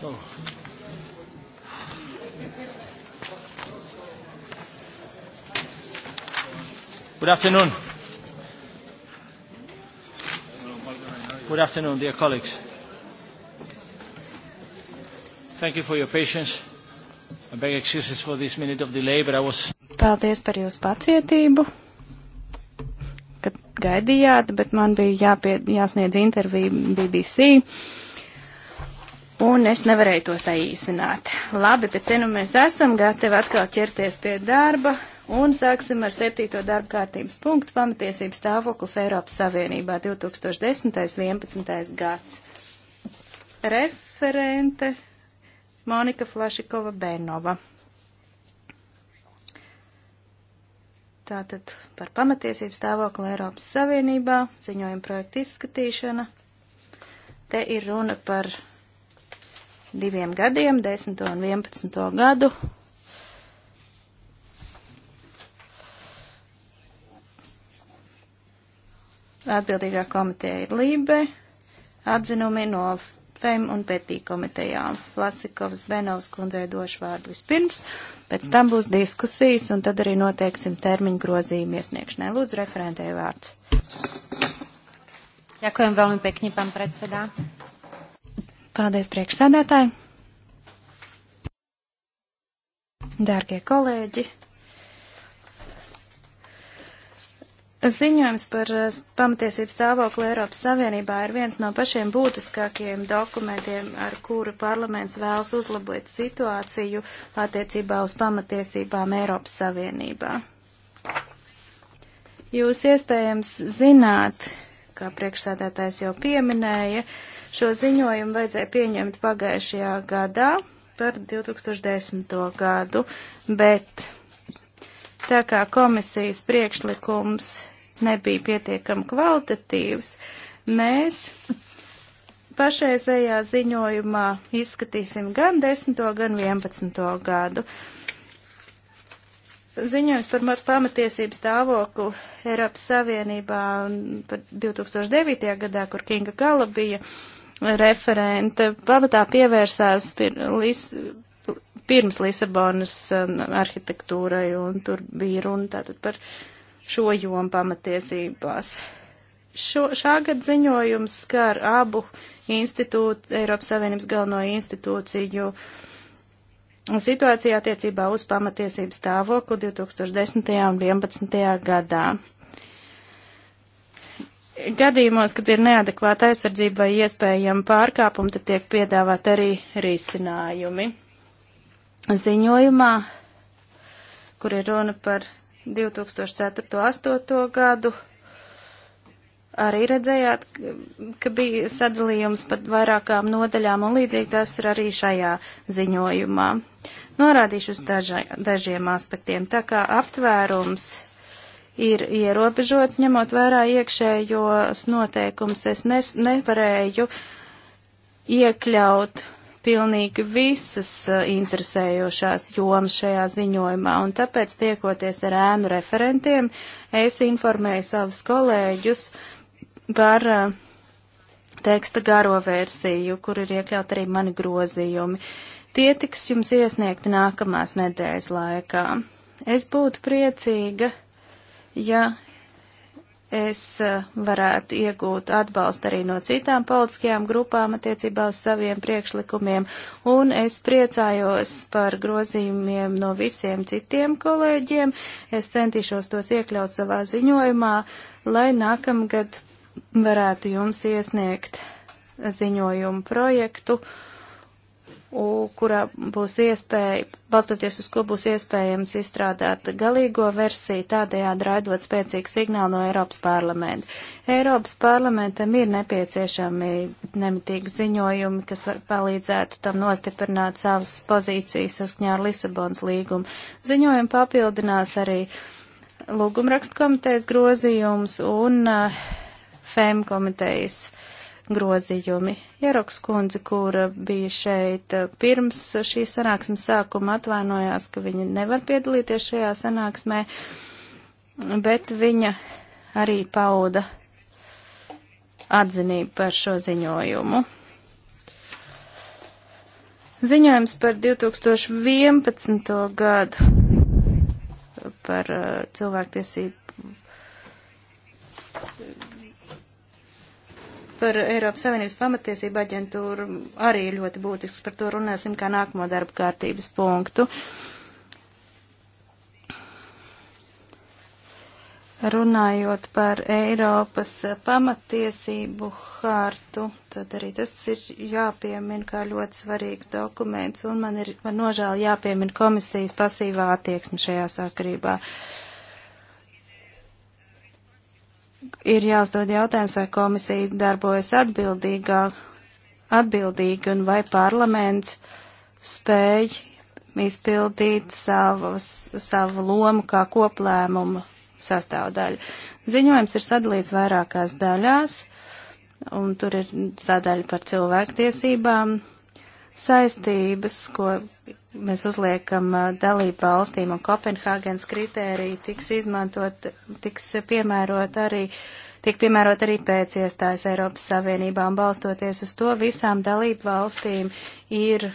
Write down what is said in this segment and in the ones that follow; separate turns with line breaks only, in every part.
So. Good afternoon. Good afternoon, dear colleagues. Thank you for your patience. I beg excuses for this minute of delay, but I was... Paldies par jūsu pacietību, kad gaidījāt, bet man bija jāpie, jāsniedz intervija BBC un es nevarēju to saīsināt. Labi, bet te nu mēs esam gatavi atkal ķerties pie darba, un sāksim ar septīto darba kārtības punktu pamatiesības stāvoklis Eiropas Savienībā 2010.11. gads. Referente Monika Flašikova Bērnova. Tātad par pamatiesību stāvokli Eiropas Savienībā ziņojuma projektu izskatīšana. Te ir runa par diviem gadiem, 10. un 11. gadu. Atbildīgā komiteja ir Lībe, atzinumi no FEM un PETī komitejām. Flasikovs Benovs kundzei došu vārdu vispirms, pēc tam būs diskusijas un tad arī noteiksim termiņu grozījumu iesniegšanai. Lūdzu, referentēju vārds. Ďakujem veľmi pekne, pán predseda. Paldies priekšsēdētāji! Dārgie kolēģi! Ziņojums par eh, pamatiesību stāvokli Eiropas Savienībā ir viens no pašiem būtiskākajiem dokumentiem, ar kuru parlaments vēlas uzlabot situāciju attiecībā uz pamatiesībām Eiropas Savienībā. Jūs iespējams zināt, kā priekšsēdētājs jau pieminēja, uh, Šo ziņojumu vajadzēja pieņemt pagājušajā gadā par 2010. gadu, bet tā kā komisijas priekšlikums nebija pietiekami kvalitatīvs, mēs pašreizējā ziņojumā izskatīsim gan 10. gan 11. gadu. Ziņojums par pamatiesību stāvokli Eiropas Savienībā par 2009. gadā, kur Kinga Gala bija referente pamatā pievērsās pir, lis, pirms Lisabonas um, arhitektūrai, un tur bija runa tātad par šo jomu pamatiesībās. Šo, šā gada ziņojums skar abu institūtu, Eiropas Savienības galveno institūciju situācijā attiecībā uz pamatiesību stāvokli 2010. un 2011. gadā gadījumos, kad ir neadekvāta aizsardzība vai iespējama pārkāpuma, tad tiek piedāvāt arī risinājumi. Ziņojumā, kur ir runa par 2004.8. gadu, arī redzējāt, ka bija sadalījums pat vairākām nodaļām, un līdzīgi tas ir arī šajā ziņojumā. Norādīšu uz daža, dažiem aspektiem, tā kā aptvērums ir ierobežots, ņemot vērā iekšējos noteikums. Es nes, nevarēju iekļaut pilnīgi visas eh, interesējošās jomas šajā ziņojumā, un tāpēc tiekoties ar ēnu referentiem, es informēju savus kolēģus par uh, teksta garo versiju, kur ir iekļaut arī mani grozījumi. Tie tiks jums iesniegti nākamās nedēļas laikā. Es būtu priecīga ja es eh, varētu iegūt atbalstu arī no citām politiskajām grupām attiecībā uz saviem priekšlikumiem, un es priecājos par grozījumiem no visiem citiem kolēģiem. Es centīšos tos iekļaut savā ziņojumā, lai nākamgad varētu jums iesniegt ziņojumu projektu, uh, kurā būs iespēja, balstoties uz ko būs iespējams izstrādāt galīgo versiju, tādējādi raidot spēcīgu signālu no Eiropas parlamenta. Eiropas parlamentam ir nepieciešami nemitīgi ziņojumi, kas palīdzētu tam nostiprināt savas pozīcijas saskņā ar Lisabonas līgumu. Ziņojumi papildinās arī lūgumrakstu komitejas grozījums un uh, FEM komitejas grozījumi. Jaroks kundze, kura bija šeit eh, pirms šī sanāksmes sākuma, atvainojās, ka viņa nevar piedalīties šajā sanāksmē, bet viņa arī pauda atzinību par šo ziņojumu. Ziņojums par 2011. gadu par eh, cilvēktiesību par Eiropas Savienības pamatiesību aģentūru arī ļoti būtisks. Par to runāsim kā nākamo darba kārtības punktu. Runājot par Eiropas pamatiesību hartu, tad arī tas ir jāpiemina kā ļoti svarīgs dokuments, un man ir man nožēl jāpiemina komisijas pasīvā attieksme šajā sakarībā. Uh, ir jāuzdod jautājums, vai komisija darbojas atbildīgāk, atbildīgi un vai parlaments spēj izpildīt savas, savu lomu kā koplēmumu sastāvdaļu. Ziņojums ir sadalīts vairākās daļās, un tur ir sadaļa par cilvēktiesībām, saistības, ko mēs uzliekam dalību valstīm un Kopenhāgens kritērija tiks izmantot, tiks piemērot arī, tiek piemērot arī pēc iestājas Eiropas Savienībā un balstoties uz to visām dalību valstīm ir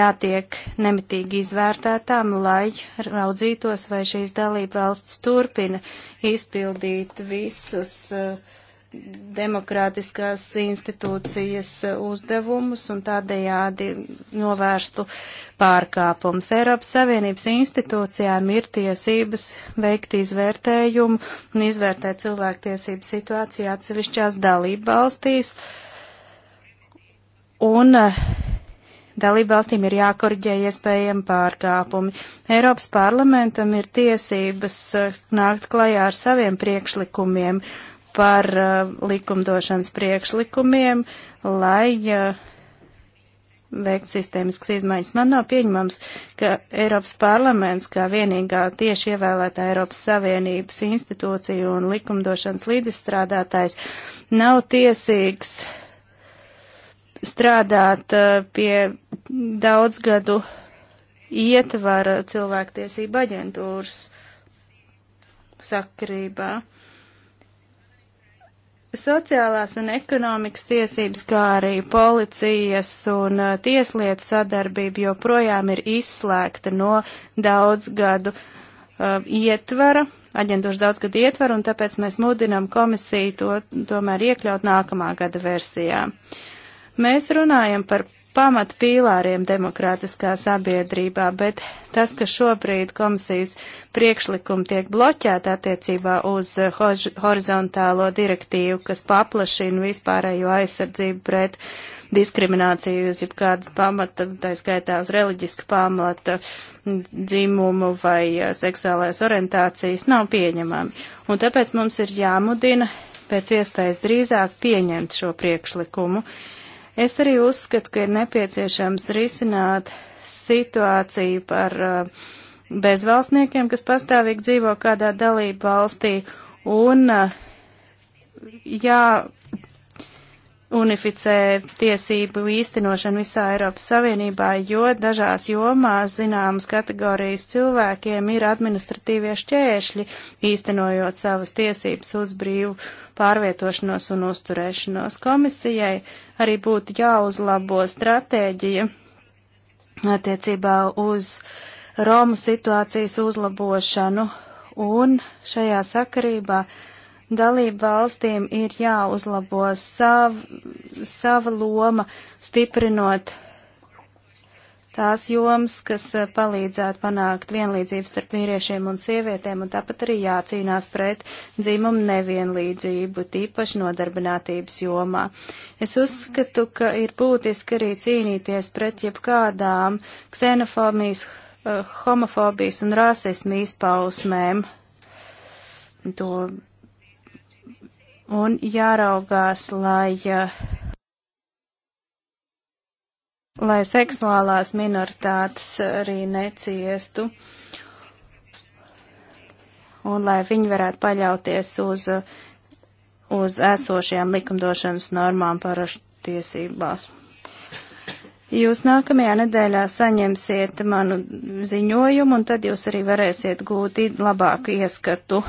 jātiek nemitīgi izvērtētām, lai raudzītos, vai šīs dalība valsts turpina izpildīt visus uh, demokrātiskās institūcijas uzdevumus un tādējādi novērstu pārkāpums. Eiropas Savienības institūcijām ir tiesības veikt izvērtējumu un izvērtēt cilvēktiesību situāciju atsevišķās dalību valstīs. Un eh, dalību valstīm ir jākorģē iespējami pārkāpumi. Eiropas parlamentam ir tiesības eh, nākt klajā ar saviem priekšlikumiem par uh, likumdošanas priekšlikumiem, lai uh, veikt sistēmiskas izmaiņas. Man nav pieņemams, ka Eiropas parlaments, kā vienīgā tieši ievēlētā Eiropas Savienības institūcija un likumdošanas līdzstrādātājs, nav tiesīgs strādāt uh, pie daudzgadu ietvara cilvēktiesība aģentūras sakrībā. Sociālās un ekonomikas tiesības, kā arī policijas un uh, tieslietu sadarbība joprojām ir izslēgta no daudzgadu uh, ietvara, aģentūras daudzgadu ietvara, un tāpēc mēs mudinam komisiju to tomēr iekļaut nākamā gada versijā. Mēs runājam par pamat pīlāriem demokrātiskā sabiedrībā, bet tas, ka šobrīd komisijas priekšlikumi tiek bloķēti attiecībā uz horizontālo direktīvu, kas paplašina vispārējo aizsardzību pret diskrimināciju uz jebkādas pamata, tā skaitā uz reliģiska pamata, dzimumu vai eh, seksuālais orientācijas, nav pieņemami. Un tāpēc mums ir jāmudina pēc iespējas drīzāk pieņemt šo priekšlikumu. Uh, Es arī uzskatu, ka ir nepieciešams risināt situāciju par eh, bezvalstniekiem, kas pastāvīgi dzīvo kādā dalību valstī, un eh, jāunificē tiesību īstenošanu visā Eiropas Savienībā, jo dažās jomās zināmas kategorijas cilvēkiem ir administratīvie šķēršļi, īstenojot savas tiesības uz brīvu pārvietošanos un uzturēšanos. Komisijai arī būtu jāuzlabo stratēģija attiecībā uz Romu situācijas uzlabošanu, un šajā sakarībā dalību valstīm ir jāuzlabo sav, sava loma, stiprinot tās jomas, kas eh, palīdzētu panākt vienlīdzību starp vīriešiem un sievietēm, un tāpat arī jācīnās pret dzimumu nevienlīdzību, tīpaši nodarbinātības jomā. Es uzskatu, ka ir būtiski arī cīnīties pret jebkādām ksenofobijas, eh, homofobijas un rasismu izpausmēm. To un jāraugās, lai uh, lai seksuālās minoritātes arī neciestu un lai viņi varētu paļauties uz, uz esošajām likumdošanas normām paraštiesībās. Jūs nākamajā nedēļā saņemsiet manu ziņojumu, un tad jūs arī varēsiet gūt labāku ieskatu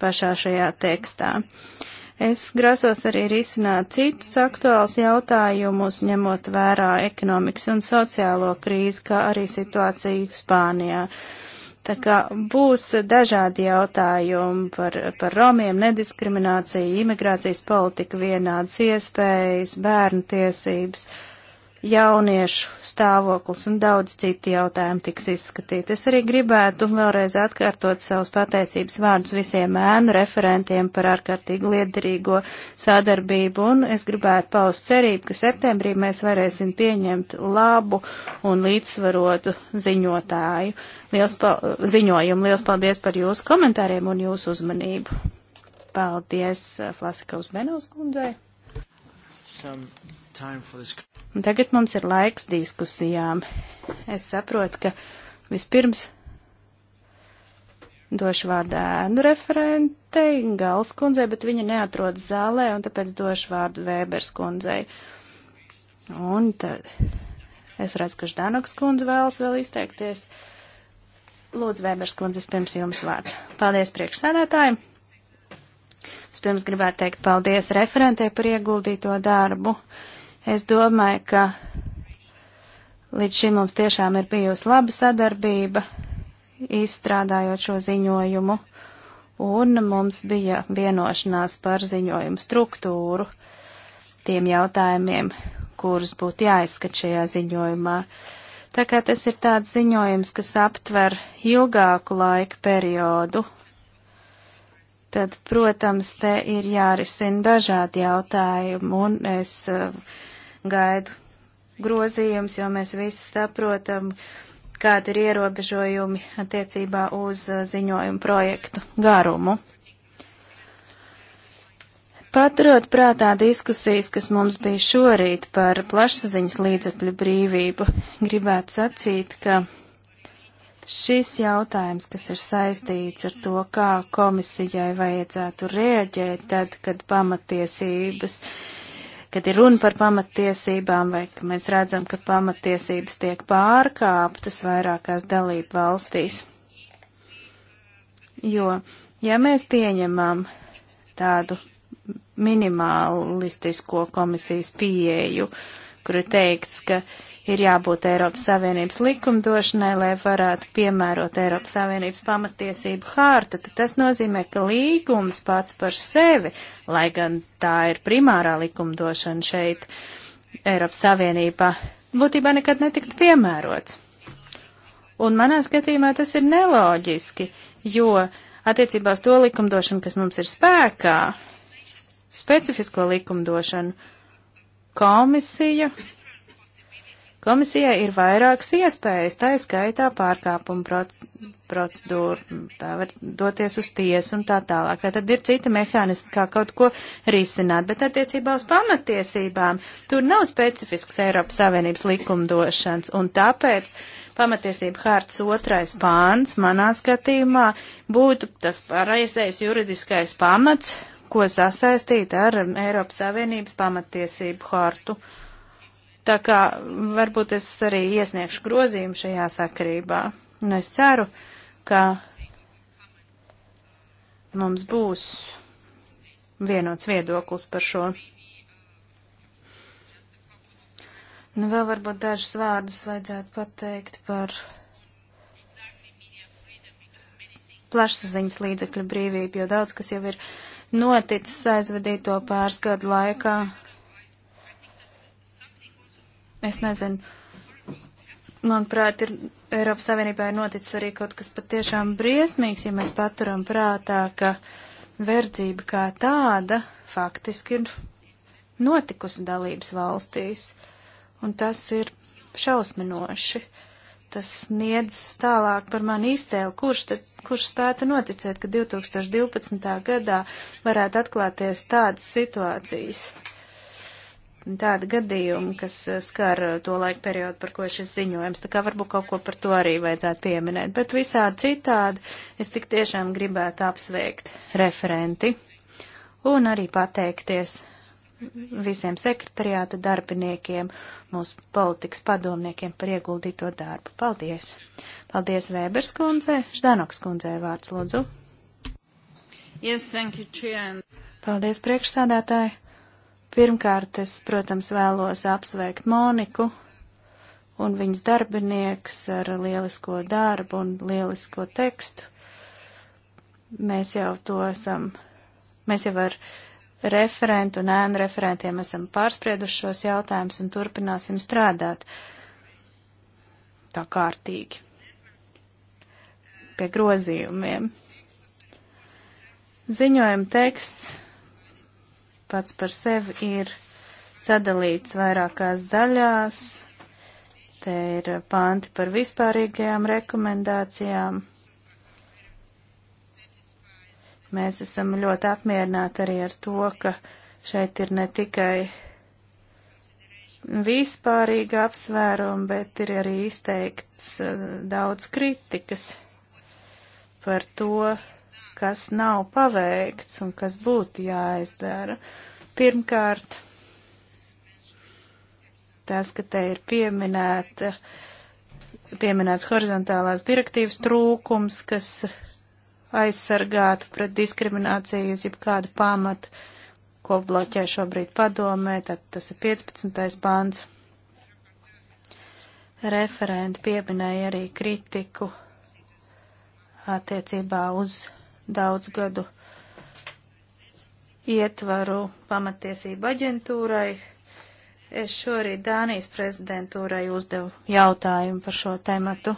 pašā šajā tekstā. Uh, Es grasos arī risināt citus aktuāls jautājumus, ņemot vērā ekonomikas un sociālo krīzi, kā arī situāciju Spānijā. Tā kā būs dažādi jautājumi par, par romiem, nediskrimināciju, imigrācijas politiku, vienādas iespējas, bērnu tiesības. Uh, jauniešu stāvoklis un daudz citi jautājumi tiks izskatīti. Es arī gribētu vēlreiz atkārtot savus pateicības vārdus visiem ēnu referentiem par ārkārtīgi liederīgo sadarbību, un es gribētu paust cerību, ka septembrī mēs varēsim pieņemt labu un līdzsvarotu ziņotāju. Liels pa ziņojumu, liels paldies par jūsu komentāriem un jūsu uzmanību. Paldies Flasika Uzmenovs kundzei. Some time for this. Un tagad mums ir laiks diskusijām. Es saprotu, ka vispirms došu vārdu ēnu referentei, Gals kundzei, bet viņa neatrodas zālē, un tāpēc došu vārdu Vēbers kundzei. Un tad es redzu, ka Ždanoks kundze vēlas vēl izteikties. Lūdzu, Vēbers kundzes, pirms jums vārds. Paldies priekšsēdētājiem! Es pirms gribētu teikt paldies referentē par ieguldīto darbu. Uh, Es domāju, ka līdz šim mums tiešām ir bijusi laba sadarbība, izstrādājot šo ziņojumu, un mums bija vienošanās par ziņojumu struktūru tiem jautājumiem, kurus būtu jāizskat šajā ziņojumā. Tā kā tas ir tāds ziņojums, kas aptver ilgāku laika periodu, tad, protams, te ir jārisina dažādi jautājumi, un es uh, gaidu grozījums, jo mēs visi saprotam, kādi ir ierobežojumi attiecībā uz uh, ziņojumu projektu garumu. Paturot prātā diskusijas, kas mums bija šorīt par plašsaziņas līdzekļu brīvību, gribētu sacīt, ka šis jautājums, kas ir saistīts ar to, kā komisijai vajadzētu rēģēt tad, kad pamatiesības uh, kad ir runa par pamattiesībām vai ka mēs redzam, ka pamattiesības tiek pārkāptas vairākās dalību valstīs. Jo, ja mēs pieņemam tādu minimalistisko komisijas pieeju, kur ir teikts, ka uh, ir jābūt Eiropas Savienības likumdošanai, lai varētu piemērot Eiropas Savienības pamatiesību hārtu, tad tas nozīmē, ka līgums pats par sevi, lai gan tā ir primārā likumdošana šeit Eiropas Savienībā, būtībā nekad netikt piemērots. Un manā skatījumā tas ir neloģiski, jo attiecībā uz to likumdošanu, kas mums ir spēkā, specifisko likumdošanu, komisija Komisijai ir vairākas iespējas, tā skaitā pārkāpuma proc procedūra, tā var doties uz tiesu un tā tālāk. Tā tad ir cita mehānismi, kā kaut ko risināt, bet attiecībā uz pamatiesībām tur nav specifisks Eiropas Savienības likumdošanas, un tāpēc pamatiesība hārtas otrais pāns manā skatījumā būtu tas pareizais juridiskais pamats, ko sasaistīt ar Eiropas Savienības pamatiesību hārtu. Tā kā varbūt es arī iesniegšu grozījumu šajā sakarībā. Un es ceru, ka mums būs vienots viedoklis par šo. Nu, vēl varbūt dažus vārdus vajadzētu pateikt par plašsaziņas līdzekļu brīvību, jo daudz kas jau ir noticis aizvadīto pāris gadu laikā. Es nezinu. Manuprāt, ir, Eiropas Savienībā ir noticis arī kaut kas patiešām briesmīgs, ja mēs paturam prātā, ka verdzība kā tāda faktiski ir notikusi dalības valstīs. Un tas ir šausminoši. Tas sniedz tālāk par mani iztēli, kurš, tad, kurš spētu noticēt, ka 2012. gadā varētu atklāties tādas situācijas tādi gadījumi, kas eh, skar eh, to laiku periodu, par ko šis ziņojums, tā kā varbūt kaut ko par to arī vajadzētu pieminēt. Bet visādi citādi es tik tiešām gribētu apsveikt referenti un arī pateikties visiem sekretariāta darbiniekiem, mūsu politikas padomniekiem par ieguldīto darbu. Paldies! Paldies Vēbers kundze, Ždanoks kundzei vārds lūdzu. Yes, thank you, Chien. Paldies priekšsādātāji. Pirmkārt, es, protams, vēlos apsveikt Moniku un viņas darbinieks ar lielisko darbu un lielisko tekstu. Mēs jau to esam, mēs jau ar referentu un ēnu referentiem esam pārsprieduši šos jautājumus un turpināsim strādāt tā kārtīgi pie grozījumiem. Ziņojuma teksts pats par sevi ir sadalīts vairākās daļās. Te ir panti par vispārīgajām rekomendācijām. Mēs esam ļoti apmierināti arī ar to, ka šeit ir ne tikai vispārīga apsvēruma, bet ir arī izteikts eh, daudz kritikas par to, kas nav paveikts un kas būtu jāizdara. Pirmkārt, tas, ka te ir pieminēta, pieminēts horizontālās direktīvas trūkums, kas aizsargātu pret diskrimināciju uz jebkādu pamatu, ko bloķē šobrīd padomē, tad tas ir 15. pāns. Referenti pieminēja arī kritiku attiecībā uz daudz gadu ietvaru pamatiesību aģentūrai. Es šorīt Dānijas prezidentūrai uzdevu jautājumu par šo tematu,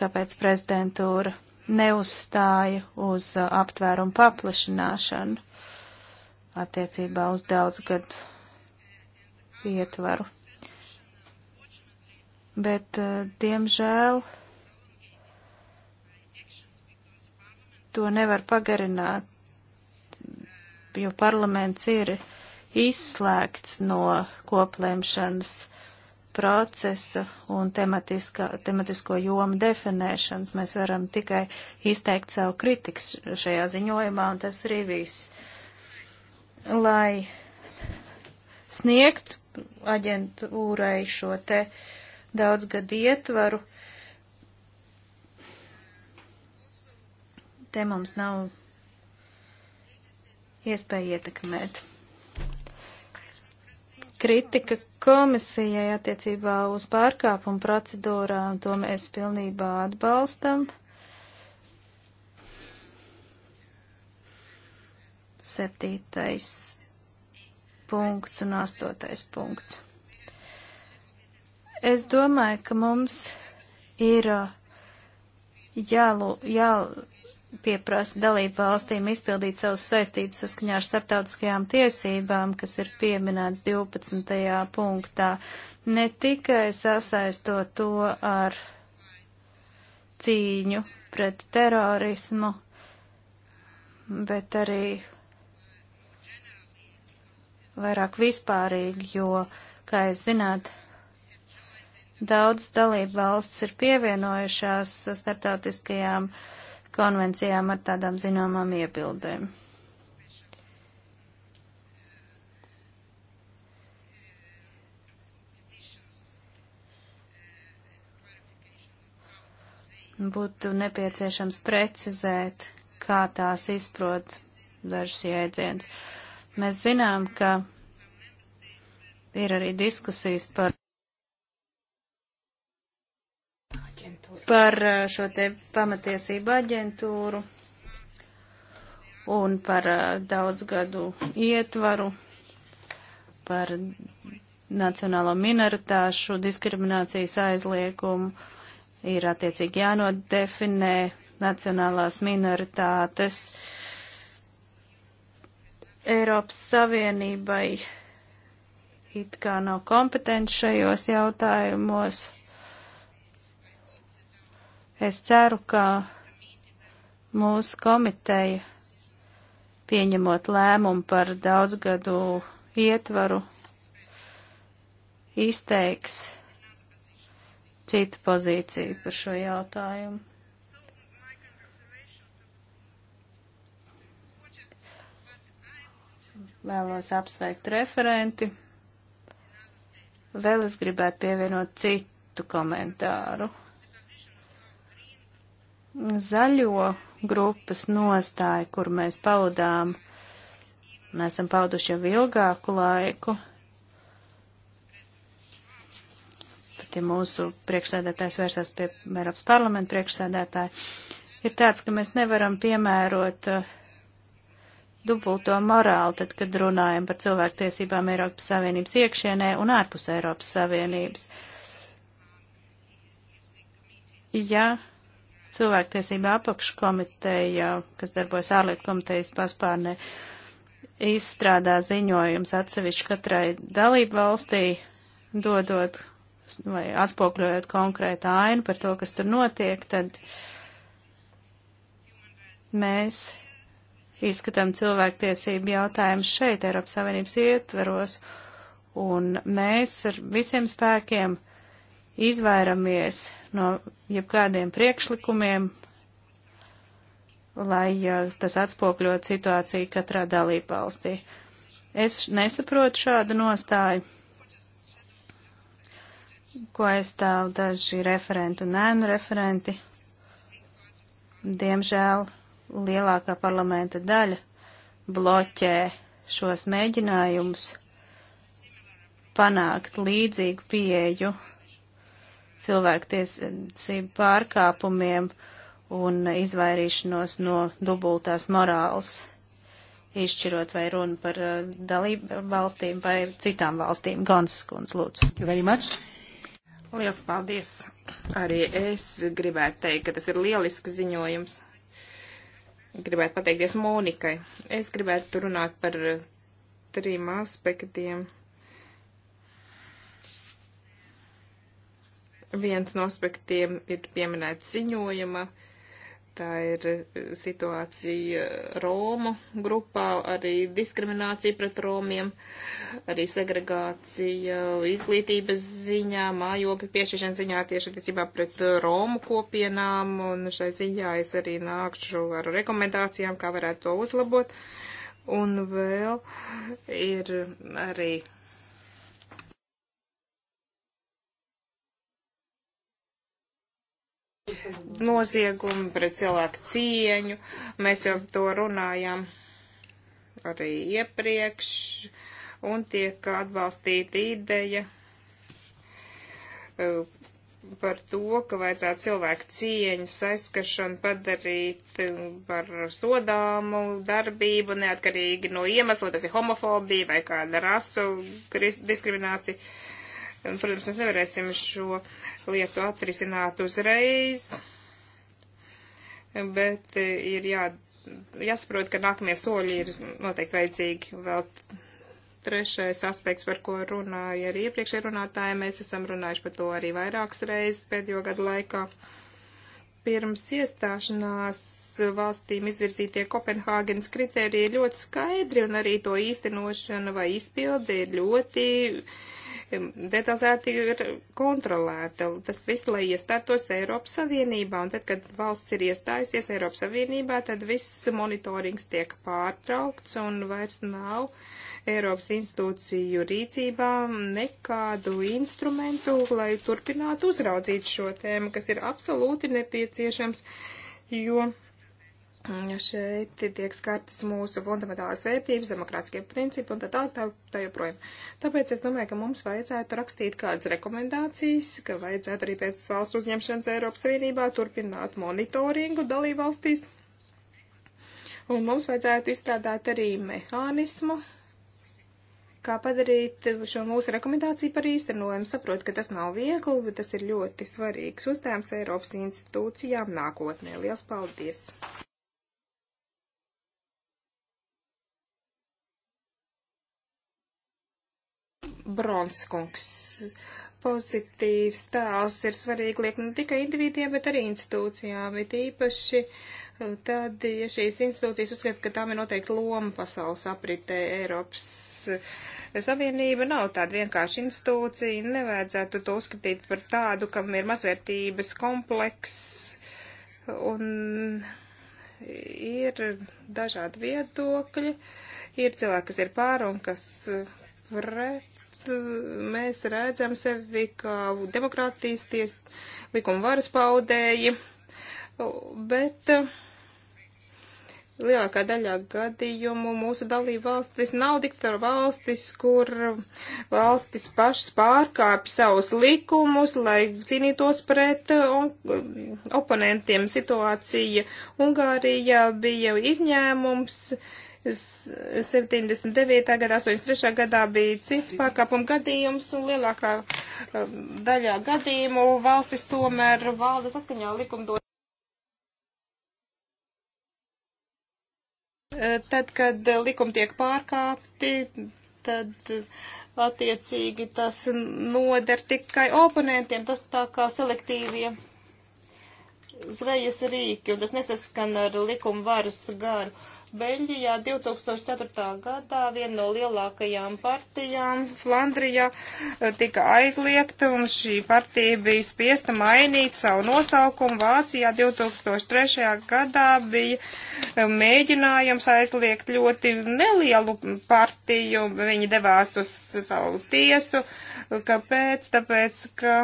kāpēc prezidentūra neuzstāja uz uh, aptvērumu paplašināšanu attiecībā uz daudz gadu ietvaru. Bet, uh, diemžēl, uh, to nevar pagarināt, jo parlaments ir izslēgts no koplēmšanas procesa un tematisko jomu definēšanas. Mēs varam tikai izteikt savu kritikas šajā ziņojumā, un tas arī viss. Lai sniegtu aģentūrai šo te daudzgadu ietvaru, Te mums nav iespēja ietekmēt. Kritika komisijai attiecībā uz pārkāpumu procedūrām, to mēs pilnībā atbalstam. Septītais punkts un astotais punkts. Es domāju, ka mums ir jālū, jā, pieprasa dalību valstīm izpildīt savus saistības saskaņā ar starptautiskajām tiesībām, kas ir pieminēts 12. punktā, ne tikai sasaistot to ar cīņu pret terorismu, bet arī vairāk vispārīgi, jo, kā jūs zināt, daudz dalību valsts ir pievienojušās starptautiskajām uh, konvencijām ar tādām zināmām iebildēm. Būtu nepieciešams precizēt, kā tās izprot dažas jēdzienas. Mēs zinām, ka ir arī diskusijas par par eh, šo te pamatiesību aģentūru un par eh, daudzgadu ietvaru, par nacionālo minoritāšu diskriminācijas aizliegumu ir attiecīgi jānodefinē nacionālās minoritātes. Eiropas Savienībai it kā nav kompetenci šajos jautājumos. Es ceru, ka mūsu komiteja, pieņemot lēmumu par daudzgadu ietvaru, izteiks citu pozīciju par šo jautājumu. Vēlos apsveikt referenti. Vēl es gribētu pievienot citu komentāru zaļo grupas nostāju, kur mēs paudām, mēs esam pauduši jau ilgāku laiku. Pat ja mūsu priekšsēdētājs vērsās pie Eiropas parlamenta priekšsēdētāja, ir tāds, ka mēs nevaram piemērot uh, dubulto morāli, tad, kad runājam par cilvēktiesībām Eiropas Savienības iekšienē un ārpus Eiropas Savienības. Ja cilvēktiesība apakškomiteja, kas darbojas ārlietu komitejas paspārnē, izstrādā ziņojums atsevišķi katrai dalību valstī, dodot vai atspokļojot konkrētu ainu par to, kas tur notiek, tad mēs izskatām cilvēktiesību jautājumus šeit, Eiropas Savienības ietveros, un mēs ar visiem spēkiem uh, izvairamies no jebkādiem priekšlikumiem, lai uh, tas atspokļot situāciju katrā dalībvalstī. Es nesaprotu šādu nostāju, ko aizstāv daži referenti un ēnu referenti. Diemžēl lielākā parlamenta daļa bloķē šos mēģinājumus panākt līdzīgu pieeju cilvēktiesību pārkāpumiem un izvairīšanos no dubultās morāls, izšķirot vai runu par uh, dalību valstīm vai citām valstīm. Gans skundz, lūdzu.
Liels paldies! Arī es gribētu teikt, ka tas ir lielisks ziņojums. Gribētu pateikties Monikai. Es gribētu runāt par uh, trim aspektiem Viens no aspektiem ir pieminēts ziņojuma. Tā ir e, situācija Romu grupā, arī diskriminācija pret Romiem, arī segregācija izglītības ziņā, mājokļu piešķiršana ziņā tieši attiecībā pret Romu kopienām, un šai ziņā es arī nākšu ar rekomendācijām, kā varētu to uzlabot. Un vēl ir arī noziegumi, pret cilvēku cieņu. Mēs jau to runājām arī iepriekš un tiek atbalstīta ideja eh, par to, ka vajadzētu cilvēku cieņas aizskašanu padarīt eh, par sodāmu darbību, neatkarīgi no iemesla, tas ir homofobija vai kāda rasu diskriminācija. Uh, Protams, mēs nevarēsim šo lietu atrisināt uzreiz, bet ir jā, jāsaprot, ka nākamie soļi ir noteikti vajadzīgi. Vēl trešais aspekts, par ko runāja arī iepriekšēji runātāji, mēs esam runājuši par to arī vairākas reizes pēdējo gadu laikā. Pirms iestāšanās valstīm izvirzītie Kopenhāgenes kriteriji ir ļoti skaidri, un arī to īstenošana vai izpildi ir ļoti detalizēti ir kontrolēta. Tas viss, lai iestātos Eiropas Savienībā, un tad, kad valsts ir iestājusies Eiropas Savienībā, tad viss monitorings tiek pārtraukts un vairs nav Eiropas institūciju rīcībā nekādu instrumentu, lai turpinātu uzraudzīt šo tēmu, kas ir absolūti nepieciešams, jo Mm, šeit tiek skartas mūsu fundamentālās vērtības, demokrātiskie principi un tā tā, tā, tā joprojām. Tāpēc es domāju, ka mums vajadzētu rakstīt kādas rekomendācijas, ka vajadzētu arī pēc valsts uzņemšanas Eiropas Savienībā turpināt monitoringu dalībvalstīs. Un mums vajadzētu izstrādāt arī mehānismu, kā padarīt šo mūsu rekomendāciju par īstenojumu. Saprot, ka tas nav viegli, bet tas ir ļoti svarīgs uzdevums Eiropas institūcijām nākotnē. Lielas paldies! Bronskungs. Pozitīvs tāls ir svarīgi liek ne tikai individiem, bet arī institūcijām, it īpaši eh, tad, ja šīs institūcijas uzskata, ka tām ir noteikti loma pasaules apritē Eiropas eh, Savienība nav tāda vienkārši institūcija, nevajadzētu to uzskatīt par tādu, kam ir mazvērtības komplekss un ir dažādi viedokļi. Ir cilvēki, kas ir pār un kas pret. Eh, mēs redzam sevi kā demokrātijas ties, likuma varas paudēji, bet eh, lielākā daļā gadījumu mūsu dalība valstis nav diktatora valstis, kur valstis pašas pārkāpj savus likumus, lai cīnītos pret eh, oponentiem. Situācija Ungārijā bija izņēmums 79. gadā, 83. gadā bija cits pārkāpuma gadījums, un lielākā um, daļā gadījumu valstis tomēr valda saskaņā likumdot. Uh, tad, kad likumi tiek pārkāpti, tad uh, attiecīgi tas noder tikai oponentiem, tas tā kā selektīvie zvejas rīki, un tas nesaskan ar likumu varas garu. Beļģijā 2004. gadā viena no lielākajām partijām, Flandrijā, tika aizliegta, un šī partija bija spiesta mainīt savu nosaukumu. Vācijā 2003. gadā bija um, mēģinājums aizliegt ļoti nelielu partiju, viņi devās uz savu tiesu. Kāpēc? Tāpēc, ka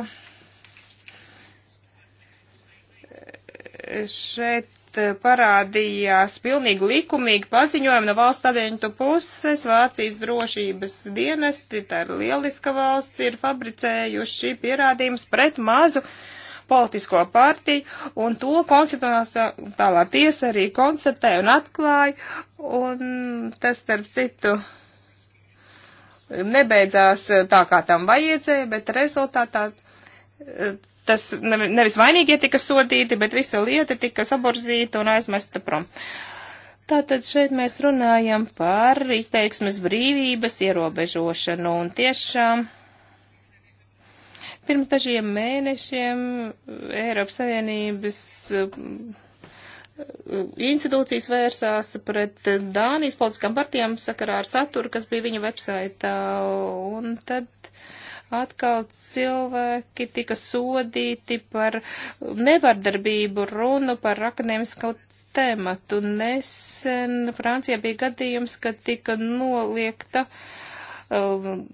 šeit eh, parādījās pilnīgi likumīgi paziņojumi no valsts tādieņu puses. Vācijas drošības dienesti, tā ir lieliska valsts, ir fabricējuši pierādījumus pret mazu politisko partiju, un to konstitucionālā tiesa arī konstatēja un atklāja, un tas, starp citu, nebeidzās tā, kā tam vajadzēja, bet rezultātā eh, tas nevis vainīgie tika sodīti, bet visa lieta tika saborzīta un aizmesta prom. Tātad šeit mēs runājam par izteiksmes brīvības ierobežošanu un tiešām pirms dažiem mēnešiem Eiropas Savienības uh, institūcijas vērsās pret Dānijas politiskām partijām sakarā ar saturu, kas bija viņa websaitā, un tad atkal cilvēki tika sodīti par nevardarbību runu par akadēmisko tēmatu. Nesen Francijā bija gadījums, kad tika noliekta um,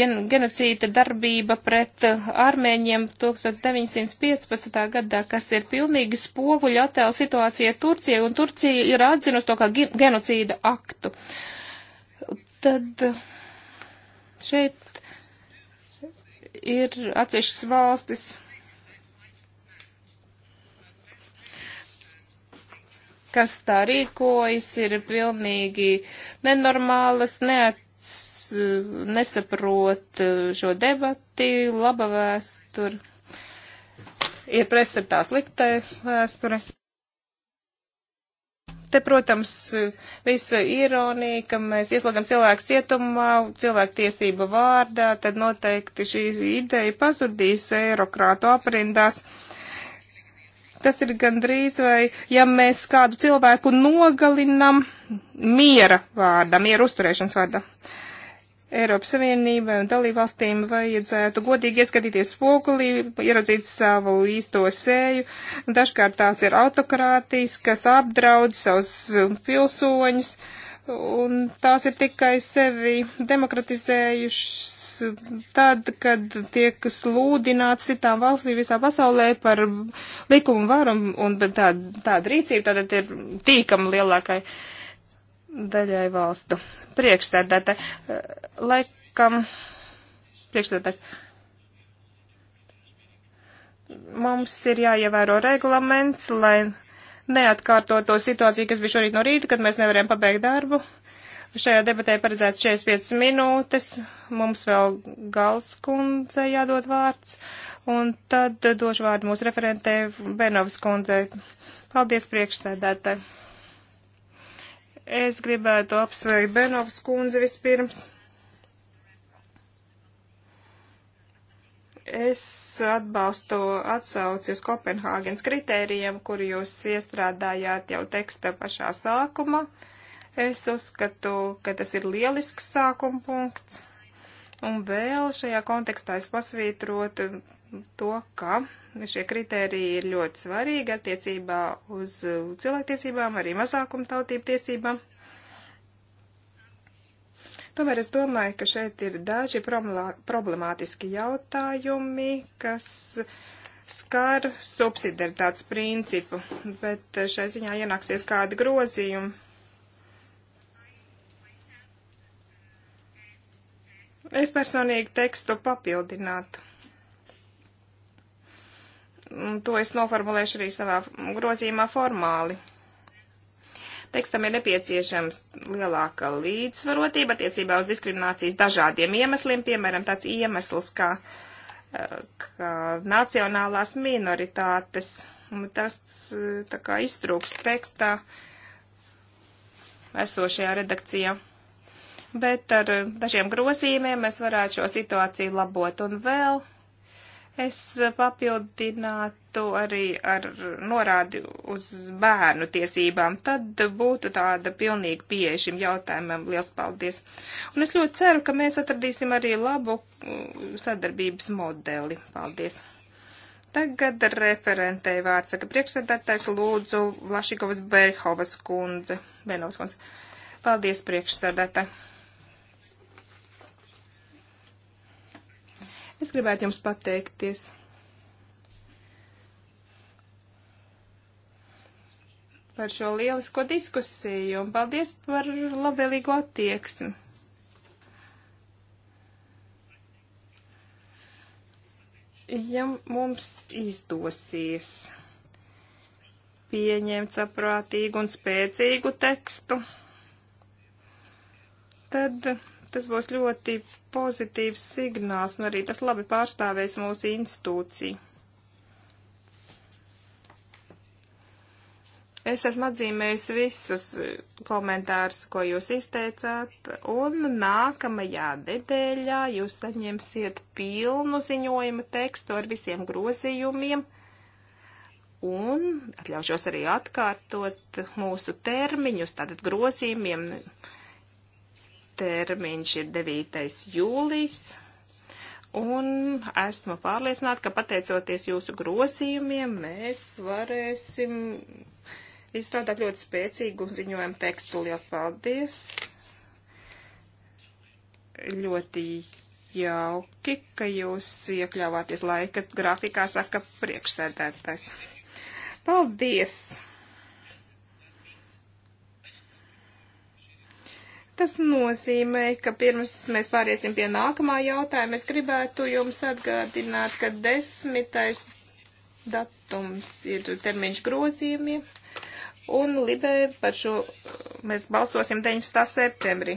gen genocīta darbība pret armēņiem 1915. gadā, kas ir pilnīgi spoguļa attēla situācija Turcija, un Turcija ir atzinusi to kā genocīda aktu. Tad šeit ir atsevišķas valstis. kas tā rīkojas, ir pilnīgi nenormālas, neat, nesaprot šo debati, laba vēsture, ir presē tā sliktā vēsture. Te, protams, visa ironija, ka mēs ieslēdzam cilvēku cietumā, cilvēku tiesība vārdā, tad noteikti šī ideja pazudīs eirokrātu aprindās. Tas ir gandrīz vai, ja mēs kādu cilvēku nogalinam miera vārdā, miera uzturēšanas vārdā. Uh, Eiropas Savienībai un dalībvalstīm vajadzētu godīgi ieskatīties spogulī, ieraudzīt savu īsto sēju. Dažkārt tās ir autokrātijas, kas apdraud savus pilsoņus, un tās ir tikai sevi demokratizējušas tad, kad tiek slūdināts citām valstīm visā pasaulē par likumu varu, un, un tā, tāda rīcība tātad ir tīkama lielākai. Uh, daļai valstu priekšstādātāji. Laikam priekšstādātājs. Mums ir jāievēro reglaments, lai neatkārtotu situāciju, kas bija šorīt no rīta, kad mēs nevarējām pabeigt darbu. Šajā debatē paredzēts 45 minūtes, mums vēl Galskundze jādod vārds, un tad došu vārdu mūsu referentē Benovas kundze. Paldies priekšsēdētāji! Es gribētu apsveikt Benovs kundzi vispirms. Es atbalstu atsauci uz Kopenhāgens kritērijiem, kur jūs iestrādājāt jau teksta pašā sākuma. Es uzskatu, ka tas ir lielisks sākuma punkts. Un vēl šajā kontekstā es pasvītrotu to, ka šie kriteriji ir ļoti svarīgi attiecībā uz cilvēktiesībām, arī mazākumtautību tiesībām. Tomēr es domāju, ka šeit ir daži problemātiski jautājumi, kas skar subsidiaritātes principu, bet šai ziņā ienāksies kādi grozījumi. Es personīgi tekstu papildinātu. To es noformulēšu arī savā grozījumā formāli. Tekstam ir nepieciešams lielāka līdzsvarotība attiecībā uz diskriminācijas dažādiem iemesliem, piemēram, tāds iemesls kā, eh, kā nacionālās minoritātes. Tas eh, tā kā iztrūks tekstā esošajā redakcijā bet ar eh, dažiem grozījumiem mēs varētu šo situāciju labot. Un vēl Es papildinātu arī ar norādi uz bērnu tiesībām. Tad būtu tāda pilnīga pieeja šim jautājumam. Lielas paldies! Un es ļoti ceru, ka mēs atradīsim arī labu mm, sadarbības modeli. Paldies! Tagad referentei vārds saka priekšsēdētājs Lūdzu Lašikovas Berhovas kundze. Berhovas kundze. Paldies priekšsēdētāji! Es gribētu jums pateikties. par šo lielisko diskusiju un paldies par labvēlīgo attieksmi. Ja mums izdosies pieņemt saprātīgu un spēcīgu tekstu, tad Tas būs ļoti pozitīvs signāls, un arī tas labi pārstāvēs mūsu institūciju. Es esmu atzīmējis visus komentārus, ko jūs izteicāt, un nākamajā nedēļā jūs saņemsiet pilnu ziņojuma tekstu ar visiem grozījumiem, un atļaušos arī atkārtot mūsu termiņus, tātad grozījumiem. Uh, termiņš ir 9. jūlijs. Un esmu pārliecināta, ka pateicoties jūsu grozījumiem, mēs varēsim izstrādāt ļoti spēcīgu ziņojumu tekstu. Lielas paldies! Ļoti jauki, ka jūs iekļāvāties laika grafikā, saka priekšsēdētājs. Paldies! Tas nozīmē, ka pirms mēs pāriesim pie nākamā jautājuma, es gribētu jums atgādināt, ka desmitais datums ir termiņš grozījumiem, un Libē par šo mēs balsosim 19. septembrī.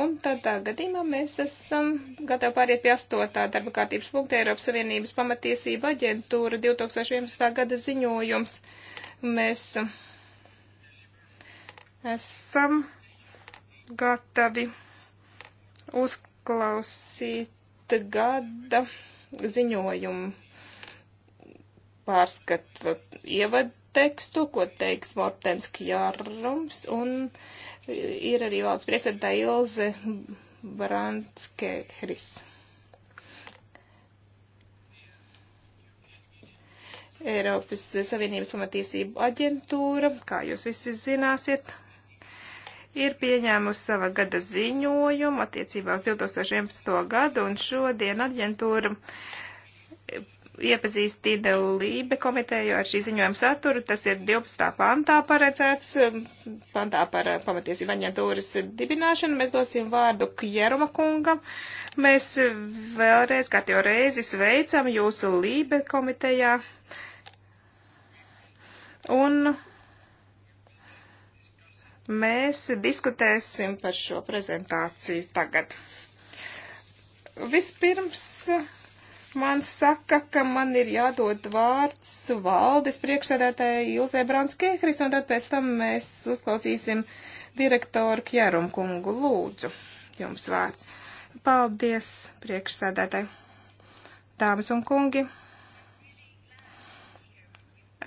Un tādā gadījumā mēs esam gatavi pāriet pie 8. darba kārtības punkta Eiropas Savienības pamatiesība aģentūra 2011. gada ziņojums. Mēs esam gatavi uzklausīt gada ziņojumu pārskatu ievadtekstu, ko teiks Mortens Kjārums, un ir arī valsts priesētā Ilze Brandskehris. Eiropas Savienības pamatīsību aģentūra, kā jūs visi zināsiet, ir pieņēmusi sava gada ziņojumu attiecībā uz 2011. gadu, un šodien aģentūra iepazīstīja Lībe komiteju ar šī ziņojuma saturu. Tas ir 12. pantā paredzēts, um, pantā par uh, pamatiesību aģentūras dibināšanu. Mēs dosim vārdu Kjeruma kungam. Mēs vēlreiz, kā jau reizi, sveicam jūsu Lībe komitejā. Un Mēs diskutēsim par šo prezentāciju tagad. Vispirms man saka, ka man ir jādod vārds valdes priekšsēdētāji Ilzē Brāns-Kiehris, un tad pēc tam mēs uzklausīsim direktoru Kjērumu kungu. Lūdzu, jums vārds. Paldies, priekšsēdētāji. Dāmas un kungi,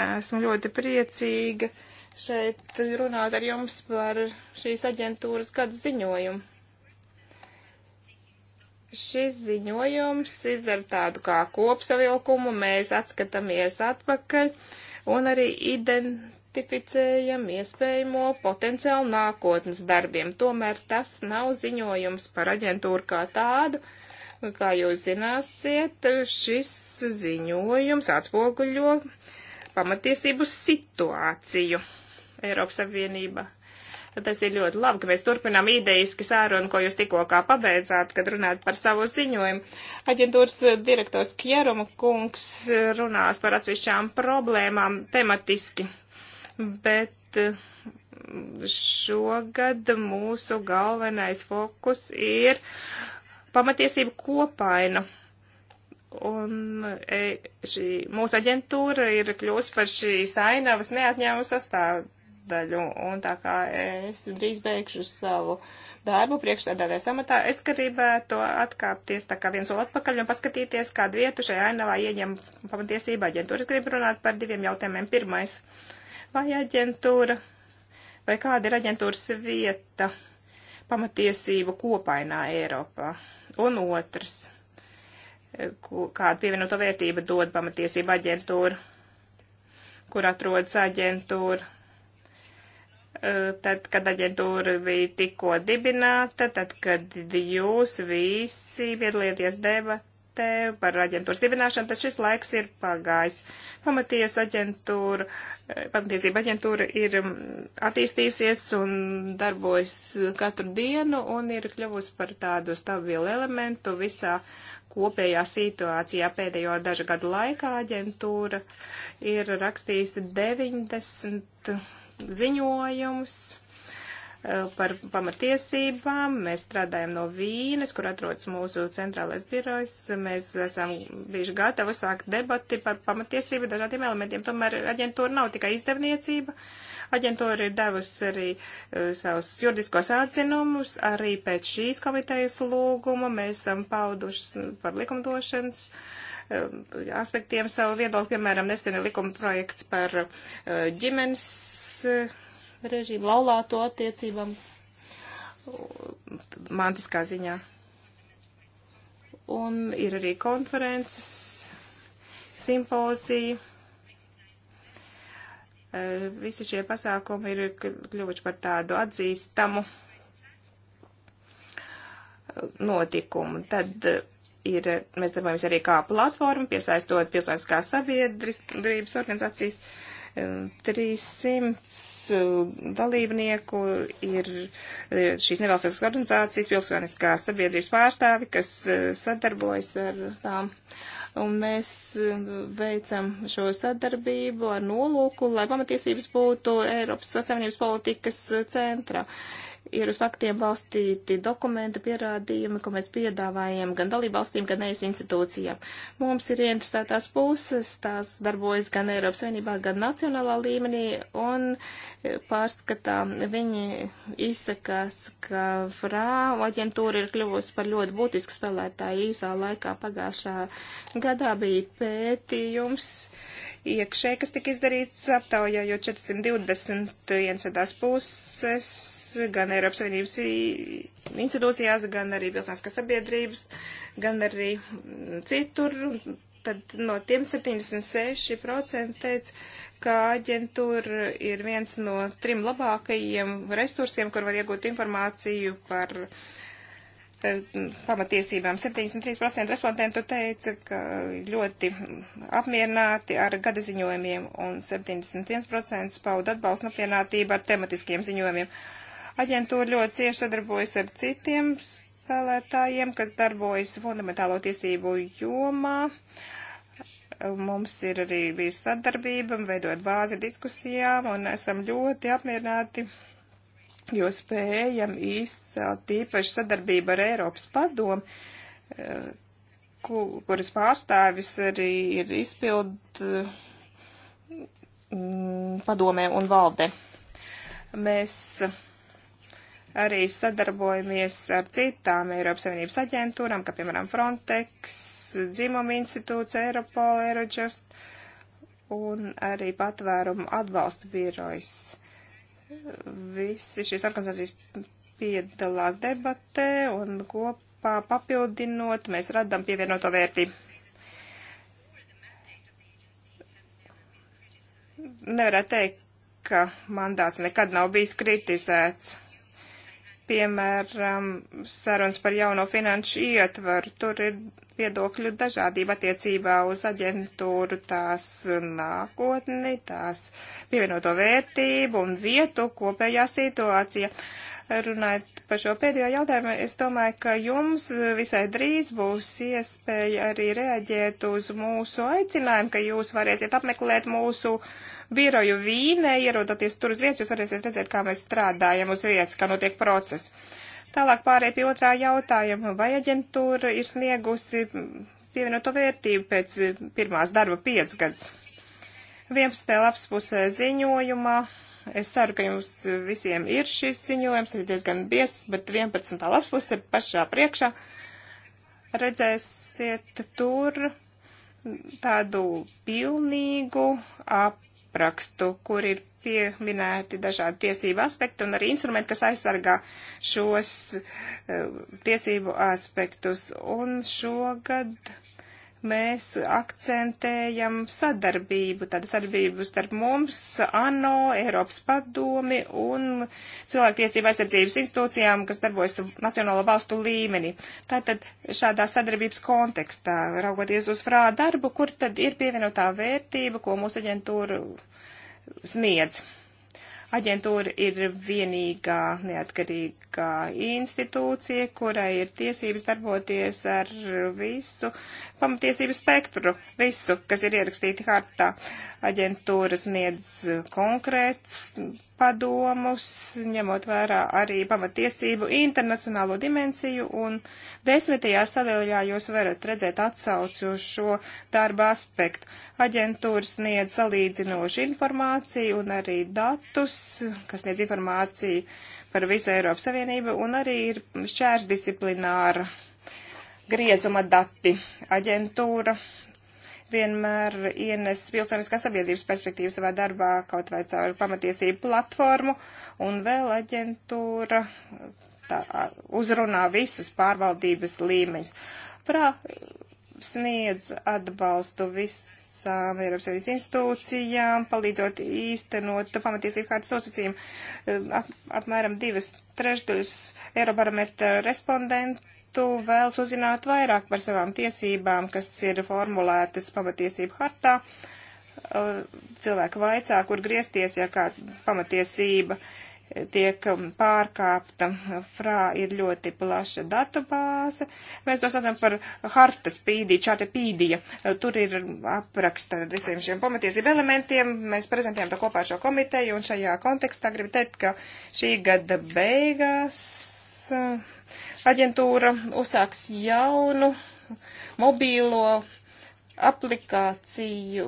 esmu ļoti priecīga šeit runāt ar jums par šīs aģentūras gadu ziņojumu. Šis ziņojums izdara tādu kā kopsavilkumu, mēs atskatāmies atpakaļ un arī identificējam iespējamo potenciālu nākotnes darbiem. Tomēr tas nav ziņojums par aģentūru kā tādu. Kā jūs zināsiet, šis ziņojums atspoguļo pamatiesību situāciju. Eiropas Savienība. Tas ir ļoti labi, ka mēs turpinām idejiski sārunu, ko jūs tikko kā pabeidzāt, kad runājat par savu ziņojumu. Aģentūras direktors Kjeruma kungs runās par atsevišķām problēmām tematiski, bet mm, šogad mūsu galvenais fokus ir pamatiesību kopainu. Un e, šī mūsu aģentūra ir kļūst par šīs ainavas neatņēmu sastāvu sadaļu. Un tā kā es drīz beigšu savu darbu priekšsēdētājas amatā, es gribētu atkāpties tā kā viens soli atpakaļ un paskatīties, kādu vietu šajā ainavā ieņem pamatiesība aģentūra. Es gribu runāt par diviem jautājumiem. Pirmais, vai aģentūra, vai kāda ir aģentūras vieta pamatiesību kopainā Eiropā? Un otrs, kādu pievienoto vērtību dod pamatiesība aģentūra? kur atrodas aģentūra, Eh, tad, kad aģentūra bija tikko dibināta, tad, kad jūs visi piedalieties debatē par aģentūras dibināšanu, tad šis laiks ir pagājis. Pamaties aģentūra, eh, pamatiesība aģentūra ir mm, attīstīsies un darbojas katru dienu un ir kļuvusi par tādu stabilu elementu visā kopējā situācijā pēdējo dažu gadu laikā aģentūra ir rakstījusi 90 ziņojumus eh, par pamatiesībām. Mēs strādājam no Vīnes, kur atrodas mūsu centrālais birojs. Mēs esam bijuši gatavi sākt debati par pamatiesību dažādiem elementiem. Tomēr aģentūra nav tikai izdevniecība. Aģentūra ir devusi arī eh, savus juridiskos atzinumus, arī pēc šīs komitejas lūguma mēs esam pauduši par likumdošanas. Uh, Eh, aspektiem savu viedokli. Piemēram, nesen ir likuma projekts par eh, ģimenes eh, režīmu, laulāto attiecībām, mantiskā ziņā. Un ir arī konferences, simpozija. Visi šie pasākumi ir kļuvuši par tādu atzīstamu notikumu. Tad ir, mēs darbojamies arī kā platforma, piesaistot pilsoniskās sabiedrības organizācijas. 300 eh, dalībnieku ir eh, šīs nevalstiskas organizācijas, pilsoniskās sabiedrības pārstāvi, kas eh, sadarbojas ar tām. Un mēs veicam šo sadarbību ar nolūku, lai pamatiesības būtu Eiropas Savienības politikas centrā. Uh, ir uz faktiem balstīti dokumenta pierādījumi, ko mēs piedāvājam gan dalībvalstīm, gan ES institūcijām. Mums ir interesētās puses, tās darbojas gan Eiropas vienībā, gan nacionālā līmenī, un pārskatā viņi izsakās, ka FRA aģentūra ir kļuvusi par ļoti būtisku spēlētāju īsā laikā pagājušā gadā bija pētījums iekšē, kas tika izdarīts aptaujājot 420 iensēdās puses gan Eiropas Savienības institūcijās, gan arī pilsētiskas sabiedrības, gan arī mm, citur. Tad no tiem 76% teica, ka aģentūra ir viens no trim labākajiem resursiem, kur var iegūt informāciju par eh, pamatiesībām. 73% respondentu teica, ka ļoti apmierināti ar gada ziņojumiem, un 71% pauda atbalstu apmierinātību ar tematiskiem ziņojumiem. Uh, Aģentūra ļoti cieši sadarbojas ar citiem spēlētājiem, kas darbojas fundamentālo tiesību jomā. Mums ir arī bijusi sadarbība, veidot bāzi diskusijām, un esam ļoti apmierināti, jo spējam izcelt īpaši sadarbību ar Eiropas padomu, kuras pārstāvis arī ir izpild mm, padomē un valde. Mēs arī sadarbojamies ar citām Eiropas Savienības aģentūrām, kā piemēram Frontex, Dzimuma institūts, Eiropol, Eurojust un arī patvērumu atbalsta birojas. Visi šīs organizācijas piedalās debatē un kopā papildinot mēs radām pievienoto vērtību. Nevarētu teikt, ka mandāts nekad nav bijis kritizēts Piemēram, sarunas par jauno finanšu ietvaru. Tur ir viedokļu dažādība attiecībā uz aģentūru, tās nākotni, tās pievienoto vērtību un vietu kopējā situācija. Runājot par šo pēdējo jautājumu, es domāju, ka jums visai drīz būs iespēja arī reaģēt uz mūsu aicinājumu, ka jūs varēsiet apmeklēt mūsu uh, biroju Vīnē, ierodoties tur uz vietas, jūs varēsiet redzēt, kā mēs strādājam uz vietas, kā notiek process. Tālāk pārēj pie otrā jautājuma, vai aģentūra ir sniegusi pievienoto vērtību pēc pirmās darba piecgads. 11. lapspusē ziņojumā. Es ceru, ka jums visiem ir šis ziņojums, ir diezgan bies, bet 11. lapspuse pašā priekšā redzēsiet tur tādu pilnīgu ap aprakstu, kur ir pieminēti dažādi tiesību aspekti un arī instrumenti, kas aizsargā šos uh, tiesību aspektus. Un šogad mēs akcentējam sadarbību, tādu sadarbību starp mums, ANO, Eiropas padomi un cilvēktiesība aizsardzības institūcijām, kas darbojas nacionālo valstu līmenī. Tātad šādā sadarbības kontekstā, raugoties uz frā darbu, kur tad ir pievienotā vērtība, ko mūsu aģentūra sniedz. Aģentūra ir vienīgā neatkarīgā institūcija, kurai ir tiesības darboties ar visu pamatiesību spektru, visu, kas ir ierakstīti hartā. Uh, Aģentūra sniedz eh, konkrēts padomus, ņemot vērā arī pamatiesību internacionālo dimensiju, un desmitajā sadaļā jūs varat redzēt atsauci uz šo darba aspektu. Aģentūra sniedz salīdzinošu informāciju un arī datus, kas sniedz informāciju par visu Eiropas Savienību, un arī ir šķērs disciplināra griezuma dati. Aģentūra vienmēr ienes pilsoniskās sabiedrības perspektīvu savā darbā, kaut vai caur pamatiesību platformu, un vēl aģentūra tā, uzrunā visus pārvaldības līmeņus. Prā sniedz atbalstu visām Eiropas Savienības institūcijām, palīdzot īstenot pamatiesību kārtas nosacījumu. Ap, apmēram divas trešdaļas Eirobarometra respondentu tu vēl uzzināt vairāk par savām tiesībām, kas ir formulētas pamatiesību hartā, uh, cilvēki vaicā, kur griezties, ja kā pamatiesība tiek um, pārkāpta. Frā ir ļoti plaša datu bāze. Mēs to saucam par hartas pīdī, čārta pīdija. Uh, tur ir apraksta visiem šiem pamatiesību elementiem. Mēs prezentējam to kopā ar šo komiteju un šajā kontekstā gribu teikt, ka šī gada beigās. Uh, aģentūra uzsāks jaunu mobīlo aplikāciju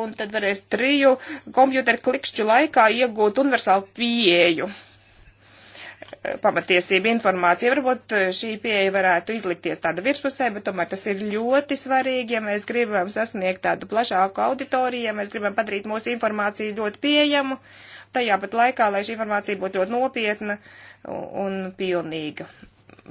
un tad varēs triju kompjuteru klikšķu laikā iegūt universālu pieeju. Pamatiesība informācija. Varbūt eh, šī pieeja varētu izlikties tāda virspusē, bet tomēr tas ir ļoti svarīgi, ja mēs gribam sasniegt tādu plašāku auditoriju, ja mēs gribam padarīt mūsu informāciju ļoti pieejamu, tajā pat laikā, lai šī informācija būtu ļoti nopietna un pilnīga.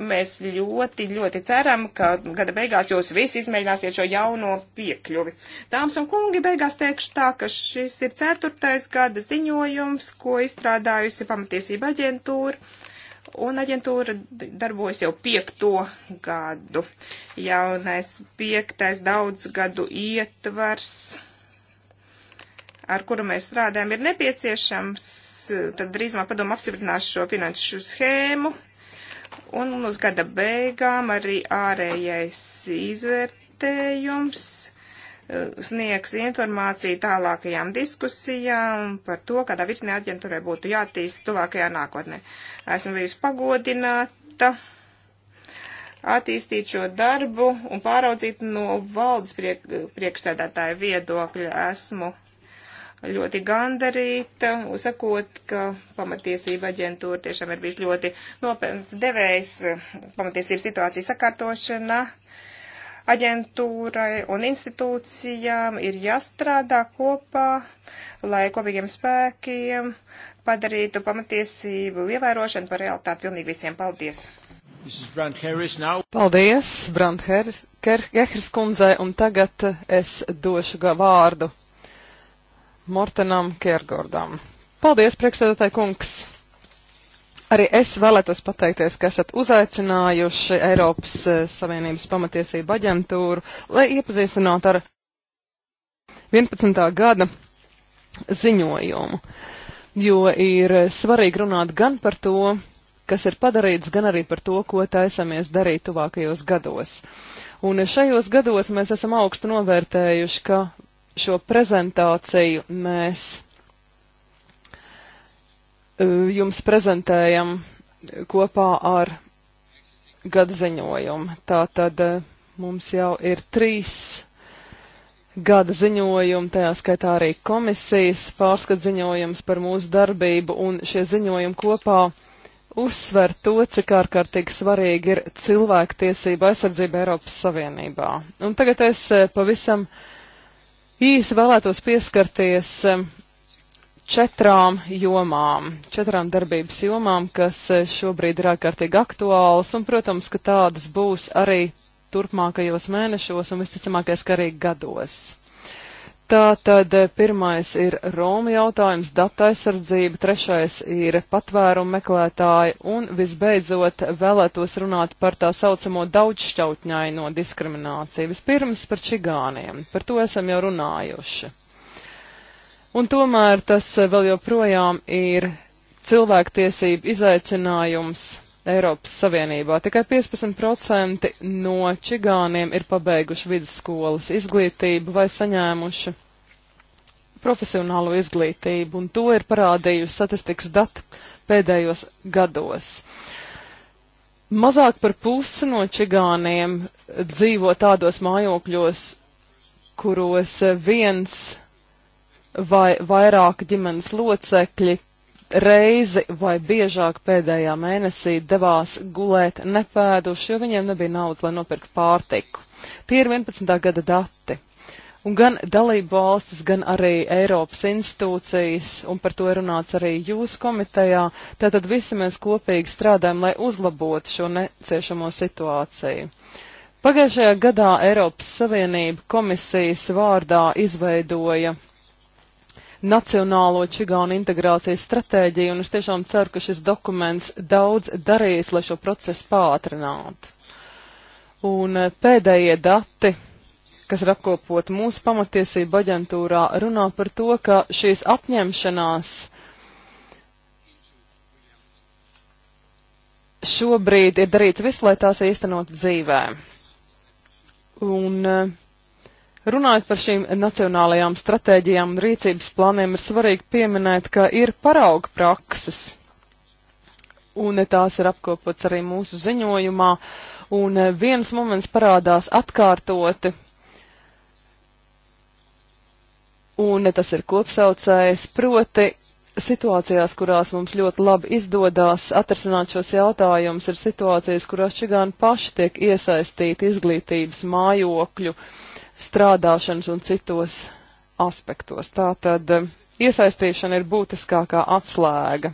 Mēs ļoti, ļoti ceram, ka gada beigās jūs visi izmēģināsiet šo jauno piekļuvi. Dāmas un kungi, beigās teikšu tā, ka šis ir ceturtais gada ziņojums, ko izstrādājusi pamatiesība aģentūra. Un aģentūra darbojas jau piekto gadu. Jaunais piektais daudz gadu ietvars, ar kuru mēs strādājam, ir nepieciešams. Tad drīzumā padomu apstiprinās šo finanšu schēmu Un uz gada beigām arī ārējais izvērtējums eh, sniegs informāciju tālākajām diskusijām par to, kādā virzienā aģentūrai būtu jātīst tuvākajā nākotnē. Esmu bijusi pagodināta attīstīt šo darbu un pāraudzīt no valdes priek priekšsēdētāja viedokļa. Esmu ļoti gandarīta, uzsakot, ka pamatiesība aģentūra tiešām ir bijis ļoti nopietns devējs pamatiesību situācijas sakārtošana. Aģentūrai un institūcijām ir jāstrādā kopā, lai kopīgiem spēkiem padarītu pamatiesību ievērošanu par realitāti pilnīgi visiem. Paldies! Brand
Paldies, Brant Gehris kundzei, un tagad es došu vārdu Mortenam Kiergordam. Paldies, priekšsēdētāji kungs! Arī es vēlētos pateikties, ka esat uzaicinājuši Eiropas eh, Savienības pamatiesību aģentūru, lai iepazīstinātu ar 11. gada ziņojumu, jo ir svarīgi runāt gan par to, kas ir padarīts, gan arī par to, ko taisamies darīt tuvākajos gados. Un šajos gados mēs esam augstu novērtējuši, ka šo prezentāciju mēs e, jums prezentējam kopā ar gada ziņojumu. Tātad e, mums jau ir trīs gada ziņojumi, tajā skaitā arī komisijas pārskat ziņojums par mūsu darbību, un šie ziņojumi kopā uzsver to, cik ārkārtīgi svarīgi ir cilvēktiesība aizsardzība Eiropas Savienībā. Un tagad es e, pavisam uh, Īsi vēlētos pieskarties um, četrām jomām, četrām darbības jomām, kas uh, šobrīd ir ārkārtīgi aktuālas, un, protams, ka tādas būs arī turpmākajos mēnešos un visticamākais, ka arī gados. Tātad eh, pirmais ir Roma jautājums, data aizsardzība, trešais ir patvērumu meklētāji un visbeidzot vēlētos runāt par tā saucamo daudzšķautņaino diskrimināciju. Vispirms par čigāniem, par to esam jau runājuši. Un tomēr tas eh, vēl joprojām ir cilvēktiesību izaicinājums Eiropas Savienībā. Tikai 15% no čigāniem ir pabeiguši vidusskolas izglītību vai saņēmuši profesionālo izglītību, un to ir parādījusi statistikas dati pēdējos gados. Mazāk par pusi no čigāniem dzīvo tādos mājokļos, kuros viens vai vairāki ģimenes locekļi reizi vai biežāk pēdējā mēnesī devās gulēt nepēduši, jo viņiem nebija naudas, lai nopirkt pārtiku. Tie ir 11. gada dati. Un gan dalību valstis, gan arī Eiropas institūcijas, un par to ir runāts arī jūsu komitejā, tātad visi mēs kopīgi strādājam, lai uzlabotu šo neciešamo situāciju. Pagājušajā gadā Eiropas Savienība komisijas vārdā izveidoja Nacionālo čigānu integrācijas stratēģiju, un es tiešām ceru, ka šis dokuments daudz darīs, lai šo procesu pātrinātu. Un eh, pēdējie dati, kas ir apkopot mūsu pamatiesību aģentūrā, runā par to, ka šīs apņemšanās šobrīd ir darīts viss, lai tās īstenot dzīvē. Un eh, Runājot par šīm nacionālajām stratēģijām un rīcības plāniem, ir svarīgi pieminēt, ka ir parauga prakses, un tās ir apkopots arī mūsu ziņojumā, un eh, viens moments parādās atkārtoti, un eh, tas ir kopsaucējs, proti situācijās, kurās mums ļoti labi izdodas atrasināt šos jautājumus, ir situācijas, kurās čigāni paši tiek iesaistīti izglītības mājokļu uh, strādāšanas un citos aspektos. Tātad eh, iesaistīšana ir būtiskākā atslēga.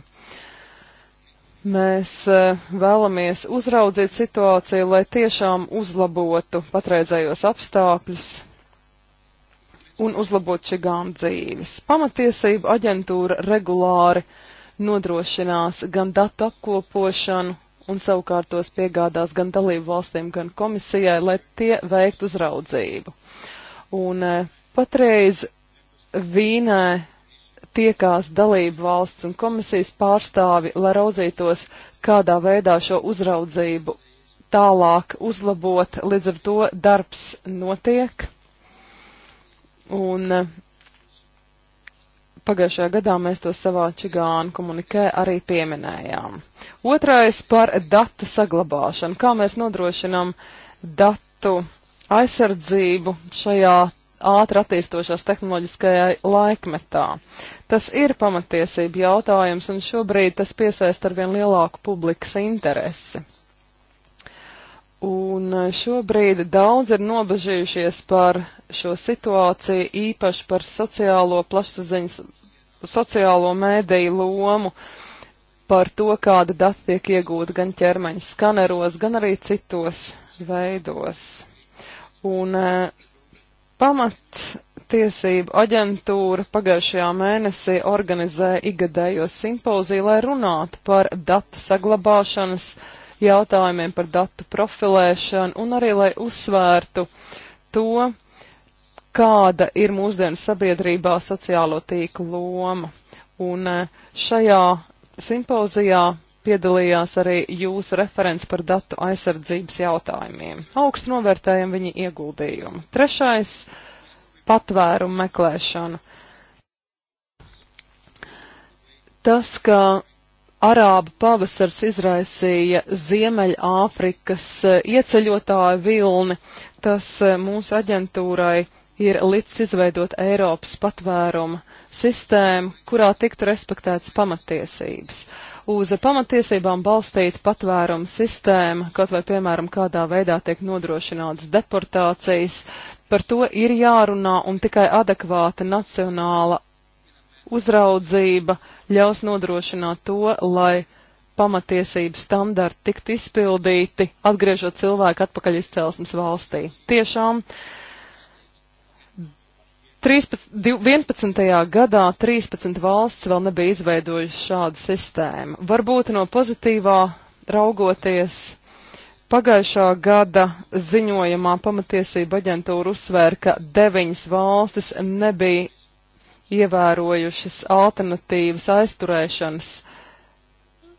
Mēs eh, vēlamies uzraudzīt situāciju, lai tiešām uzlabotu patreizējos apstākļus un uzlabotu čigānu dzīves. Pamatiesība aģentūra regulāri nodrošinās gan datu apkopošanu un savukārt tos piegādās gan dalību valstīm, gan komisijai, lai tie veiktu uzraudzību. Un eh, patreiz vīnē tiekās dalību valsts un komisijas pārstāvi, lai raudzītos, kādā veidā šo uzraudzību tālāk uzlabot. Līdz ar to darbs notiek. Un eh, pagājušajā gadā mēs to savā čigānu komunikē arī pieminējām. Otrais par datu saglabāšanu. Kā mēs nodrošinām datu aizsardzību šajā ātri attīstošās tehnoloģiskajā laikmetā. Tas ir pamatiesība jautājums, un šobrīd tas piesaist ar vien lielāku publikas interesi. Un šobrīd daudz ir nobežījušies par šo situāciju, īpaši par sociālo plašsaziņas, sociālo mēdīju lomu, par to, kāda dati tiek iegūta gan ķermeņa skaneros, gan arī citos veidos. Un e, pamattiesību aģentūra pagājušajā mēnesī organizēja igadējo simpoziju, lai runātu par datu saglabāšanas jautājumiem, par datu profilēšanu un arī, lai uzsvērtu to, kāda ir mūsdienu sabiedrībā sociālo tīklu loma. Un e, šajā simpozijā piedalījās arī jūsu referents par datu aizsardzības jautājumiem. Augstu novērtējam viņa ieguldījumu. Trešais - patvērumu meklēšana. Tas, ka Arābu pavasars izraisīja Ziemeļāfrikas eh, ieceļotāju vilni, tas eh, mūsu aģentūrai ir licis izveidot Eiropas patvērumu sistēmu, kurā tiktu respektētas pamatiesības uz pamatiesībām balstīta patvēruma sistēma, kaut vai piemēram kādā veidā tiek nodrošināts deportācijas, par to ir jārunā un tikai adekvāta nacionāla uzraudzība ļaus nodrošināt to, lai pamatiesību standarti tiktu izpildīti, atgriežot cilvēku atpakaļ izcelsmes valstī. Tiešām 13, 11. gadā 13 valsts vēl nebija izveidojuši šādu sistēmu. Varbūt no pozitīvā raugoties, pagājušā gada ziņojumā pamatiesība aģentūra uzsvēra, ka deviņas valstis nebija ievērojušas alternatīvas aizturēšanas eh,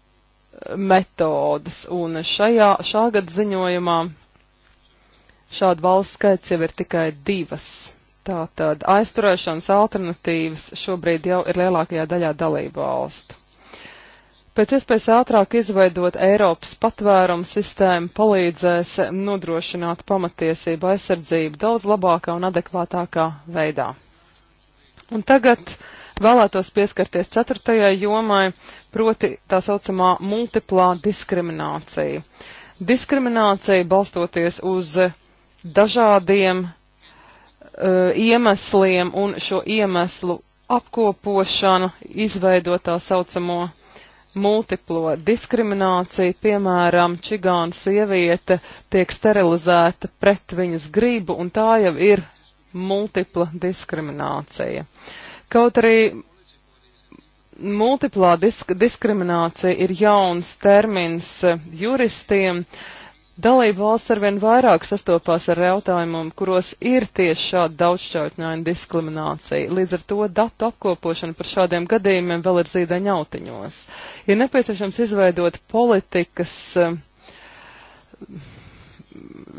metodas, un šajā, šā gada ziņojumā šādu valstu skaits jau ir tikai divas. Tātad aizturēšanas alternatīvas šobrīd jau ir lielākajā daļā dalību valstu. Pēc iespējas ātrāk izveidot Eiropas patvērumu sistēmu palīdzēs nodrošināt pamatiesību aizsardzību daudz labākā un adekvātākā veidā. Un tagad vēlētos pieskarties ceturtajai jomai, proti tā saucamā multiplā diskriminācija. Diskriminācija balstoties uz dažādiem Uh, iemesliem un šo iemeslu apkopošanu, izveidot tā saucamo multiplo diskrimināciju, piemēram, čigāna sieviete tiek sterilizēta pret viņas gribu, un tā jau ir multipla diskriminācija. Kaut arī multiplā disk diskriminācija ir jauns termins uh, juristiem, uh, Dalību valsts arvien vairāk sastopās ar jautājumiem, kuros ir tieši šāda daudzšķautņaina diskriminācija. Līdz ar to datu apkopošana par šādiem gadījumiem vēl ir zīdeņa autiņos. Ir nepieciešams izveidot politikas. Eh,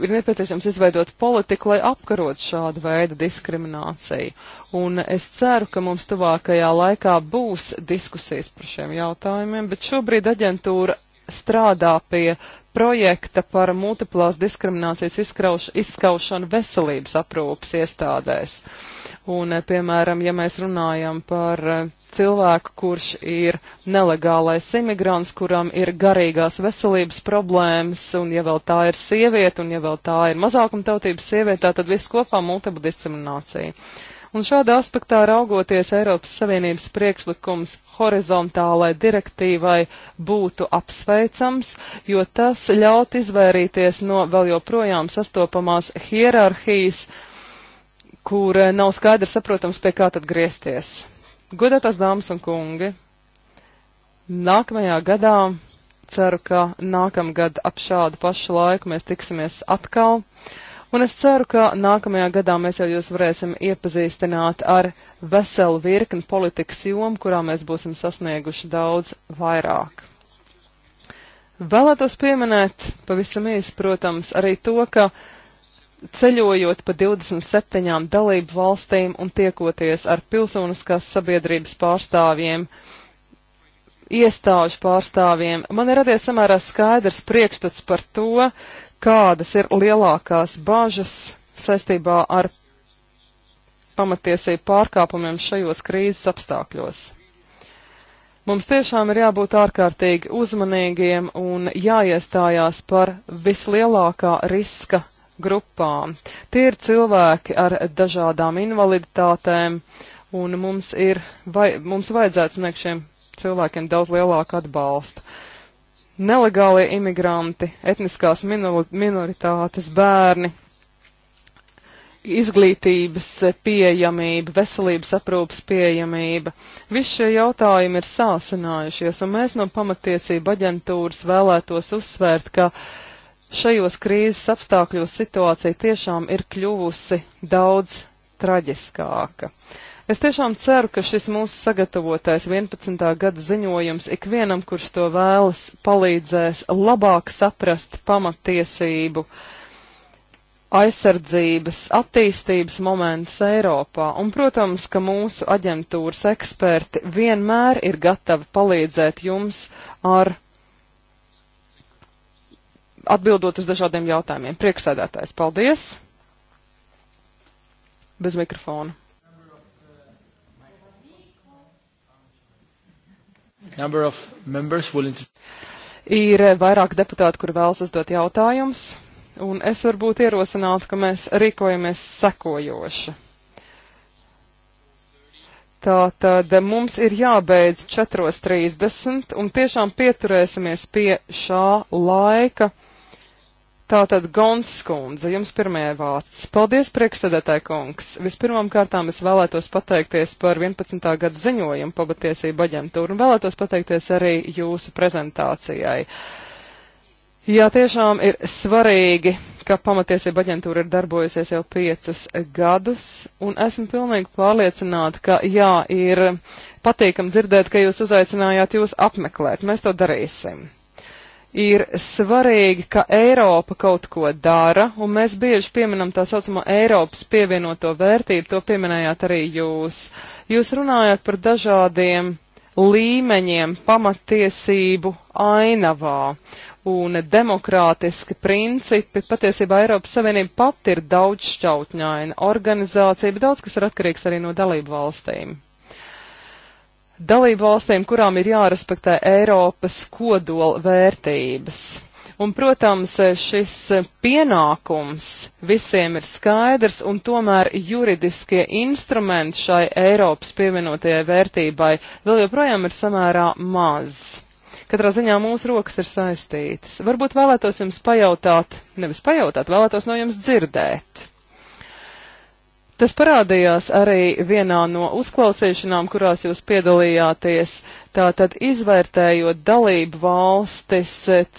ir nepieciešams izveidot politiku, lai apkarot šādu veidu diskrimināciju. Un es ceru, ka mums tuvākajā laikā būs diskusijas par šiem jautājumiem, bet šobrīd aģentūra strādā pie projekta par multiplās diskriminācijas izkrauš, izskaušanu veselības aprūpas iestādēs. Un, eh, piemēram, ja mēs runājam par eh, cilvēku, kurš ir nelegālais imigrants, kuram ir garīgās veselības problēmas, un ja vēl tā ir sieviete, un ja vēl tā ir mazākumtautības sieviete, tad viss kopā multipla diskriminācija. Un šādā aspektā raugoties Eiropas Savienības priekšlikums horizontālai direktīvai būtu apsveicams, jo tas ļaut izvairīties no vēl joprojām sastopamās hierarhijas, kur nav skaidrs saprotams, pie kā tad griezties. Godātās dāmas un kungi, nākamajā gadā ceru, ka nākamgad ap šādu pašu laiku mēs tiksimies atkal. Uh, Un es ceru, ka nākamajā gadā mēs jau jūs varēsim iepazīstināt ar veselu virkni politikas jomu, kurā mēs būsim sasnieguši daudz vairāk. Vēlētos pieminēt, pavisam īsi, protams, arī to, ka ceļojot pa 27 dalību valstīm un tiekoties ar pilsoniskās sabiedrības pārstāvjiem, iestāžu pārstāvjiem, man ir radies samērā skaidrs priekšstats par to, kādas ir lielākās bažas saistībā ar pamatiesību pārkāpumiem šajos krīzes apstākļos. Mums tiešām ir jābūt ārkārtīgi uzmanīgiem un jāiestājās par vislielākā riska grupām. Tie ir cilvēki ar dažādām invaliditātēm, un mums, ir, vai, mums vajadzētu sniegt šiem cilvēkiem daudz lielāku atbalstu. Uh, nelegālie imigranti, etniskās minoritātes, bērni, izglītības pieejamība, veselības aprūpas pieejamība. Visi šie jautājumi ir sāsinājušies, un mēs no pamatiesība aģentūras vēlētos uzsvērt, ka šajos krīzes apstākļos situācija tiešām ir kļuvusi daudz traģiskāka. Uh, Es tiešām ceru, ka šis mūsu sagatavotais 11. gada ziņojums ikvienam, kurš to vēlas, palīdzēs labāk saprast pamatiesību aizsardzības attīstības momentus Eiropā. Un, protams, ka mūsu aģentūras eksperti vienmēr ir gatavi palīdzēt jums ar atbildot uz dažādiem jautājumiem. Prieksēdētājs, paldies! Bez mikrofona. Will... Ir vairāk deputāti, kur vēlas uzdot jautājumus, un es varbūt ierosinātu, ka mēs rīkojamies sekojoši. Tātad mums ir jābeidz 4.30, un tiešām pieturēsimies pie šā laika. Tātad, Gons skundze, jums pirmajai vārds. Paldies, priekšstādētāji kungs. Vispirmām kārtām es vēlētos pateikties par 11. gada ziņojumu pabatiesību aģentūru un vēlētos pateikties arī jūsu prezentācijai. Jā, tiešām ir svarīgi, ka pamatiesība aģentūra ir darbojusies jau piecus gadus, un esmu pilnīgi pārliecināta, ka jā, ir patīkam dzirdēt, ka jūs uzaicinājāt jūs apmeklēt. Mēs to darīsim ir svarīgi, ka Eiropa kaut ko dara, un mēs bieži pieminam tā saucamo Eiropas pievienoto vērtību, to pieminējāt arī jūs. Jūs runājāt par dažādiem līmeņiem pamatiesību ainavā, un demokrātiski principi, patiesībā Eiropas Savienība pati ir daudz šķautņaina organizācija, bet daudz kas ir atkarīgs arī no dalību valstīm dalību valstīm, kurām ir jārespektē Eiropas kodola vērtības. Un, protams, šis pienākums visiem ir skaidrs, un tomēr juridiskie instrumenti šai Eiropas pievienotajai vērtībai vēl joprojām ir samērā maz. Katrā ziņā mūsu rokas ir saistītas. Varbūt vēlētos jums pajautāt, nevis pajautāt, vēlētos no jums dzirdēt. Tas parādījās arī vienā no uzklausīšanām, kurās jūs piedalījāties, tātad izvērtējot dalību valstis,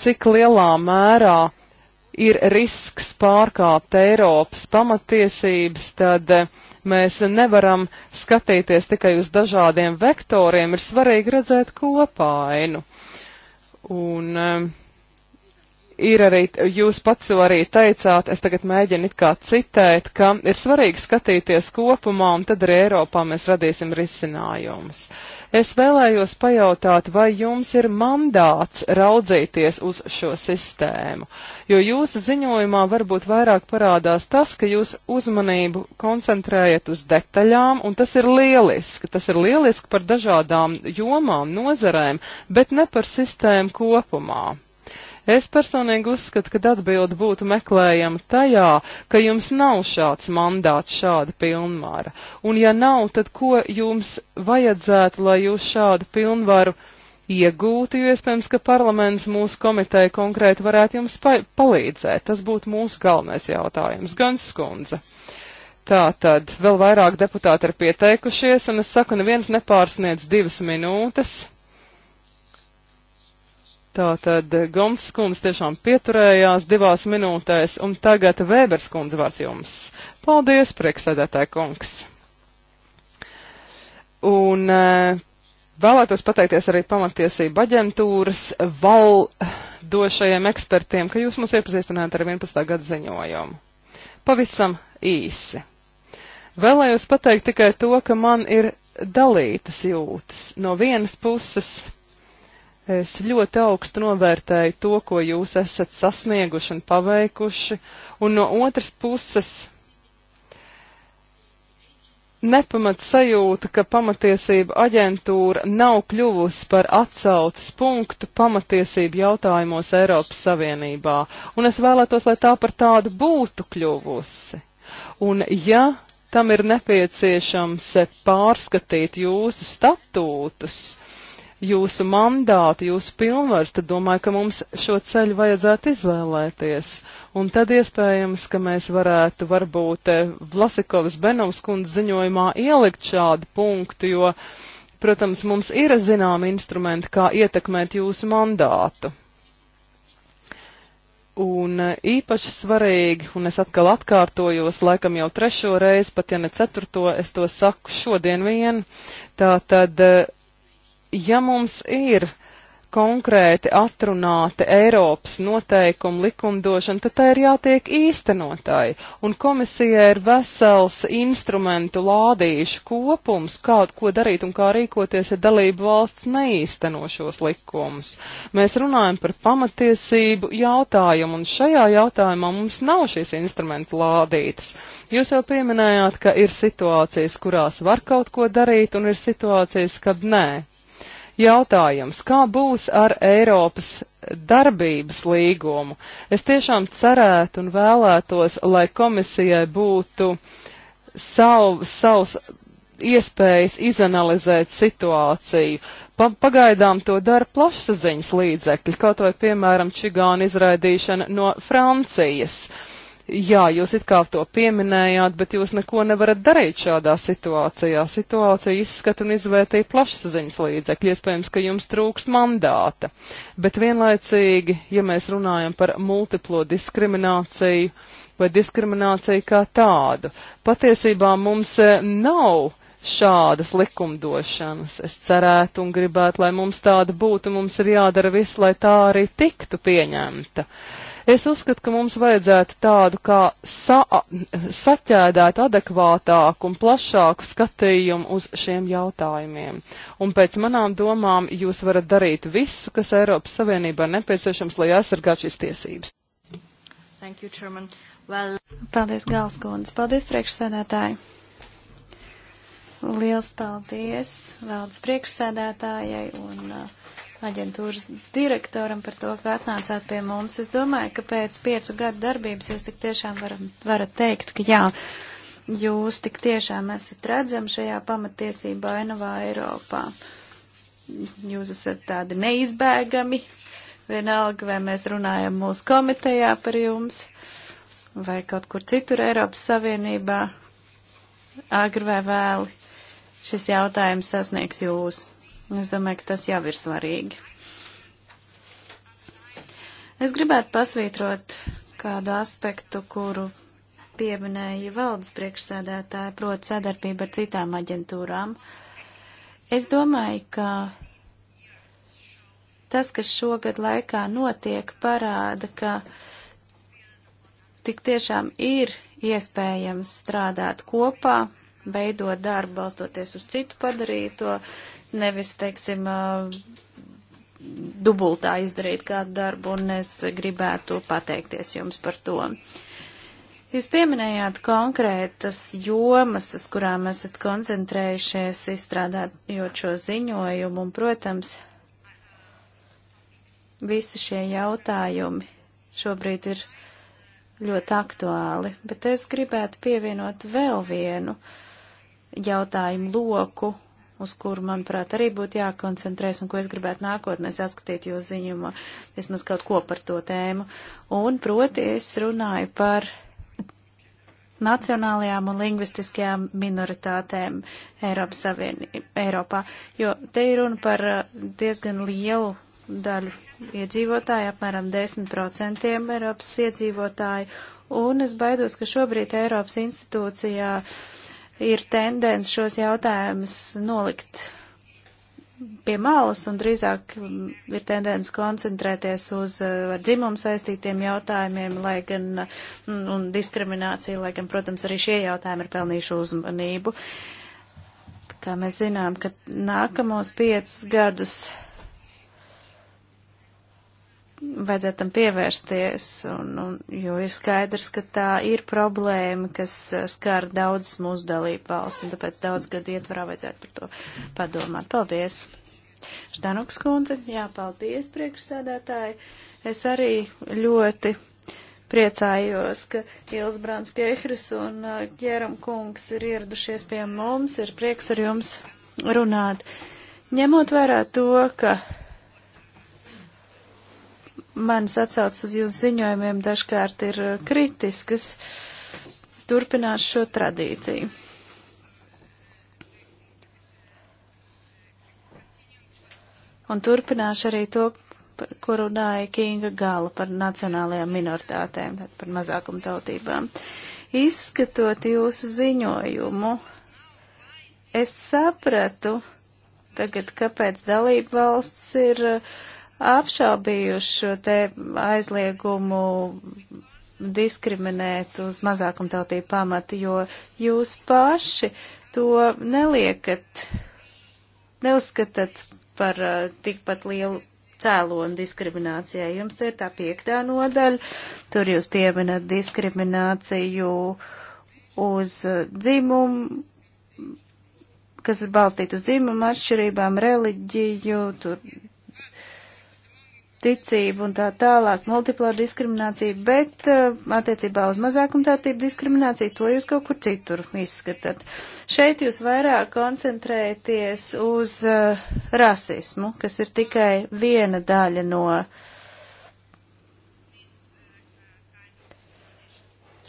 cik lielā mērā ir risks pārkāpt Eiropas pamatiesības, tad mēs nevaram skatīties tikai uz dažādiem vektoriem, ir svarīgi redzēt kopainu. Un, um, ir arī, jūs pats jau arī teicāt, es tagad mēģinu it kā citēt, ka ir svarīgi skatīties kopumā un tad arī Eiropā mēs radīsim risinājumus. Es vēlējos pajautāt, vai jums ir mandāts raudzīties uz šo sistēmu, jo jūsu ziņojumā varbūt vairāk parādās tas, ka jūs uzmanību koncentrējat uz detaļām, un tas ir lieliski. Tas ir lieliski par dažādām jomām, nozarēm, bet ne par sistēmu kopumā. Es personīgi uzskatu, ka atbildi būtu meklējama tajā, ka jums nav šāds mandāts, šāda pilnvara. Un ja nav, tad ko jums vajadzētu, lai jūs šādu pilnvaru iegūtu, jo iespējams, ka parlaments mūsu komiteja konkrēti varētu jums pa palīdzēt. Tas būtu mūsu galvenais jautājums. Gan skundze. Tā tad vēl vairāk deputāti ir pieteikušies, un es saku, neviens nepārsniedz divas minūtes. Tātad Gomes skundze tiešām pieturējās divās minūtēs, un tagad Vēbers skundze vārds jums. Paldies, prieksēdētāji kungs! Un e, vēlētos pateikties arī pamatiesība aģentūras valdošajiem ekspertiem, ka jūs mūs iepazīstināt ar 11. gadu ziņojumu. Pavisam īsi. Vēlējos pateikt tikai to, ka man ir dalītas jūtas. No vienas puses Es ļoti augstu novērtēju to, ko jūs esat sasnieguši un paveikuši, un no otras puses nepamat sajūta, ka pamatiesība aģentūra nav kļuvusi par atsaucas punktu pamatiesību jautājumos Eiropas Savienībā, un es vēlētos, lai tā par tādu būtu kļuvusi. Un ja tam ir nepieciešams pārskatīt jūsu statūtus, jūsu mandātu, jūsu pilnvars, tad domāju, ka mums šo ceļu vajadzētu izvēlēties. Un tad iespējams, ka mēs varētu varbūt eh, Vlasikovas Benovs kundze ziņojumā ielikt šādu punktu, jo, protams, mums ir zinām instrumenti, kā ietekmēt jūsu mandātu. Un eh, īpaši svarīgi, un es atkal atkārtojos, laikam jau trešo reizi, pat ja ne ceturto, es to saku šodien vien, tā tad eh, ja mums ir konkrēti atrunāti Eiropas noteikumu likumdošana, tad tā ir jātiek īstenotai. Un komisija ir vesels instrumentu lādīšu kopums, kādu ko darīt un kā rīkoties, ja dalību valsts neīstenošos likumus. Mēs runājam par pamatiesību jautājumu, un šajā jautājumā mums nav šīs instrumentu lādītas. Jūs jau pieminējāt, ka ir situācijas, kurās var kaut ko darīt, un ir situācijas, kad nē. Jautājums, kā būs ar Eiropas darbības līgumu? Es tiešām cerētu un vēlētos, lai komisijai būtu sav, savs iespējas izanalizēt situāciju. Pa, pagaidām to dara plašsaziņas līdzekļi, kaut vai, piemēram, čigāna izraidīšana no Francijas. Uh, jā, jūs it kā to pieminējāt, bet jūs neko nevarat darīt šādā situācijā. Situācija izskata un izvērtīja plašsaziņas līdzekļi, iespējams, ka jums trūkst mandāta. Bet vienlaicīgi, ja mēs runājam par multiplo diskrimināciju vai diskrimināciju kā tādu, patiesībā mums eh, nav šādas likumdošanas. Es cerētu un gribētu, lai mums tāda būtu, mums ir jādara viss, lai tā arī tiktu pieņemta. Uh, Es uzskatu, ka mums vajadzētu tādu kā sa saķēdēt adekvātāku un plašāku skatījumu uz šiem jautājumiem. Un pēc manām domām jūs varat darīt visu, kas Eiropas Savienībā nepieciešams, lai aizsargātu šīs tiesības.
Thank you, Chairman. Well... Paldies, Galskundze. Paldies, priekšsēdētāji. Liels paldies valdes priekšsēdētājai un uh, aģentūras direktoram par to, ka atnācāt pie mums. Es domāju, ka pēc piecu gadu darbības jūs tik tiešām varam, varat teikt, ka jā, jūs tik tiešām esat redzami šajā pamatiesībā ainavā Eiropā. Jūs esat tādi neizbēgami, vienalga, vai mēs runājam mūsu komitejā par jums, vai kaut kur citur Eiropas Savienībā, agri vai vēli, šis jautājums sasniegs jūs. Es domāju, ka tas jau ir svarīgi. Es gribētu pasvītrot kādu aspektu, kuru pieminēja valdes priekšsēdētāja, proti sadarbība ar citām aģentūrām. Es domāju, ka tas, kas šogad laikā notiek, parāda, ka tik tiešām ir iespējams strādāt kopā, veidot darbu balstoties uz citu padarīto, nevis, teiksim, dubultā izdarīt kādu darbu, un es gribētu pateikties jums par to. Jūs pieminējāt konkrētas jomas, uz kurām esat koncentrējušies, izstrādājot šo ziņojumu, un, protams, visi šie jautājumi šobrīd ir ļoti aktuāli, bet es gribētu pievienot vēl vienu uh, jautājumu loku, uz kuru, manuprāt, arī būtu jākoncentrēs un ko es gribētu nākotnē saskatīt jūs ziņumā, vismaz kaut ko par to tēmu. Un, proti, es runāju par nacionālajām un lingvistiskajām minoritātēm Eiropas Savienībā, Eiropā, jo te ir runa par uh, diezgan lielu daļu iedzīvotāju, apmēram 10% Eiropas iedzīvotāju, un es baidos, ka šobrīd Eiropas institūcijā uh, ir tendence šos jautājumus nolikt pie malas un drīzāk ir tendence koncentrēties uz eh, ar dzimumu saistītiem jautājumiem, lai gan, mm, un diskriminācija, lai gan, protams, arī šie jautājumi ir pelnījuši uzmanību. Kā mēs zinām, ka nākamos piecus gadus vajadzētu tam pievērsties, un, un, jo ir skaidrs, ka tā ir problēma, kas uh, skar daudzas mūsu dalību valsts, un tāpēc daudz gadu ietvarā vajadzētu par to padomāt. Paldies! Štanuks kundze, jā, paldies, priekšsēdētāji. Es arī ļoti priecājos, ka Ils Brāns Kehris un Ķēram uh, kungs ir ieradušies pie mums, ir prieks ar jums runāt. Ņemot vērā to, ka manas atsaucas uz jūsu ziņojumiem dažkārt ir uh, kritiskas, turpinās šo tradīciju. Un turpināšu arī to, par ko runāja Kinga Gala par nacionālajām minoritātēm, par mazākumtautībām. Izskatot jūsu ziņojumu, es sapratu tagad, kāpēc dalība valsts ir uh, apšaubījuši šo te aizliegumu diskriminēt uz mazākumtautību pamata, jo jūs paši to neliekat, neuzskatat par uh, tikpat lielu cēloni diskriminācijai. Jums te ir tā piektā nodaļa, tur jūs pieminat diskrimināciju uz dzimumu, kas ir balstīta uz dzimumu atšķirībām, reliģiju, tur ticību un tā tālāk, multiplo diskrimināciju, bet uh, attiecībā uz mazākumtautību diskrimināciju to jūs kaut kur citur izskatāt. Šeit jūs vairāk koncentrēties uz uh, rasismu, kas ir tikai viena daļa no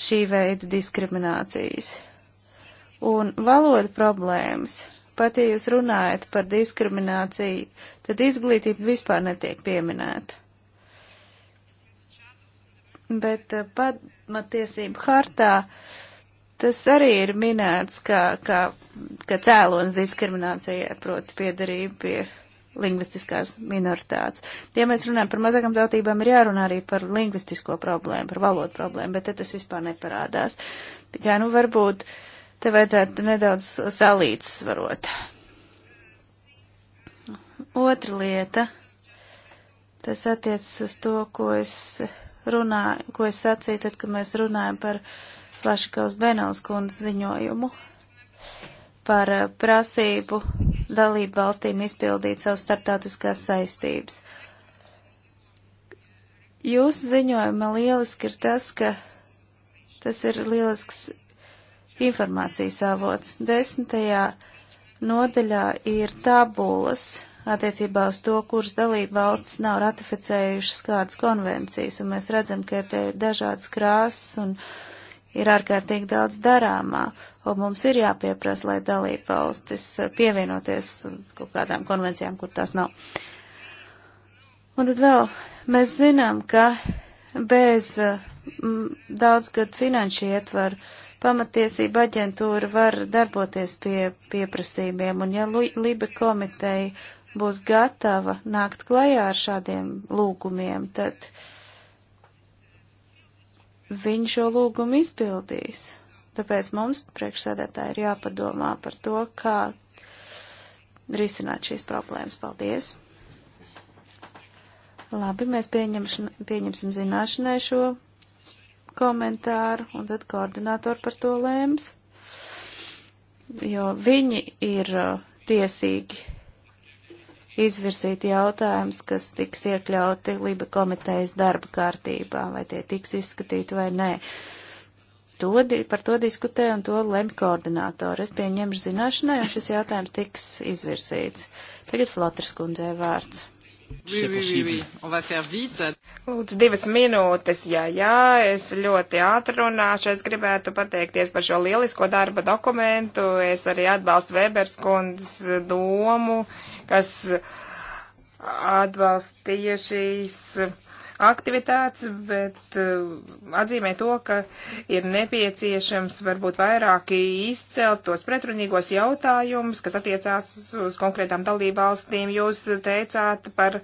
šī veida diskriminācijas. Un valoda problēmas Pat ja jūs runājat par diskrimināciju, tad izglītība vispār netiek pieminēta. Bet eh, pamatiesība hartā tas arī ir minēts kā, kā, kā cēlons diskriminācijai, proti piedarība pie lingvistiskās minoritātes. Ja mēs runājam par mazākām tautībām, ir jārunā arī par lingvistisko problēmu, par valodu problēmu, bet te tas vispār neparādās. Tikai, nu, varbūt uh, Te vajadzētu nedaudz salīdzsvarot. Otra lieta, tas attiecas uz to, ko es runāju, ko es sacīju, tad, kad mēs runājam par Lašikaus Benaus kundzes ziņojumu par eh, prasību dalību valstīm izpildīt savas starptautiskās saistības. Jūsu ziņojuma lieliski ir tas, ka tas ir lielisks informācijas avots. Desmitajā nodaļā ir tabulas attiecībā uz to, kuras dalība valstis nav ratificējušas kādas konvencijas, un mēs redzam, ka te ir dažādas krāsas un ir ārkārtīgi daudz darāmā, un mums ir jāpieprasa, lai dalība valstis pievienoties kaut kādām konvencijām, kur tās nav. Un tad vēl mēs zinām, ka bez daudzgad finanšu ietvaru pamatiesība aģentūra var darboties pie pieprasījumiem, un ja Libe komiteja būs gatava nākt klajā ar šādiem lūgumiem, tad viņi šo lūgumu izpildīs. Tāpēc mums priekšsēdētāji ir jāpadomā par to, kā risināt šīs problēmas. Paldies! Labi, mēs pieņemsim zināšanai šo komentāru, un tad koordinātori par to lēms, jo viņi ir uh, tiesīgi izvirsīt jautājumus, kas tiks iekļauti Liba komitejas darba kārtībā, vai tie tiks izskatīti vai nē. To, par to diskutē un to lemj koordinātori. Es pieņemšu zināšanai, un šis jautājums tiks izvirsīts. Tagad Flotras kundzē
vārds. Lūdzu, divas minūtes, jā, jā, es ļoti ātri runāšu, es gribētu pateikties par šo lielisko darba dokumentu, es arī atbalstu Weberskundas domu, kas atbalstīja šīs aktivitātes, bet eh, atzīmē to, ka ir nepieciešams varbūt vairāk izcelt tos pretrunīgos jautājumus, kas attiecās uz konkrētām dalībvalstīm. Jūs teicāt par eh,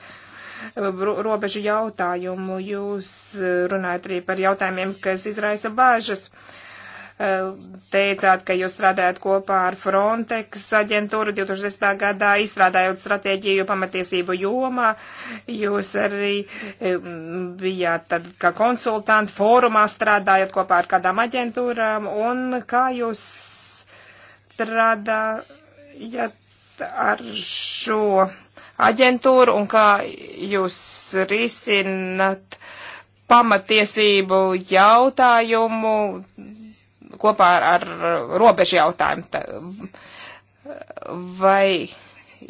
robežu jautājumu, jūs eh, runājat arī par jautājumiem, kas izraisa bāžas. Uh, Eh, teicāt, ka jūs strādājat kopā ar Frontex aģentūru 2010. gadā, izstrādājot stratēģiju pamatiesību jomā. Jūs arī eh, bijāt tad kā konsultanti fórumā strādājat kopā ar kādām aģentūrām. Un kā jūs strādājat ar šo aģentūru un kā jūs risinat pamatiesību jautājumu kopā ar, ar robežu jautājumu. Tā, vai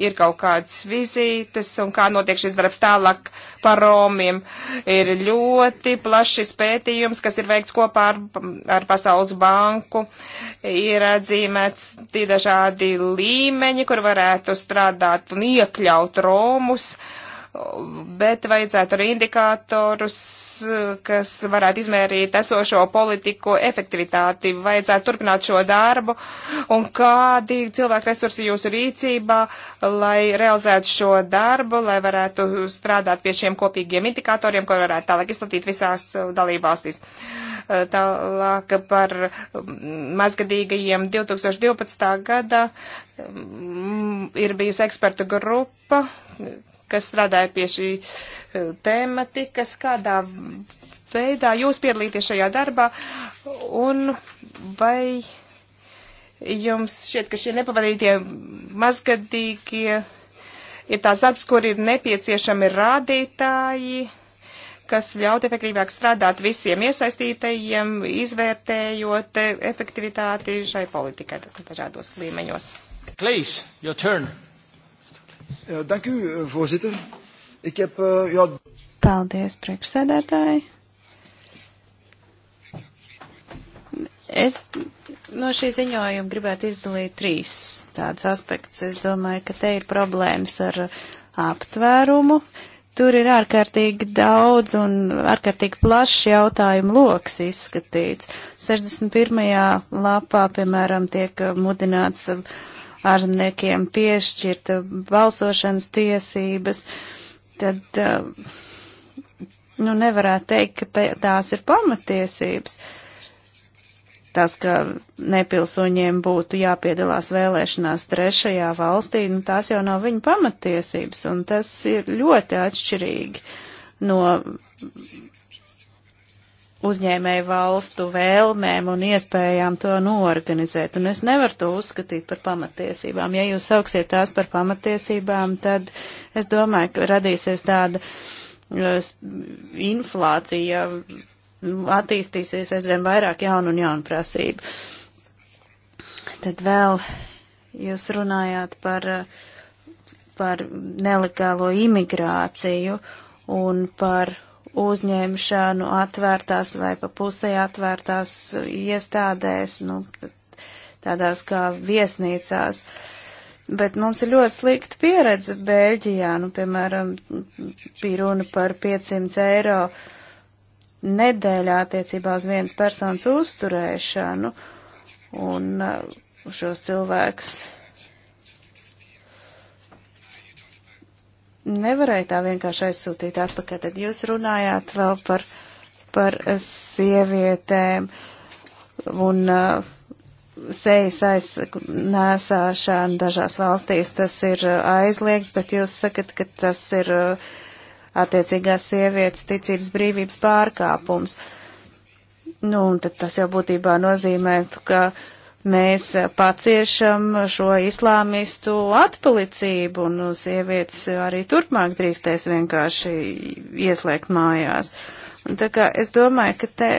ir kaut kādas vizītes un kā notiek šis darbs tālāk par Romiem. Ir ļoti plašs pētījums, kas ir veikts kopā ar, ar Pasaules banku. Ir atzīmēts tie dažādi līmeņi, kur varētu strādāt un iekļaut Romus. Uh, bet vajadzētu arī indikātorus, kas varētu izmērīt esošo politiku efektivitāti. Vajadzētu turpināt šo darbu un kādi cilvēku resursi jūsu rīcībā, lai realizētu šo darbu, lai varētu strādāt pie šiem kopīgiem indikatoriem, ko varētu tālāk izplatīt visās dalībvalstīs. Tālāk par mazgadīgajiem 2012. gada mm, ir bijusi eksperta grupa kas strādāja pie šī e, tēmatikas, kādā veidā jūs piedalīties šajā darbā un vai jums šķiet, ka šie nepavadītie mazgadīgie ir tās darbs, kur ir nepieciešami rādītāji, kas ļaut efektīvāk strādāt visiem iesaistītajiem, izvērtējot e, efektivitāti šai politikai dažādos līmeņos. Please, your turn. Eh, dank u, eh, voorzitter. Ik heb, uh, eh, ja...
Paldies, priekšsēdētāji. Es no šī ziņojuma gribētu izdalīt trīs tādus aspektus. Es domāju, ka te ir problēmas ar aptvērumu. Tur ir ārkārtīgi daudz un ārkārtīgi plašs jautājumu loks izskatīts. 61. lapā, piemēram, tiek mudināts uh, ārzemniekiem piešķirta uh, balsošanas tiesības, tad uh, nu, nevarētu teikt, ka tās ir pamatiesības. Tas, ka nepilsoņiem būtu jāpiedalās vēlēšanās trešajā valstī, nu, tās jau nav viņa pamatiesības, un tas ir ļoti atšķirīgi no uzņēmēju valstu vēlmēm un iespējām to norganizēt. Un es nevaru to uzskatīt par pamatiesībām. Ja jūs sauksiet tās par pamatiesībām, tad es domāju, ka radīsies tāda uh, inflācija, attīstīsies aizvien vairāk jaunu un jaunu prasību. Tad vēl jūs runājāt par, uh, par nelegālo imigrāciju un par uzņemšanu atvērtās vai pa pusē atvērtās iestādēs, nu, tādās kā viesnīcās. Bet mums ir ļoti slikta pieredze Bēļģijā, nu, piemēram, bija runa par 500 eiro nedēļā attiecībā uz vienas personas uzturēšanu, un uh, šos cilvēkus nevarēja tā vienkārši aizsūtīt atpakaļ. Tad jūs runājāt vēl par, par eh, sievietēm un uh, sejas aiznēsāšanu dažās valstīs. Tas ir eh, aizliegts, bet jūs sakat, ka tas ir uh, attiecīgās sievietes ticības brīvības pārkāpums. Nu, un tad tas jau būtībā nozīmē, ka uh, mēs paciešam šo islāmistu atpalicību, un sievietes arī turpmāk drīkstēs vienkārši ieslēgt mājās. Un tā kā es domāju, ka te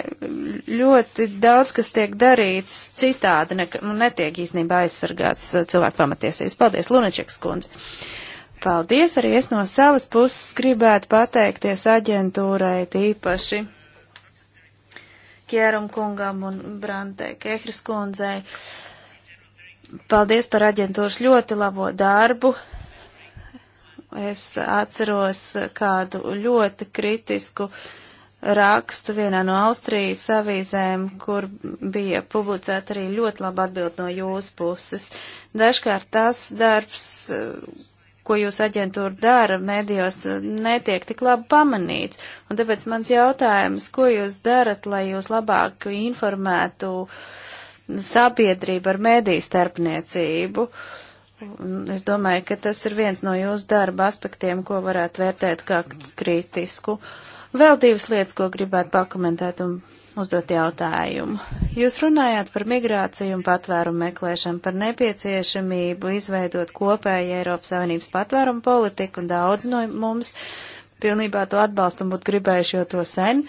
ļoti daudz, kas tiek darīts citādi, ne, nu, netiek īstenībā aizsargāts cilvēku pamatiesības. Paldies, Lunačeks kundze! Paldies arī es no savas puses gribētu pateikties aģentūrai tīpaši Kieram kungam un Brantē Kehris kundzei. Paldies par aģentūras ļoti labo darbu. Es atceros kādu ļoti kritisku rakstu vienā no Austrijas avīzēm, kur bija publicēta arī ļoti laba atbild no jūsu puses. Dažkārt tas darbs, ko jūs aģentūra dara, medijos eh, netiek tik labi pamanīts. Un tāpēc mans jautājums, ko jūs darat, lai jūs labāk informētu sabiedrību ar mediju starpniecību? Es domāju, ka tas ir viens no jūsu darba aspektiem, ko varētu vērtēt kā kritisku. Vēl divas lietas, ko gribētu pakomentēt un uzdot jautājumu. Jūs runājāt par migrāciju un patvērumu meklēšanu, par nepieciešamību izveidot kopēju Eiropas Savienības patvērumu politiku, un daudz no mums pilnībā to atbalstu un būtu gribējuši jau to sen.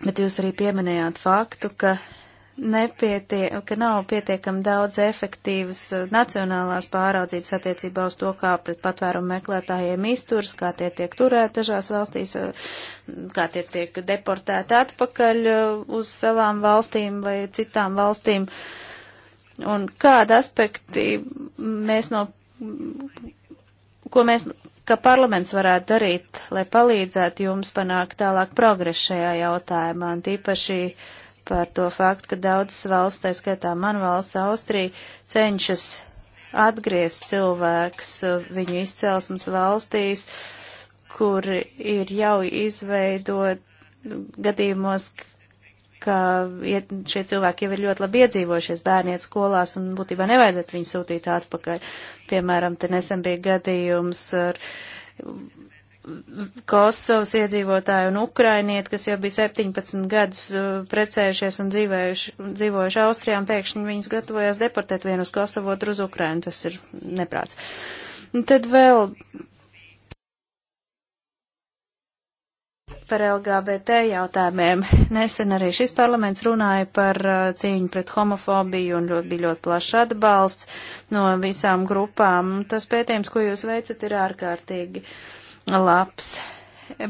Bet jūs arī pieminējāt faktu, ka nepietiek, ka nav pietiekam daudz efektīvas uh, nacionālās pāraudzības attiecībā uz to, kā pret patvērumu meklētājiem izturs, kā tie tiek turēti dažās valstīs, uh, kā tie tiek deportēti atpakaļ uh, uz savām valstīm vai citām valstīm. Un kādi aspekti mēs no, ko mēs, ka parlaments varētu darīt, lai palīdzētu jums panākt tālāk progresu šajā jautājumā, un tīpaši uh, par to faktu, ka daudzas valsts, tā skaitā man valsts Austrija, cenšas atgriezt cilvēkus viņu izcelsmes valstīs, kur ir jau izveidot gadījumos, ka šie cilvēki jau ir ļoti labi iedzīvojušies bērniet skolās un būtībā nevajadzētu viņu sūtīt atpakaļ. Piemēram, te nesen bija gadījums ar Kosovas iedzīvotāji un ukrainieti, kas jau bija 17 gadus uh, precējušies un dzīvējuši, dzīvojuši Austrijā, un pēkšņi viņus gatavojās deportēt vienu uz Kosovu, otru uz Ukrainu. Tas ir neprāts. Un tad vēl par LGBT jautājumiem. Nesen arī šis parlaments runāja par uh, cīņu pret homofobiju un ļoti, bija ļoti plašs atbalsts no visām grupām. Tas pētījums, ko jūs veicat, ir ārkārtīgi. Uh, labs.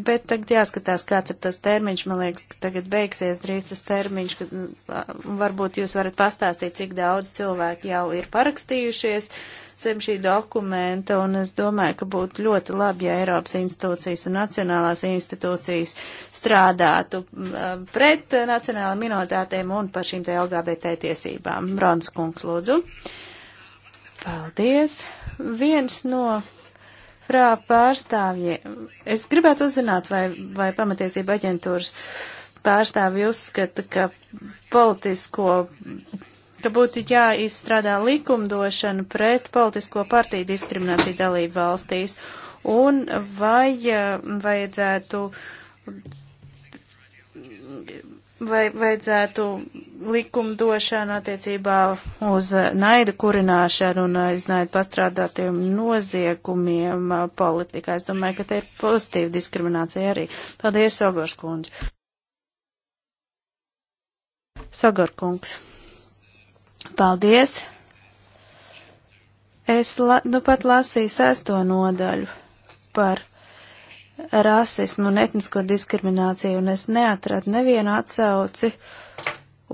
Bet tagad jāskatās, kāds ir tas termiņš. Man liekas, ka tagad beigsies drīz tas termiņš, kad varbūt jūs varat pastāstīt, cik daudz cilvēku jau ir parakstījušies zem šī dokumenta, un es domāju, ka būtu ļoti labi, ja Eiropas institūcijas un nacionālās institūcijas strādātu pret nacionālām minoritātēm un par šīm te LGBT tiesībām. Brons kungs, lūdzu. Paldies. Viens no Kiprā pārstāvji, es gribētu uzzināt, vai, vai pamatiesība aģentūras pārstāvji uzskata, ka politisko, ka būtu jāizstrādā likumdošana pret politisko partiju diskrimināciju dalību valstīs, un vai eh, vajadzētu vai vajadzētu likumdošanu attiecībā uz naida kurināšanu un uz naida pastrādātiem noziegumiem politikā. Es domāju, ka te ir pozitīva diskriminācija arī. Paldies, Sogors kundze. Sogor kungs. Paldies. Es la, nu pat lasīju sesto nodaļu par rasismu un etnisko diskrimināciju, un es neatradu nevienu atsauci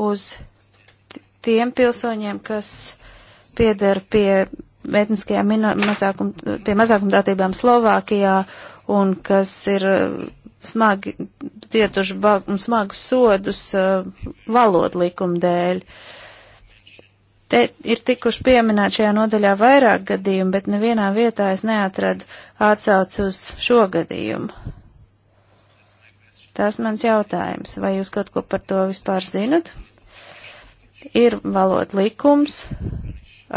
uz tiem pilsoņiem, kas pieder pie etniskajām mazākum, pie mazākumtātībām Slovākijā un kas ir uh, smagi cietuši smagus sodus uh, valodu likuma dēļ. Uh, Te ir tikuši pieminēt šajā nodaļā vairāk gadījumu, bet nevienā vietā es neatradu atsauc uz šo gadījumu. Tas mans jautājums. Vai jūs kaut ko par to vispār zinat? Ir valot likums,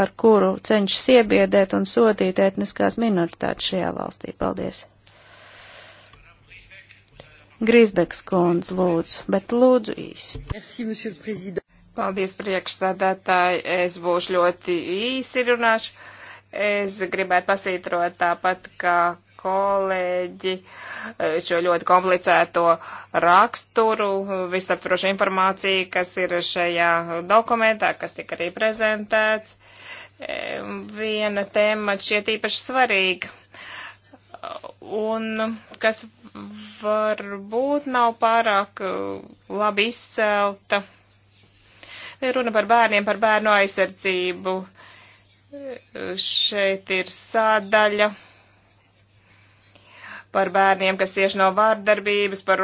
ar kuru cenšas iebiedēt un sodīt etniskās minoritātes šajā valstī. Paldies! Grisbeks kundze, lūdzu, bet lūdzu
īsi. Paldies priekšsādātāji, es būšu ļoti īsi runāšu. Es gribētu pasītrot tāpat kā kolēģi eh, šo ļoti komplicēto raksturu, visaptvarošu informāciju, kas ir šajā dokumentā, kas tika arī prezentēts. Viena tēma šķiet īpaši svarīga un kas varbūt nav pārāk eh, labi izcelta Runa par bērniem, par bērnu aizsardzību. Šeit ir sādaļa par bērniem, kas cieši no vārdarbības, par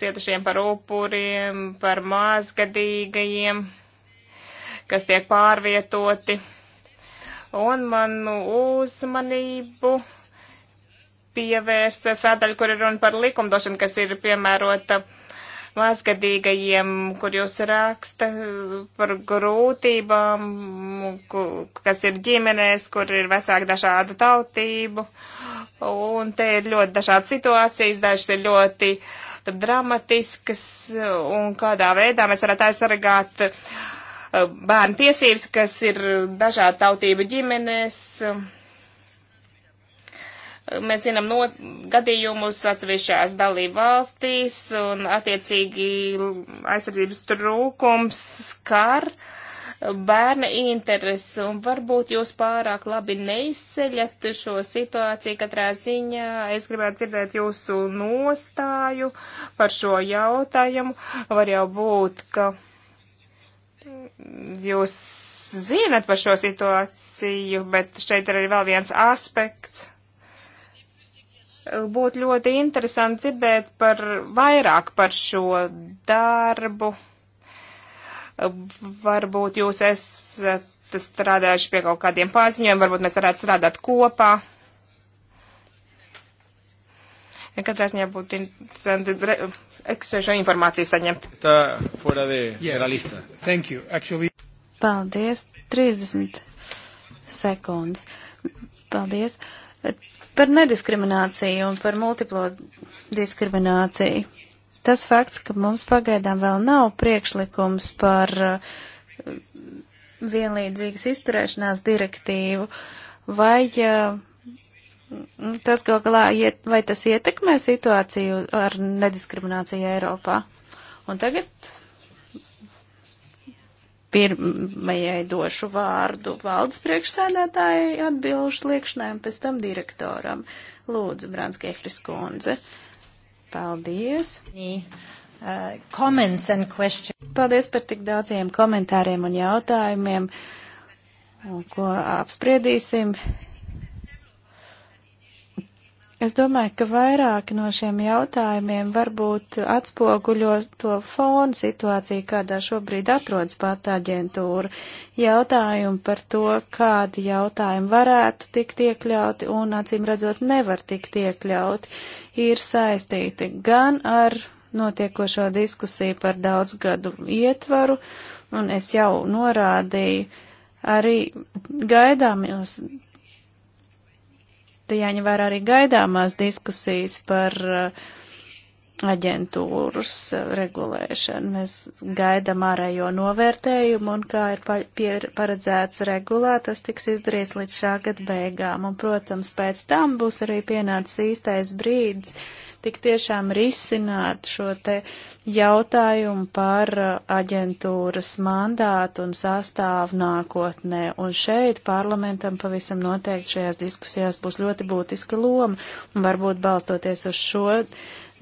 cietušiem par upuriem, par mazgadīgajiem, kas tiek pārvietoti. Un manu uzmanību pievērsa sādaļa, kur ir runa par likumdošanu, kas ir piemērota uh, mazgadīgajiem, kur jūs raksta eh, par grūtībām, kas ir ģimenēs, kur ir vecāki dažādu tautību. Un te ir ļoti dažādas situācijas, dažas ir ļoti dramatiskas, un kādā veidā mēs varētu aizsargāt eh, bērnu tiesības, kas ir dažādu tautību ģimenēs. Mēs zinām no gadījumus atsevišķās dalību valstīs un attiecīgi aizsardzības trūkums skar bērna interesi un varbūt jūs pārāk labi neizceļat šo situāciju katrā ziņā. Es gribētu dzirdēt jūsu nostāju par šo jautājumu. Var jau būt, ka jūs zinat par šo situāciju, bet šeit ir arī vēl viens aspekts Būtu ļoti interesanti dzirdēt par vairāk par šo darbu. Varbūt jūs esat strādājuši pie kaut kādiem paziņojumiem, varbūt mēs varētu strādāt kopā. Katrā ziņā būtu interesanti eksēžu informāciju saņemt. Tā, fora de, yeah. de la lista.
Thank you. Actually... Paldies. 30 sekundes. Paldies. Par nediskrimināciju un par multiplo diskrimināciju. Tas fakts, ka mums pagaidām vēl nav priekšlikums par uh, vienlīdzīgas izturēšanās direktīvu, vai uh, tas gal galā, iet, vai tas ietekmē situāciju ar nediskrimināciju Eiropā? Un tagad Pirmajai došu vārdu valdes priekšsēdētāji atbilžu liekšanai un pēc tam direktoram. Lūdzu, Brāns Kehris kundze. Paldies. Uh, Paldies par tik daudziem komentāriem un jautājumiem, ko apspriedīsim. Es domāju, ka vairāki no šiem jautājumiem varbūt atspoguļo to fonu situāciju, kādā šobrīd atrodas pati aģentūra. Jautājumi par to, kādi jautājumi varētu tikt iekļauti un, acīm redzot, nevar tikt iekļauti, ir saistīti gan ar notiekošo diskusiju par daudzgadu ietvaru, un es jau norādīju, arī gaidāmies te jāņem vērā arī gaidāmās diskusijas par uh, aģentūras uh, regulēšanu. Mēs gaidām ārējo novērtējumu un kā ir paredzēts regulā, tas tiks izdarīts līdz šā gada beigām. Un, protams, pēc tam būs arī pienācis īstais brīdis, uh, tik tiešām risināt šo te jautājumu par uh, aģentūras mandātu un sastāvu nākotnē. Un šeit parlamentam pavisam noteikti šajās diskusijās būs ļoti būtiska loma. Un varbūt balstoties uz šo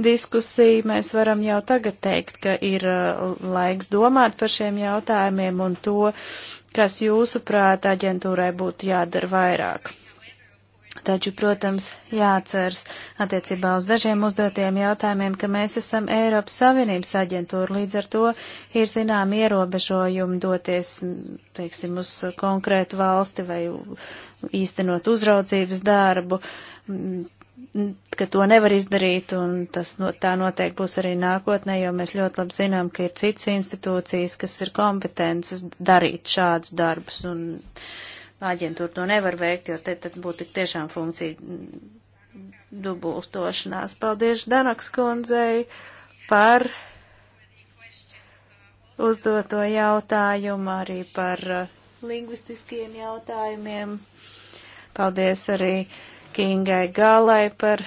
diskusiju mēs varam jau tagad teikt, ka ir uh, laiks domāt par šiem jautājumiem un to, kas jūsuprāt aģentūrai būtu jādara vairāk. Taču, protams, jāatceras attiecībā uz dažiem uzdotiem jautājumiem, ka mēs esam Eiropas Savienības aģentūra, līdz ar to ir zinām ierobežojumi doties, teiksim, uz konkrētu valsti vai īstenot uzraudzības darbu, ka to nevar izdarīt, un tas no, tā noteikti būs arī nākotnē, jo mēs ļoti labi zinām, ka ir citas institūcijas, kas ir kompetences darīt šādus darbus. Un, uh, aģentūra to nevar veikt, jo te tad būtu tiešām funkcija dubultošanās. Paldies Danaks kundzei par uzdoto jautājumu, arī par uh, lingvistiskiem jautājumiem. Paldies arī Kingai Galai par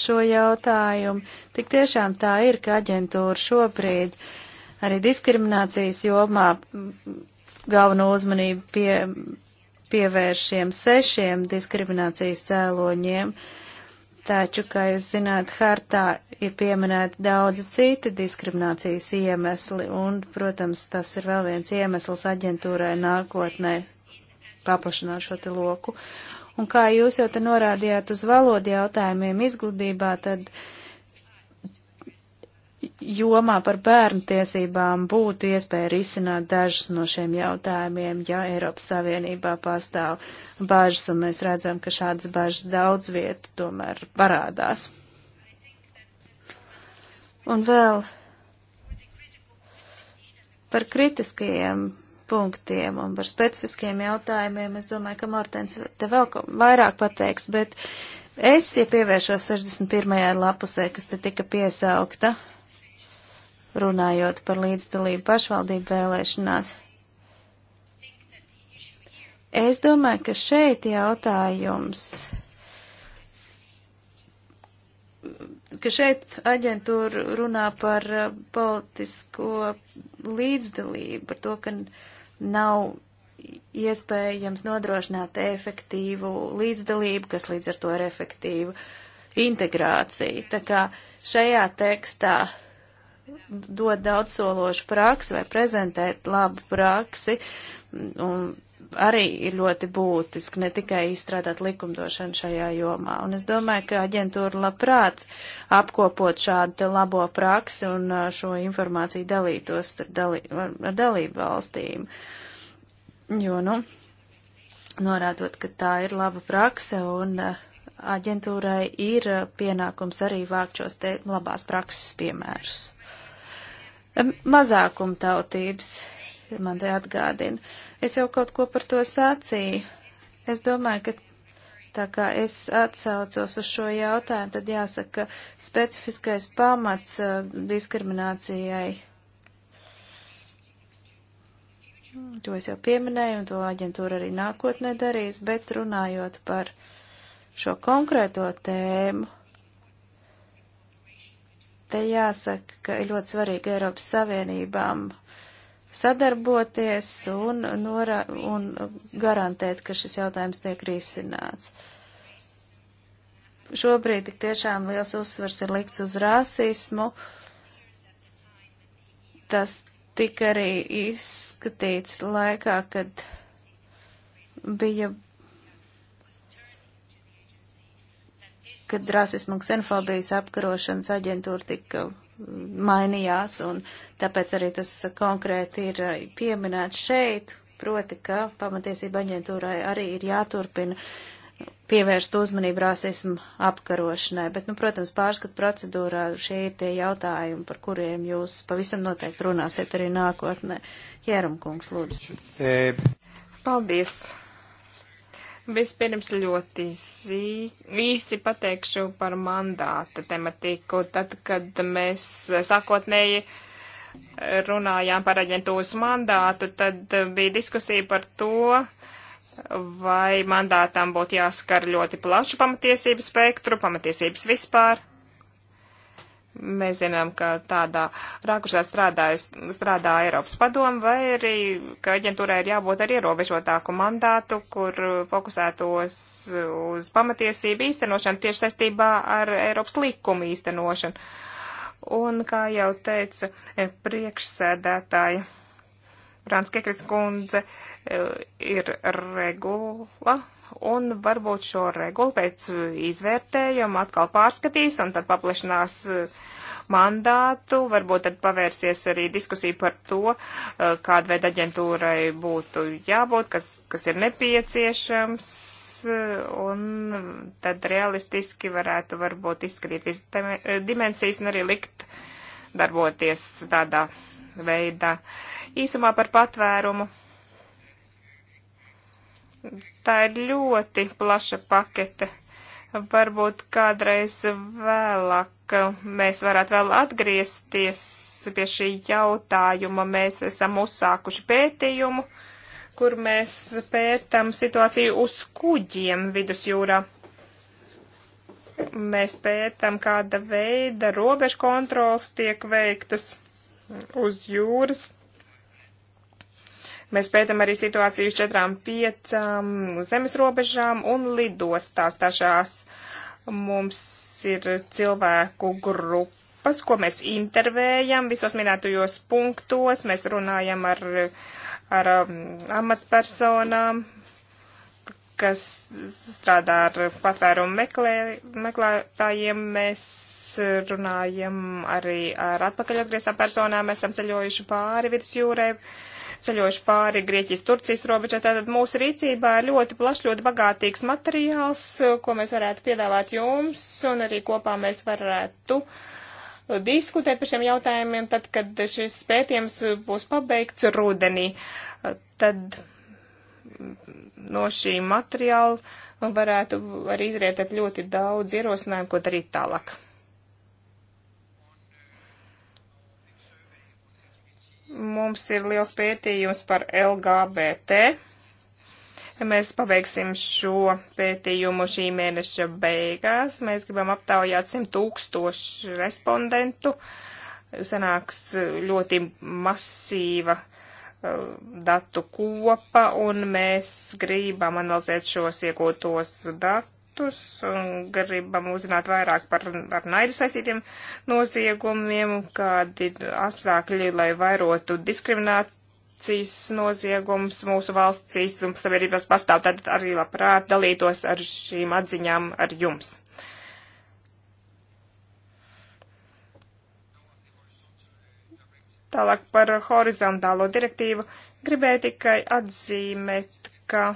šo jautājumu. Tik tiešām tā ir, ka aģentūra šobrīd arī diskriminācijas jomā galveno uzmanību pie, pievēršiem sešiem diskriminācijas cēloņiem, taču, kā jūs zināt, hartā ir pieminēti daudzi citi diskriminācijas iemesli, un, protams, tas ir vēl viens iemesls aģentūrai nākotnē paplašināt šo te loku. Un kā jūs jau te norādījāt uz valodu jautājumiem izglītībā, tad uh, jomā par bērnu tiesībām būtu iespēja risināt dažus no šiem jautājumiem, ja Eiropas Savienībā pastāv bažas, un mēs redzam, ka šādas bažas daudz vieta tomēr parādās. Un vēl par kritiskajiem punktiem un par specifiskiem jautājumiem, es domāju, ka Mortens te vēl vairāk pateiks, bet es, ja pievēršos 61. lapusē, kas te tika piesaukta, runājot par līdzdalību pašvaldību vēlēšanās. Es domāju, ka šeit jautājums, ka šeit aģentūra runā par uh, politisko līdzdalību, par to, ka nav iespējams nodrošināt efektīvu līdzdalību, kas līdz ar to ir efektīva integrācija. Tā kā šajā tekstā dod daudzsološu praksi vai prezentēt labu praksi, un arī ir ļoti būtiski ne tikai izstrādāt likumdošanu šajā jomā. Un es domāju, ka aģentūra labprāt apkopot šādu labo praksi un uh, šo informāciju dalītos ar, dalī, ar, ar dalību valstīm. Jo, nu, norādot, ka tā ir laba prakse un uh, aģentūrai ir uh, pienākums arī vākt šos te labās prakses piemērus mazākumtautības, man te atgādina. Es jau kaut ko par to sacīju. Es domāju, ka tā kā es atsaucos uz šo jautājumu, tad jāsaka, ka specifiskais pamats uh, diskriminācijai. To es jau pieminēju, un to aģentūra arī nākotnē darīs, bet runājot par šo konkrēto tēmu, Te jāsaka, ka ir ļoti svarīgi Eiropas Savienībām sadarboties un, nora, un garantēt, ka šis jautājums tiek risināts. Šobrīd tik tiešām liels uzsvers ir likts uz rasismu. Tas tika arī izskatīts laikā, kad bija kad rasismu un ksenofobijas apkarošanas aģentūra tika mm, mainījās, un tāpēc arī tas konkrēti ir eh, pieminēts šeit, proti, ka pamatiesība aģentūrai arī ir jāturpina pievērst uzmanību rasismu apkarošanai. Bet, nu, protams, pārskat procedūrā šie ir tie jautājumi, par kuriem jūs pavisam noteikti runāsiet arī nākotnē. Jērumkungs, lūdzu.
Eh. Paldies! Vispirms ļoti īsi pateikšu par mandāta tematiku. Tad, kad mēs sākotnēji runājām par aģentūras mandātu, tad bija diskusija par to, vai mandātam būtu jāskar ļoti plašu pamatiesību spektru, pamatiesības vispār, Mēs zinām, ka tādā rakursā strādā, strādā Eiropas padoma, vai arī, ka aģentūrai ir jābūt ar ierobežotāku mandātu, kur fokusētos uz pamatiesību īstenošanu tieši saistībā ar Eiropas likumu īstenošanu. Un, kā jau teica eh, priekšsēdētāja Frāns Kekris kundze, eh, ir regula un varbūt šo regulu pēc izvērtējuma atkal pārskatīs un tad paplašinās eh, mandātu, varbūt tad pavērsies arī diskusija par to, eh, kāda veida aģentūrai būtu jābūt, kas, kas ir nepieciešams, eh, un tad realistiski varētu varbūt izskatīt visas dimensijas un arī likt darboties tādā veidā. Īsumā par patvērumu Tā ir ļoti plaša pakete. Varbūt kādreiz vēlāk mēs varētu vēl atgriezties pie šī jautājuma. Mēs esam uzsākuši pētījumu, kur mēs pētam situāciju uz kuģiem vidusjūrā. Mēs pētam, kāda veida robežu kontrols tiek veiktas uz jūras Mēs pētam arī situāciju uz četrām, piecām zemes robežām un lidostās tašās. Mums ir cilvēku grupas, ko mēs intervējam visos minētajos punktos. Mēs runājam ar, ar um, amatpersonām, kas strādā ar patvērumu meklē, meklētājiem, mēs runājam arī ar atpakaļatgrieztām personām, mēs esam ceļojuši pāri vidusjūrē, ceļojuši pāri Grieķijas-Turcijas robežai. Tātad mūsu rīcībā ir ļoti plašs, ļoti bagātīgs materiāls, uh, ko mēs varētu piedāvāt jums, un arī kopā mēs varētu uh, diskutēt par šiem jautājumiem, tad, kad šis pētījums uh, būs pabeigts rudenī. Tad mm, no šī materiāla varētu arī izrietēt ļoti daudz ierosinājumu, ko darīt tālāk. Mums ir liels pētījums par LGBT. Mēs pabeigsim šo pētījumu šī mēneša beigās. Mēs gribam aptaujāt 100 tūkstošu respondentu. Sanāks ļoti masīva uh, datu kopa, un mēs gribam analizēt šos iegūtos datus faktus un gribam uzzināt vairāk par ar naidu saistītiem noziegumiem, kādi ir apstākļi, lai vairotu diskriminācijas noziegums mūsu valstīs un sabiedrībās pastāv, tad arī labprāt dalītos ar šīm atziņām ar jums. Tālāk par horizontālo direktīvu gribēju tikai atzīmēt, ka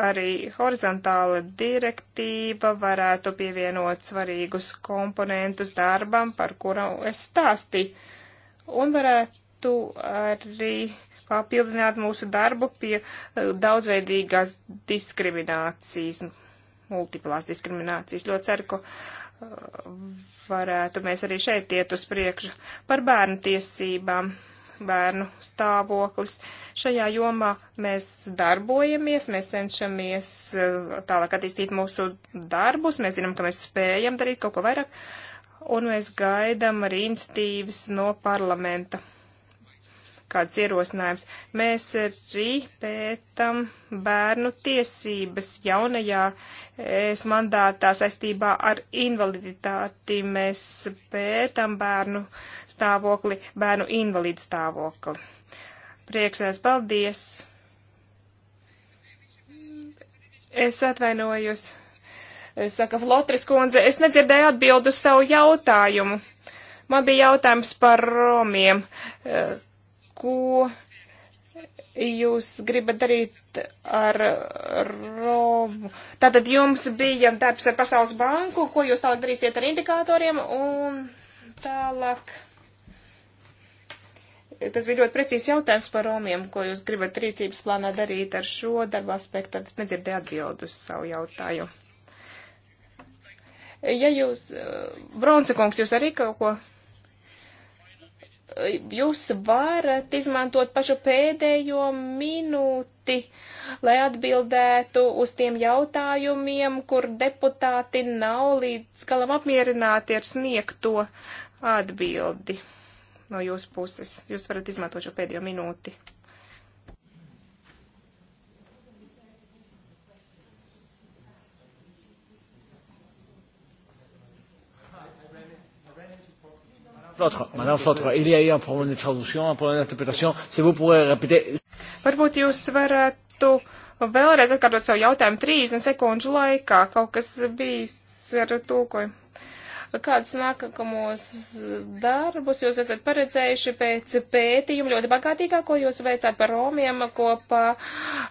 Arī horizontāla direktīva varētu pievienot svarīgus komponentus darbam, par kuru es stāstīju, un varētu arī papildināt mūsu darbu pie eh, daudzveidīgās diskriminācijas, multiplās diskriminācijas. Ļoti ceru, ka eh, varētu mēs arī šeit iet uz priekšu par bērnu tiesībām bērnu stāvoklis. Šajā jomā mēs darbojamies, mēs cenšamies eh, tālāk attīstīt mūsu darbus, mēs zinām, ka mēs spējam darīt kaut ko vairāk, un mēs gaidām arī institīvas no parlamenta kāds ierosinājums. Mēs arī pētam bērnu tiesības jaunajā es mandātā saistībā ar invaliditāti. Mēs pētam bērnu stāvokli, bērnu invalīdu stāvokli. Priekšsēs paldies! Es atvainojos, saka Flotris kundze, es nedzirdēju atbildu savu jautājumu. Man bija jautājums par romiem ko jūs gribat darīt ar Romu. Tātad jums bija darbs ar Pasaules banku, ko jūs tālāk darīsiet ar indikatoriem un tālāk. Tas bija ļoti precīzs jautājums par Romiem, ko jūs gribat rīcības plānā darīt ar šo darbu aspektu. Es nedzirdēju atbildu uz savu jautājumu. Ja jūs, eh, Bronce kungs, jūs arī kaut ko jūs varat izmantot pašu pēdējo minūti, lai atbildētu uz tiem jautājumiem, kur deputāti nav līdz galam apmierināti ar sniegto atbildi no jūsu puses. Jūs varat izmantot šo pēdējo minūti. Flotre, Madame Flotre, il y a eu un problème de traduction, un problème d'interprétation. Si vous pourrez répéter. Varbūt jūs varētu vēlreiz atkārtot savu jautājumu 30 sekundžu laikā. Kaut kas bijis ar tūkojumu kādus nākamos darbus jūs esat paredzējuši pēc pētījuma ļoti bagātīgā, ko jūs veicāt par Romiem kopā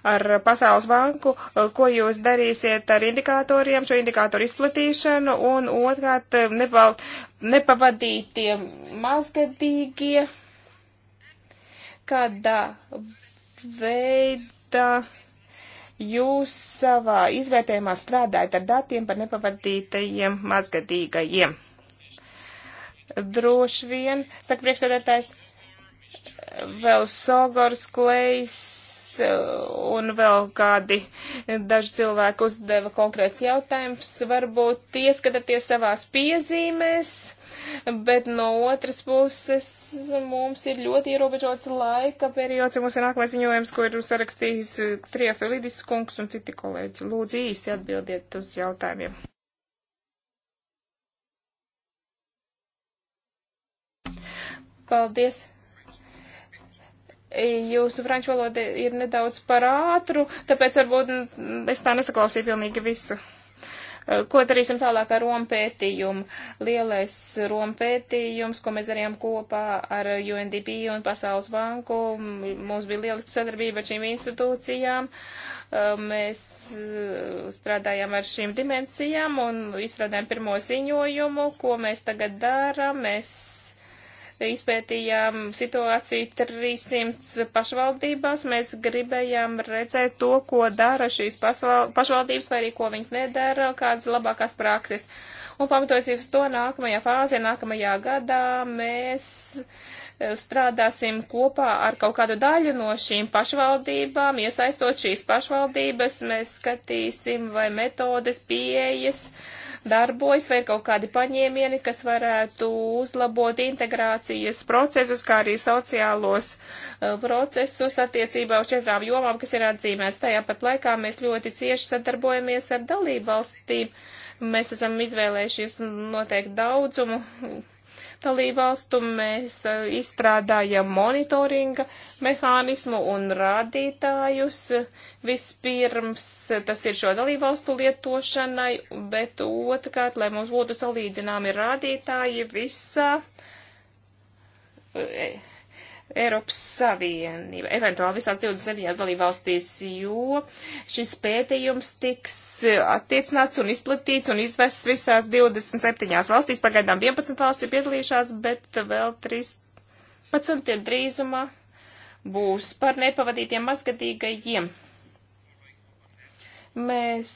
ar Pasaules banku, ko jūs darīsiet ar indikatoriem, šo indikātoru izplatīšanu un otrkārt nepal, nepavadītie mazgadīgie kādā veidā. Jūs savā izvērtējumā strādājat ar datiem par nepavadītajiem mazgadīgajiem. Droši vien, saka priekšsēdētājs, vēl Sogors Klejs un vēl kādi daži cilvēki uzdeva konkrēts jautājums. Varbūt ieskatāties savās piezīmēs bet no otras puses mums ir ļoti ierobežots laika periods, ja mums ir nākamais ziņojums, ko ir sarakstījis eh, Triafelidis kungs un citi kolēģi. Lūdzu īsi atbildiet uz jautājumiem. Paldies! jūsu franču valoda ir nedaudz par ātru, tāpēc varbūt es tā nesaklausīju pilnīgi visu. Eh, ko darīsim tālāk ar rompētījumu? Lielais rompētījums, ko mēs darījām kopā ar UNDP un Pasaules banku, mums bija lieliska sadarbība ar šīm institūcijām. Eh, mēs eh, strādājām ar šīm dimensijām un izstrādājām pirmo ziņojumu, ko mēs tagad darām. Mēs izpētījām situāciju 300 pašvaldībās. Mēs gribējām redzēt to, ko dara šīs pašvaldības vai arī ko viņas nedara, kādas labākās prakses. Un pamatojoties uz to nākamajā fāzē, nākamajā gadā mēs e, strādāsim kopā ar kaut kādu daļu no šīm pašvaldībām, iesaistot šīs pašvaldības, mēs skatīsim vai metodes, pieejas, uh, darbojas, vai ir kaut kādi paņēmieni, kas varētu uzlabot integrācijas procesus, kā arī sociālos uh, procesus attiecībā uz četrām jomām, kas ir atzīmēts. Tajā pat laikā mēs ļoti cieši sadarbojamies ar dalību valstīm. Mēs esam izvēlējušies noteikti daudzumu dalībvalstu. Mēs izstrādājam monitoringa mehānismu un rādītājus. Vispirms tas ir šo dalībvalstu lietošanai, bet otrkārt, lai mums būtu salīdzināmi rādītāji visā Eiropas Savienība, eventuāli visās 27 dalībvalstīs, jo šis pētījums tiks attiecināts un izplatīts un izvests visās 27 valstīs. Pagaidām 11 valsts ir piedalījušās, bet vēl 13 drīzumā būs par nepavadītiem mazgadīgajiem. Mēs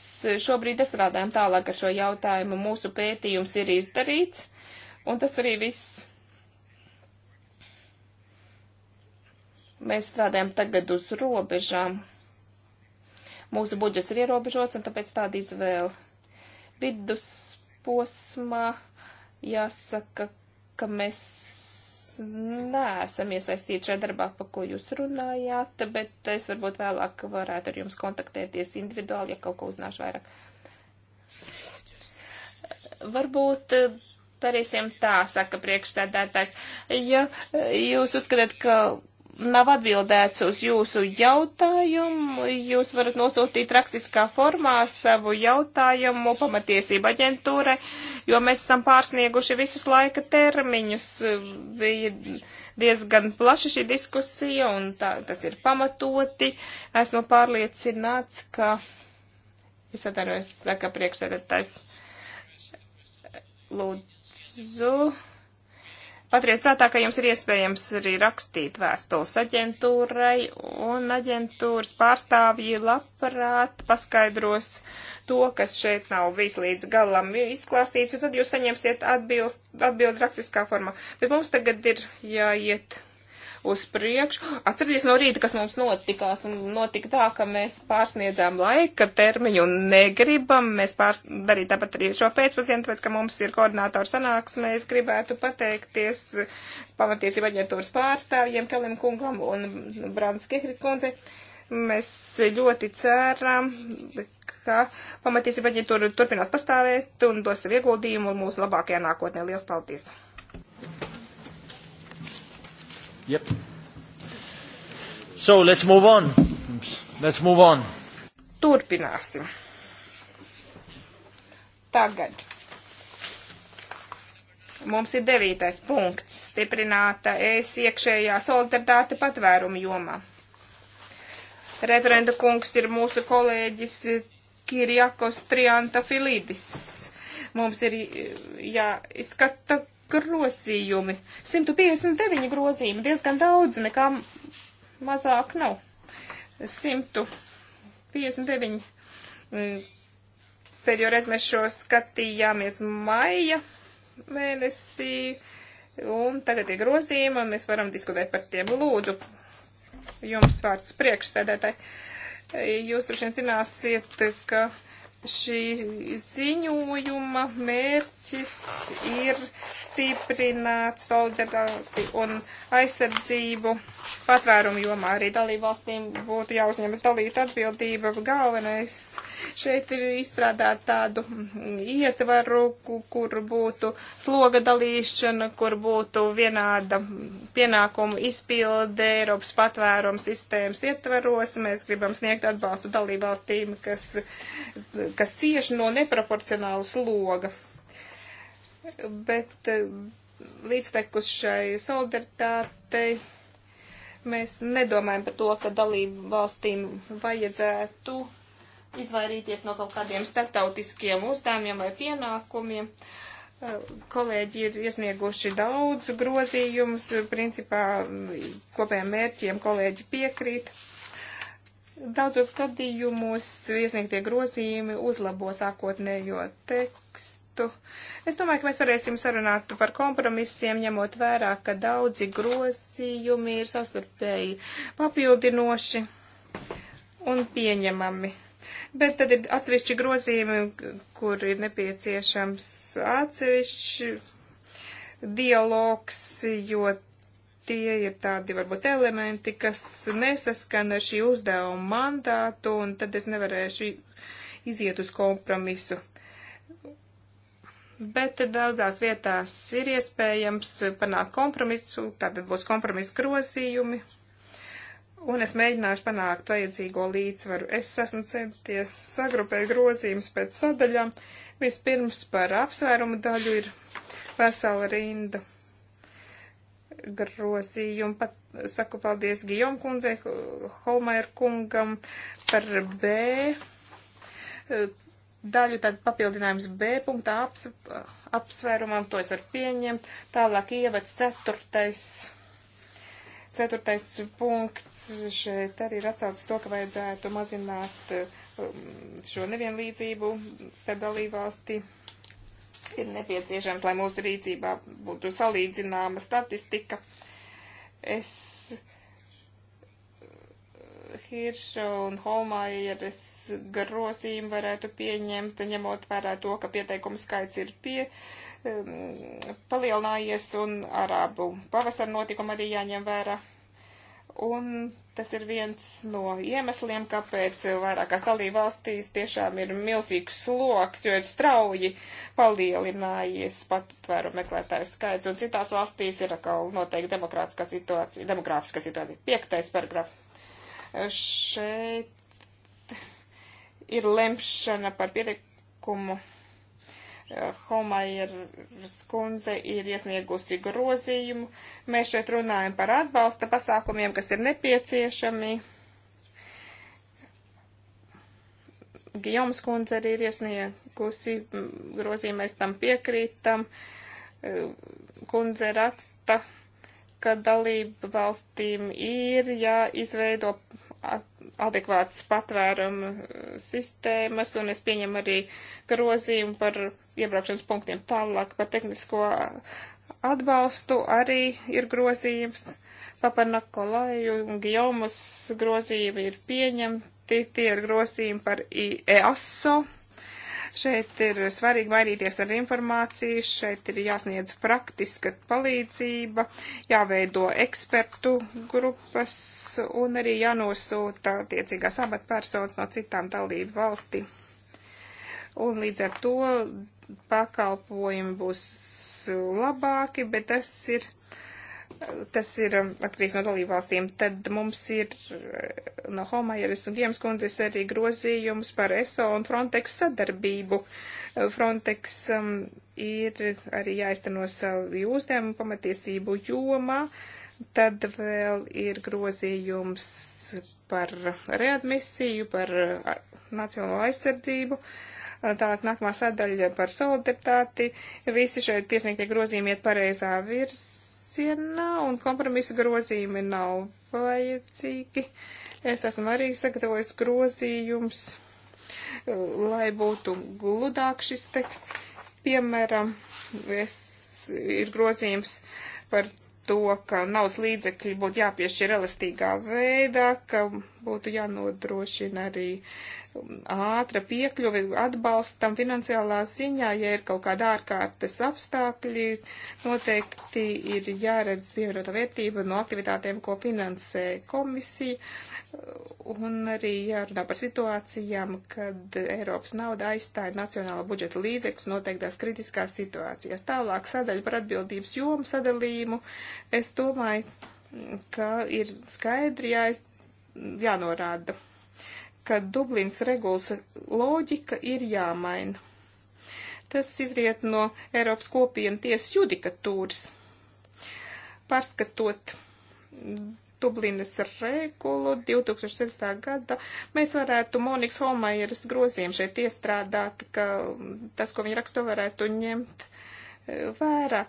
šobrīd strādājam tālāk ar šo jautājumu. Mūsu pētījums ir izdarīts, un tas arī viss Mēs strādājam tagad uz robežām. Mūsu budžets ir ierobežots, un tāpēc tāda izvēle. Vidusposmā jāsaka, ka mēs neesam iesaistīti šajā darbā, pa ko jūs runājāt, bet es varbūt vēlāk varētu ar jums kontaktēties individuāli, ja kaut ko uzzināšu vairāk. Varbūt eh, darīsim tā, saka priekšsēdētājs. Ja eh, jūs uzskatāt, ka nav atbildēts uz jūsu jautājumu. Jūs varat nosūtīt rakstiskā formā savu jautājumu pamatiesība aģentūrai, jo mēs esam pārsnieguši visus laika termiņus. Bija diezgan plaša šī diskusija, un tā, tas ir pamatoti. Esmu pārliecināts, ka. Es atvainojos, saka priekšsēdētājs. Lūdzu. Paturiet prātā, ka jums ir iespējams arī rakstīt vēstules aģentūrai, un aģentūras pārstāvji labprāt paskaidros to, kas šeit nav bijis līdz galam izklāstīts, un tad jūs saņemsiet atbild, atbild rakstiskā formā. Bet mums tagad ir jāiet uz priekšu. Atcerieties no rīta, kas mums notikās, un notika tā, ka mēs pārsniedzām laika termiņu un negribam. Mēs pārs... darīt tāpat arī šo pēcpazienu, tāpēc, ka mums ir koordinātors sanāks, mēs gribētu pateikties pamatiesību aģentūras pārstāvjiem, Kalim kungam un Brāns Kehris kundzei mēs ļoti ceram, ka pamatiesība viņi tur turpinās pastāvēt un dos savu ieguldījumu mūsu labākajā nākotnē. Lielas paldies!
Yep. So, let's move on. Let's move on.
Turpināsim. Tagad. Mums ir devītais punkts - stiprināta es iekšējā solidaritāte patvērumu jomā. Referenta kungs ir mūsu kolēģis Kirjakos Trianta Filidis. Mums ir jāizskata grozījumi. 159 grozījumi, diezgan daudz, nekā mazāk nav. 159. E, pēdējo reizi mēs šo skatījāmies maija mēnesī, un tagad ir grozījumi, un mēs varam diskutēt par tiem. Lūdzu, jums vārds priekšsēdētāji. E, jūs droši vien zināsiet, ka šī ziņojuma mērķis ir stiprināt solidaritāti un aizsardzību patvērumu jomā. Arī dalībvalstīm būtu jāuzņemas dalīta atbildība. Galvenais šeit ir izstrādāt tādu ietvaru, kur būtu sloga dalīšana, kur būtu vienāda pienākumu izpilde Eiropas patvērums sistēmas ietvaros. Mēs gribam sniegt atbalstu dalībvalstīm, kas kas cieši no neproporcionāla sloga. Bet eh, līdztekus šai solidaritātei mēs nedomājam par to, ka dalību valstīm vajadzētu izvairīties no kaut kādiem startautiskiem uzdevumiem vai pienākumiem. Eh, kolēģi ir iesnieguši daudz grozījumus, principā kopējiem mērķiem kolēģi piekrīt. Uh, Daudzos gadījumos iesniegtie grozījumi uzlabo sākotnējo tekstu. Es domāju, ka mēs varēsim sarunāt par kompromisiem, ņemot vērā, ka daudzi grozījumi ir savstarpēji papildinoši un pieņemami. Bet tad ir atsevišķi grozījumi, kur ir nepieciešams atsevišķi dialogs, jo tie ir tādi varbūt elementi, kas nesaskana ar šī uzdevuma mandātu, un tad es nevarēšu iziet uz kompromisu. Bet daudzās vietās ir iespējams panākt kompromisu, tātad būs kompromisa grozījumi, un es mēģināšu panākt vajadzīgo līdzsvaru. Es esmu centies sagrupēt grozījumus pēc sadaļām. Vispirms par apsvērumu daļu ir vesela rinda grozījumu. Pat saku paldies Gijom kundzei, Holmēr kungam par B daļu, tad papildinājums B punktā aps, apsvērumam, to es varu pieņemt. Tālāk ievads ceturtais. Ceturtais punkts šeit arī ir atsaucis to, ka vajadzētu mazināt um, šo nevienlīdzību starp dalībvalsti Ir nepieciešams, lai mūsu rīcībā būtu salīdzināma statistika. Es eh, Hirša un Holmajeres grozījumu varētu pieņemt, ņemot vērā to, ka pieteikumu skaits ir pie, um, palielinājies un arābu pavasara notikuma arī jāņem vērā. Un tas ir viens no iemesliem, kāpēc vairākās dalībvalstīs tiešām ir milzīgs sloks, jo ir strauji palielinājies patvēru meklētāju skaits, un citās valstīs ir atkal noteikti demokrātiskā situācija, demokrātiskā situācija. Piektais paragrafs. Šeit ir lemšana par pieteikumu Homairs kundze ir iesniegusi grozījumu. Mēs šeit runājam par atbalsta pasākumiem, kas ir nepieciešami. Gijoms kundze arī ir iesniegusi grozījumu, mēs tam piekrītam. E, kundze raksta, ka dalību valstīm ir jāizveido. Ja adekvātas patvērumu sistēmas, un es pieņemu arī grozījumu par iebraukšanas punktiem tālāk par tehnisko atbalstu arī ir grozījums. Papanakolaju un Gijomas grozījumi ir pieņemti, tie ir grozījumi par EASO. Šeit ir svarīgi mainīties ar informāciju, šeit ir jāsniedz praktiska palīdzība, jāveido ekspertu grupas un arī jānosūta attiecīgās amatpersonas no citām dalību valstīm. Un līdz ar to pakalpojumi būs labāki, bet tas ir tas ir um, atkarīgs no dalībvalstīm. Tad mums ir uh, no Homajeres un Diemas kundzes arī grozījums par ESO un Frontex sadarbību. Uh, Frontex um, ir arī jāizteno savu uzdevumu pamatiesību jomā. Tad vēl ir grozījums par readmisiju, par uh, nacionālo aizsardzību. Tālāk nākamā sadaļa par solidaritāti. Visi šeit tiesniegtie grozījumi iet pareizā virs virzienā un kompromisa grozījumi nav vajadzīgi. Es esmu arī sagatavojis grozījums, lai būtu gludāk šis teksts. Piemēram, es, ir grozījums par to, ka naudas līdzekļi būtu jāpiešķir elastīgā veidā, ka būtu jānodrošina arī ātra piekļuve atbalstam finansiālā ziņā, ja ir kaut kāda ārkārtas apstākļi, noteikti ir jāredz pievienotā vērtība no aktivitātēm, ko finansē komisija, un arī jārunā par situācijām, kad Eiropas nauda aizstāja nacionāla budžeta līdzekļus noteiktās kritiskās situācijās. Tālāk sadaļa par atbildības jomu sadalījumu. Es domāju, ka ir skaidri jāiz... jānorāda ka Dublins regulas loģika ir jāmaina. Tas izriet no Eiropas kopienu tiesas judikatūras. Pārskatot Dublinas regulu 2017. gada, mēs varētu Monikas Holmajeras grozījumu šeit iestrādāt, ka tas, ko viņa raksto, varētu ņemt vērā.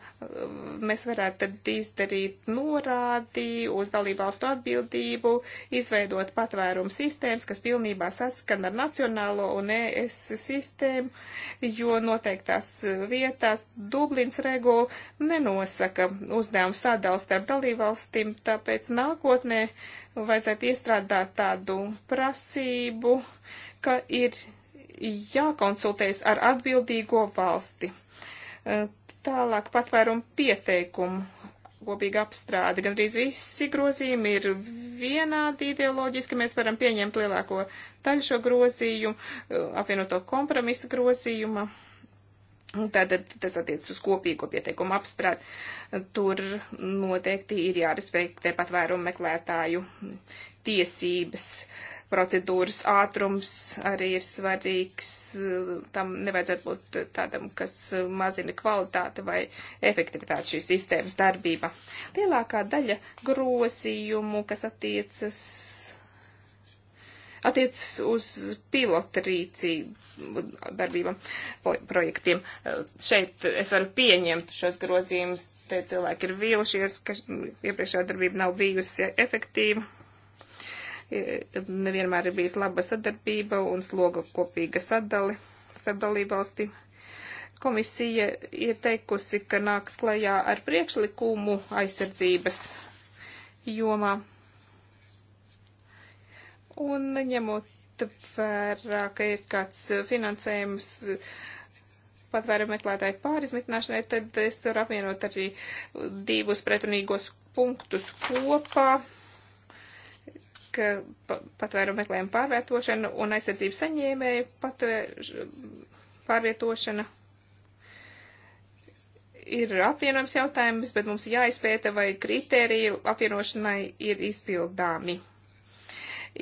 Mēs varētu tad izdarīt norādi uz dalībvalstu atbildību, izveidot patvērumu sistēmas, kas pilnībā saskan ar nacionālo un ES sistēmu, jo noteiktās vietās Dublins regula nenosaka uzdevumu sadalu starp dalībvalstīm, tāpēc nākotnē vajadzētu iestrādāt tādu prasību, ka ir jākonsultējas ar atbildīgo valsti Tālāk patvērumu pieteikumu kopīga apstrāde. Gan arī visi grozījumi ir vienādi ideoloģiski, mēs varam pieņemt lielāko daļu šo grozījumu, apvienoto kompromisu grozījuma. Tātad tas attiecas uz kopīgo pieteikumu apstrādi. Tur noteikti ir jārespektē patvērumu meklētāju tiesības. Uh, procedūras ātrums arī ir svarīgs. Eh, tam nevajadzētu būt tādam, kas eh, mazina kvalitāti vai efektivitāti šīs sistēmas darbība. Lielākā daļa grozījumu, kas attiecas attiecas uz pilotrīcību darbībām, projektiem. Eh, šeit es varu pieņemt šos grozījumus, te cilvēki ir vīlušies, ka iepriekšējā darbība nav bijusi efektīva E, nevienmēr ir bijis laba sadarbība un sloga kopīga sadali starp dalībvalstīm. Komisija ir teikusi, ka nāks klajā ar priekšlikumu aizsardzības jomā. Un ņemot vērā, ka ir kāds finansējums patvērumu meklētāju pārizmitināšanai, tad es varu apvienot arī divus pretrunīgos punktus kopā ka patvērumu meklējuma pārvietošana un aizsardzības saņēmēju patvēr, pārvietošana ir apvienojams jautājums, bet mums jāizpēta, vai kritēriji apvienošanai ir izpildāmi.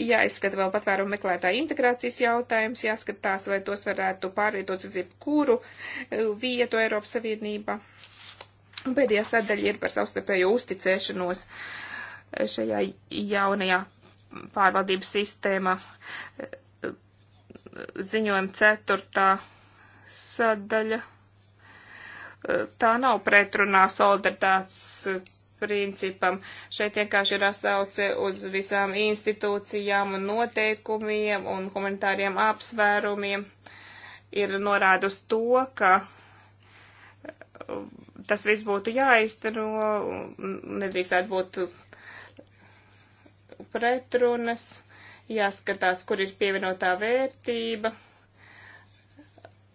Jāizskata vēl patvērumu meklētāju integrācijas jautājums, jāskatās, vai tos varētu pārvietot uz jebkuru e, vietu Eiropas Savienībā. Pēdējā sadaļa ir par savstarpējo uzticēšanos e, šajā jaunajā pārvaldības sistēma ziņojuma ceturtā sadaļa. Tā nav pretrunā solidaritātes principam. Šeit vienkārši ir atsauce uz visām institūcijām un noteikumiem un humanitāriem apsvērumiem. Ir norāda uz to, ka uh, tas viss būtu jāizteno, nedrīkstētu būt pretrunas, jāskatās, kur ir pievienotā vērtība.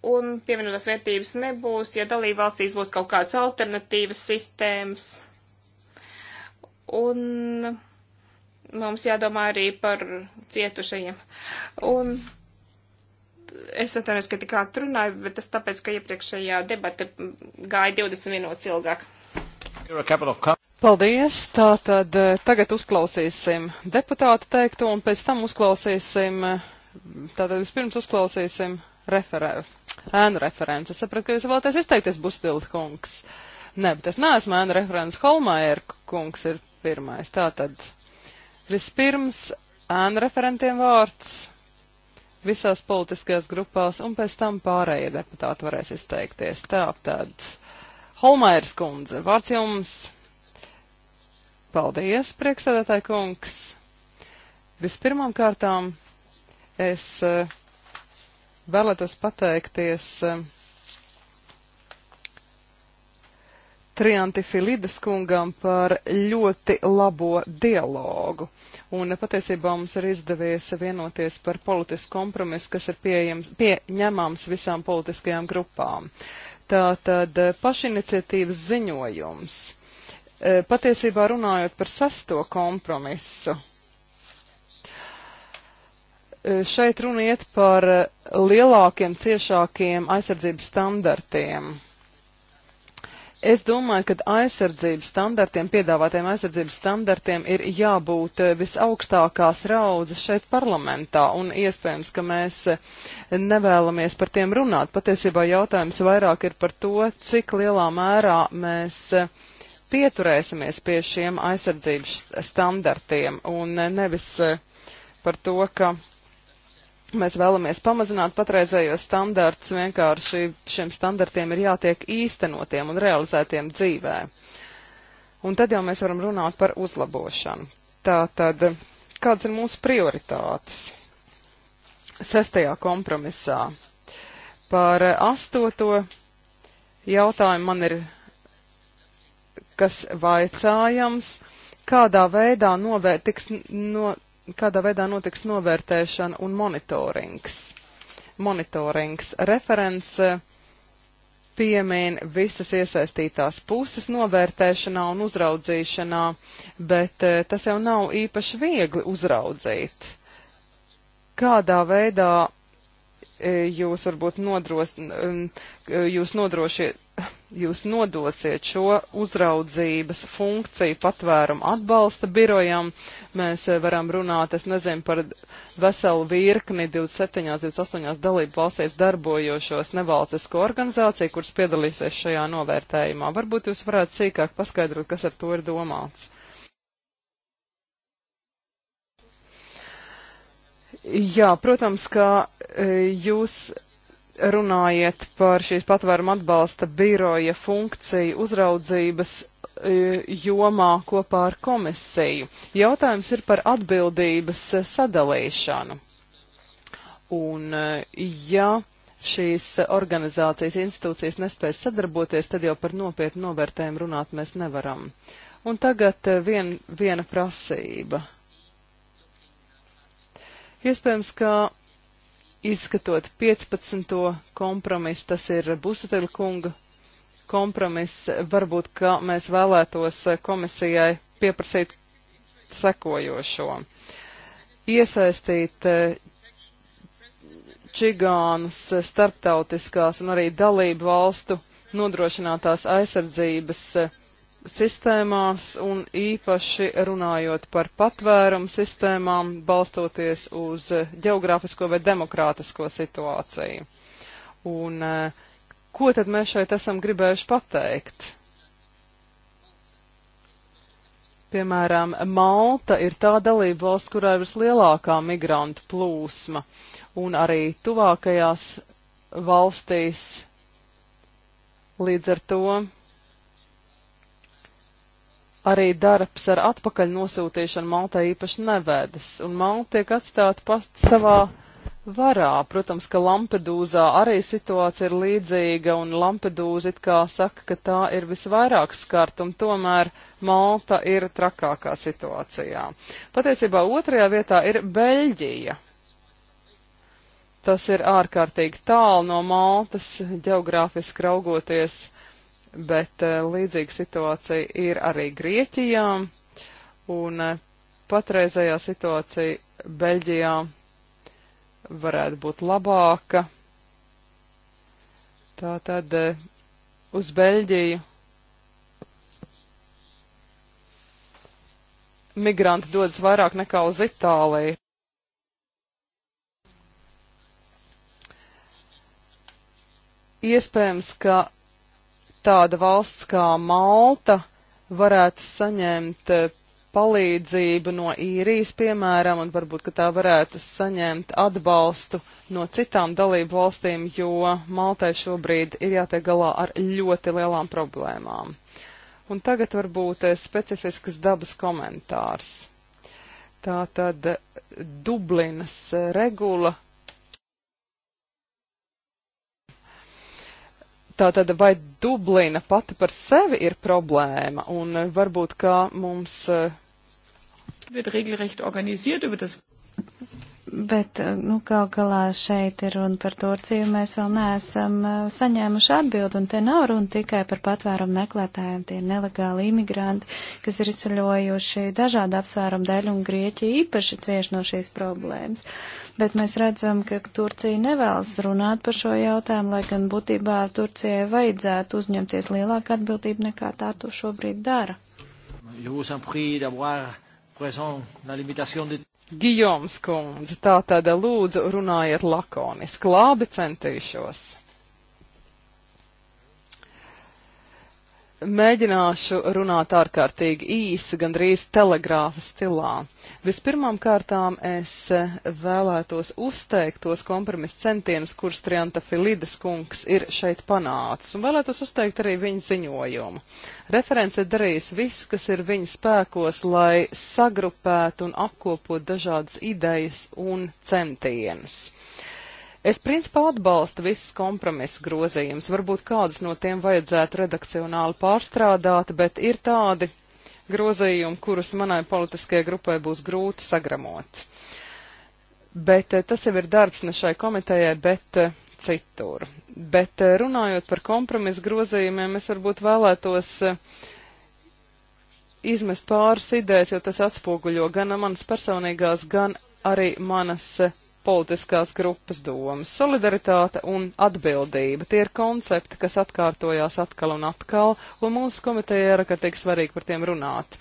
Un pievienotās vērtības nebūs, ja dalībvalstīs būs kaut kādas alternatīvas sistēmas. Un mums jādomā arī par cietušajiem. Un es atceros, ka tik ātri runāju, bet tas tāpēc, ka iepriekšējā debata gāja 20 minūtes ilgāk.
Paldies! Tātad eh, tagad uzklausīsim deputātu teikto un pēc tam uzklausīsim, eh, tātad vispirms uzklausīsim referē, ēnu referents. Es sapratu, ka jūs vēlaties izteikties Bustilda kungs. Nē, bet es neesmu ēnu referents. Holmaier kungs ir pirmais. Tātad vispirms ēnu referentiem vārds visās politiskajās grupās un pēc tam pārējie deputāti varēs izteikties. Tātad Holmaiers kundze, vārds jums! Paldies, priekšsēdētāji kungs! Vispirmām kārtām es eh, vēlētos pateikties eh, Trianti Filides kungam par ļoti labo dialogu. Un patiesībā mums ir izdevies vienoties par politisku kompromisu, kas ir pieejams, pieņemams visām politiskajām grupām. Tātad eh, pašiniciatīvas ziņojums E, patiesībā runājot par sesto kompromisu, e, šeit runa iet par lielākiem, ciešākiem aizsardzības standartiem. Es domāju, ka aizsardzības standartiem, piedāvātiem aizsardzības standartiem ir jābūt e, visaugstākās raudzes šeit parlamentā, un iespējams, ka mēs nevēlamies par tiem runāt. Patiesībā jautājums vairāk ir par to, cik lielā mērā mēs uh, pieturēsimies pie šiem aizsardzības standartiem un nevis e, par to, ka mēs vēlamies pamazināt patreizējos standartus, vienkārši šiem standartiem ir jātiek īstenotiem un realizētiem dzīvē. Un tad jau mēs varam runāt par uzlabošanu. Tā tad, kādas ir mūsu prioritātes? Sestajā kompromisā. Par astoto jautājumu man ir kas vaicājams, kādā veidā, novēr, tiks, no, kādā veidā notiks novērtēšana un monitorings. Monitorings referents piemin visas iesaistītās puses novērtēšanā un uzraudzīšanā, bet eh, tas jau nav īpaši viegli uzraudzīt. Kādā veidā eh, jūs varbūt nodros, Eh, jūs, jūs nodosiet šo uzraudzības funkciju patvērumu atbalsta birojam. Mēs eh, varam runāt, es nezinu, par veselu virkni 27, 28 dalību valstīs darbojošos nevalstisko organizāciju, kuras piedalīsies šajā novērtējumā. Varbūt jūs varētu sīkāk paskaidrot, kas ar to ir domāts. Jā, protams, ka eh, jūs runājiet par šīs patvēruma atbalsta biroja funkciju uzraudzības e, jomā kopā ar komisiju. Jautājums ir par atbildības e, sadalīšanu. Un e, ja šīs organizācijas institūcijas nespēj sadarboties, tad jau par nopietnu novērtējumu runāt mēs nevaram. Un tagad vien, viena prasība. Iespējams, ka izskatot 15. kompromisu, tas ir Busateļa kunga kompromiss, varbūt, ka mēs vēlētos komisijai pieprasīt sekojošo. Iesaistīt eh, čigānus eh, starptautiskās un arī dalību valstu nodrošinātās aizsardzības eh, sistēmās un īpaši runājot par patvērumu sistēmām, balstoties uz geogrāfisko vai demokrātisko situāciju. Un eh, ko tad mēs šeit esam gribējuši pateikt? Piemēram, Malta ir tā dalība valsts, kurā ir vislielākā migrantu plūsma, un arī tuvākajās valstīs līdz ar to arī darbs ar atpakaļ nosūtīšanu Maltai īpaši nevedas, un Malta tiek atstāta pats savā varā. Protams, ka Lampedūzā arī situācija ir līdzīga, un Lampedūza it kā saka, ka tā ir visvairāk skart, un tomēr Malta ir trakākā situācijā. Patiesībā otrajā vietā ir Beļģija. Tas ir ārkārtīgi tālu no Maltas, geogrāfiski raugoties bet eh, līdzīga situācija ir arī Grieķijā, un eh, patreizējā situācija Beļģijā varētu būt labāka. Tā tad eh, uz Beļģiju migranti dodas vairāk nekā uz Itāliju. Iespējams, ka tāda valsts kā Malta varētu saņemt eh, palīdzību no īrijas, piemēram, un varbūt, ka tā varētu saņemt atbalstu no citām dalību valstīm, jo Maltai šobrīd ir jātiek galā ar ļoti lielām problēmām. Un tagad varbūt eh, specifiskas dabas komentārs. Tā tad eh, Dublinas regula Tātad vai Dublina pati par sevi ir problēma un eh, varbūt kā mums. Eh,
Wird regelrecht organisiert über das
Bet, eh, nu, gal
galā šeit ir runa par Turciju, mēs vēl neesam eh, saņēmuši atbildi, un te nav runa tikai par patvērumu meklētājiem, tie ir nelegāli imigranti, kas ir izceļojuši dažādu apsvērumu dēļ, un Grieķija īpaši cieš no šīs problēmas. Bet mēs redzam, ka Turcija nevēlas runāt par šo jautājumu, lai gan būtībā Turcijai vajadzētu uzņemties lielāku atbildību nekā tā to šobrīd dara.
Je vous en prie d'avoir présent la limitation de Gijoms kundze, tā tad lūdzu runājiet lakoniski, labi centīšos. Mēģināšu runāt ārkārtīgi īsi, gandrīz telegrāfa stilā. Vispirmām kārtām es eh, vēlētos uzteikt tos kompromisu centienus, kurus Trianta Filides kungs ir šeit panācis, un vēlētos uzteikt arī viņa ziņojumu. Referents ir darījis visu, kas ir viņa spēkos, lai sagrupētu un apkopotu dažādas idejas un centienus. Es principā atbalstu visus kompromisu grozījumus. Varbūt kādus no tiem vajadzētu redakcionāli pārstrādāt, bet ir tādi grozījumi, kurus manai politiskajai grupai būs grūti sagramot. Bet eh, tas jau ir darbs ne šai komitejai, bet eh, citur. Bet eh, runājot par kompromisu grozījumiem, es varbūt vēlētos izmest pāris idejas, jo tas atspoguļo gan manas personīgās, gan arī manas politiskās grupas domas. Solidaritāte un atbildība tie ir koncepti, kas atkārtojās atkal un atkal, un mūsu komiteja ir ārkārtīgi svarīgi par tiem runāt.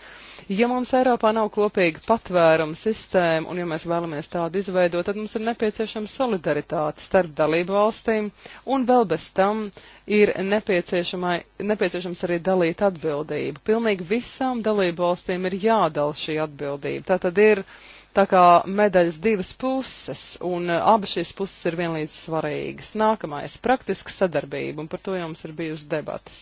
Ja mums Eiropā nav kopīga patvēruma sistēma, un ja mēs vēlamies tādu izveidot, tad mums ir nepieciešama solidaritāte starp dalību valstīm, un vēl bez tam ir nepieciešams arī dalīt atbildību. Pilnīgi visām dalību valstīm ir jādala šī atbildība. Tā tad ir uh, tā kā medaļas divas puses, un eh, abas šīs puses ir vienlīdz svarīgas. Nākamais - praktiska sadarbība, un par to jums ir bijusi debatas.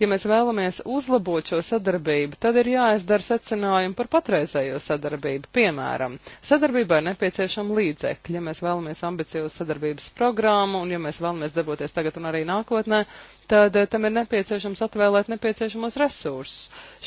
Ja mēs vēlamies uzlabot šo sadarbību, tad ir jāizdara secinājumi par patreizējo sadarbību. Piemēram, sadarbībai ir nepieciešama līdzekļi. Ja mēs vēlamies ambiciozu sadarbības programmu un ja mēs vēlamies darboties tagad un arī nākotnē, tad eh, tam ir nepieciešams atvēlēt nepieciešamos resursus.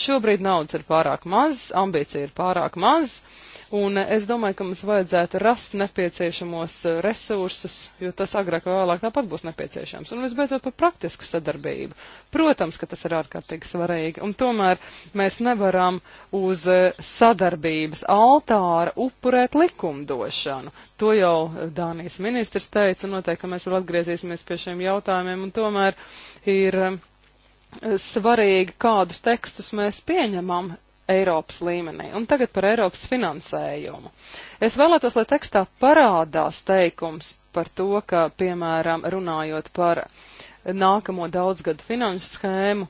Šobrīd naudas ir pārāk maz, ambīcija ir pārāk maz. Uh, Un es domāju, ka mums vajadzētu rast nepieciešamos eh, resursus, jo tas agrāk vai vēlāk tāpat būs nepieciešams. Un visbeidzot par praktisku sadarbību. Protams, ka tas ir ārkārtīgi svarīgi. Un tomēr mēs nevaram uz eh, sadarbības altāra upurēt likumdošanu. To jau Dānijas ministrs teica, un noteikti mēs vēl atgriezīsimies pie šiem jautājumiem, un tomēr ir eh, svarīgi, kādus tekstus mēs pieņemam Eiropas līmenī. Un tagad par Eiropas finansējumu. Es vēlētos, lai tekstā parādās teikums par to, ka, piemēram, runājot par nākamo daudzgadu finanšu schēmu,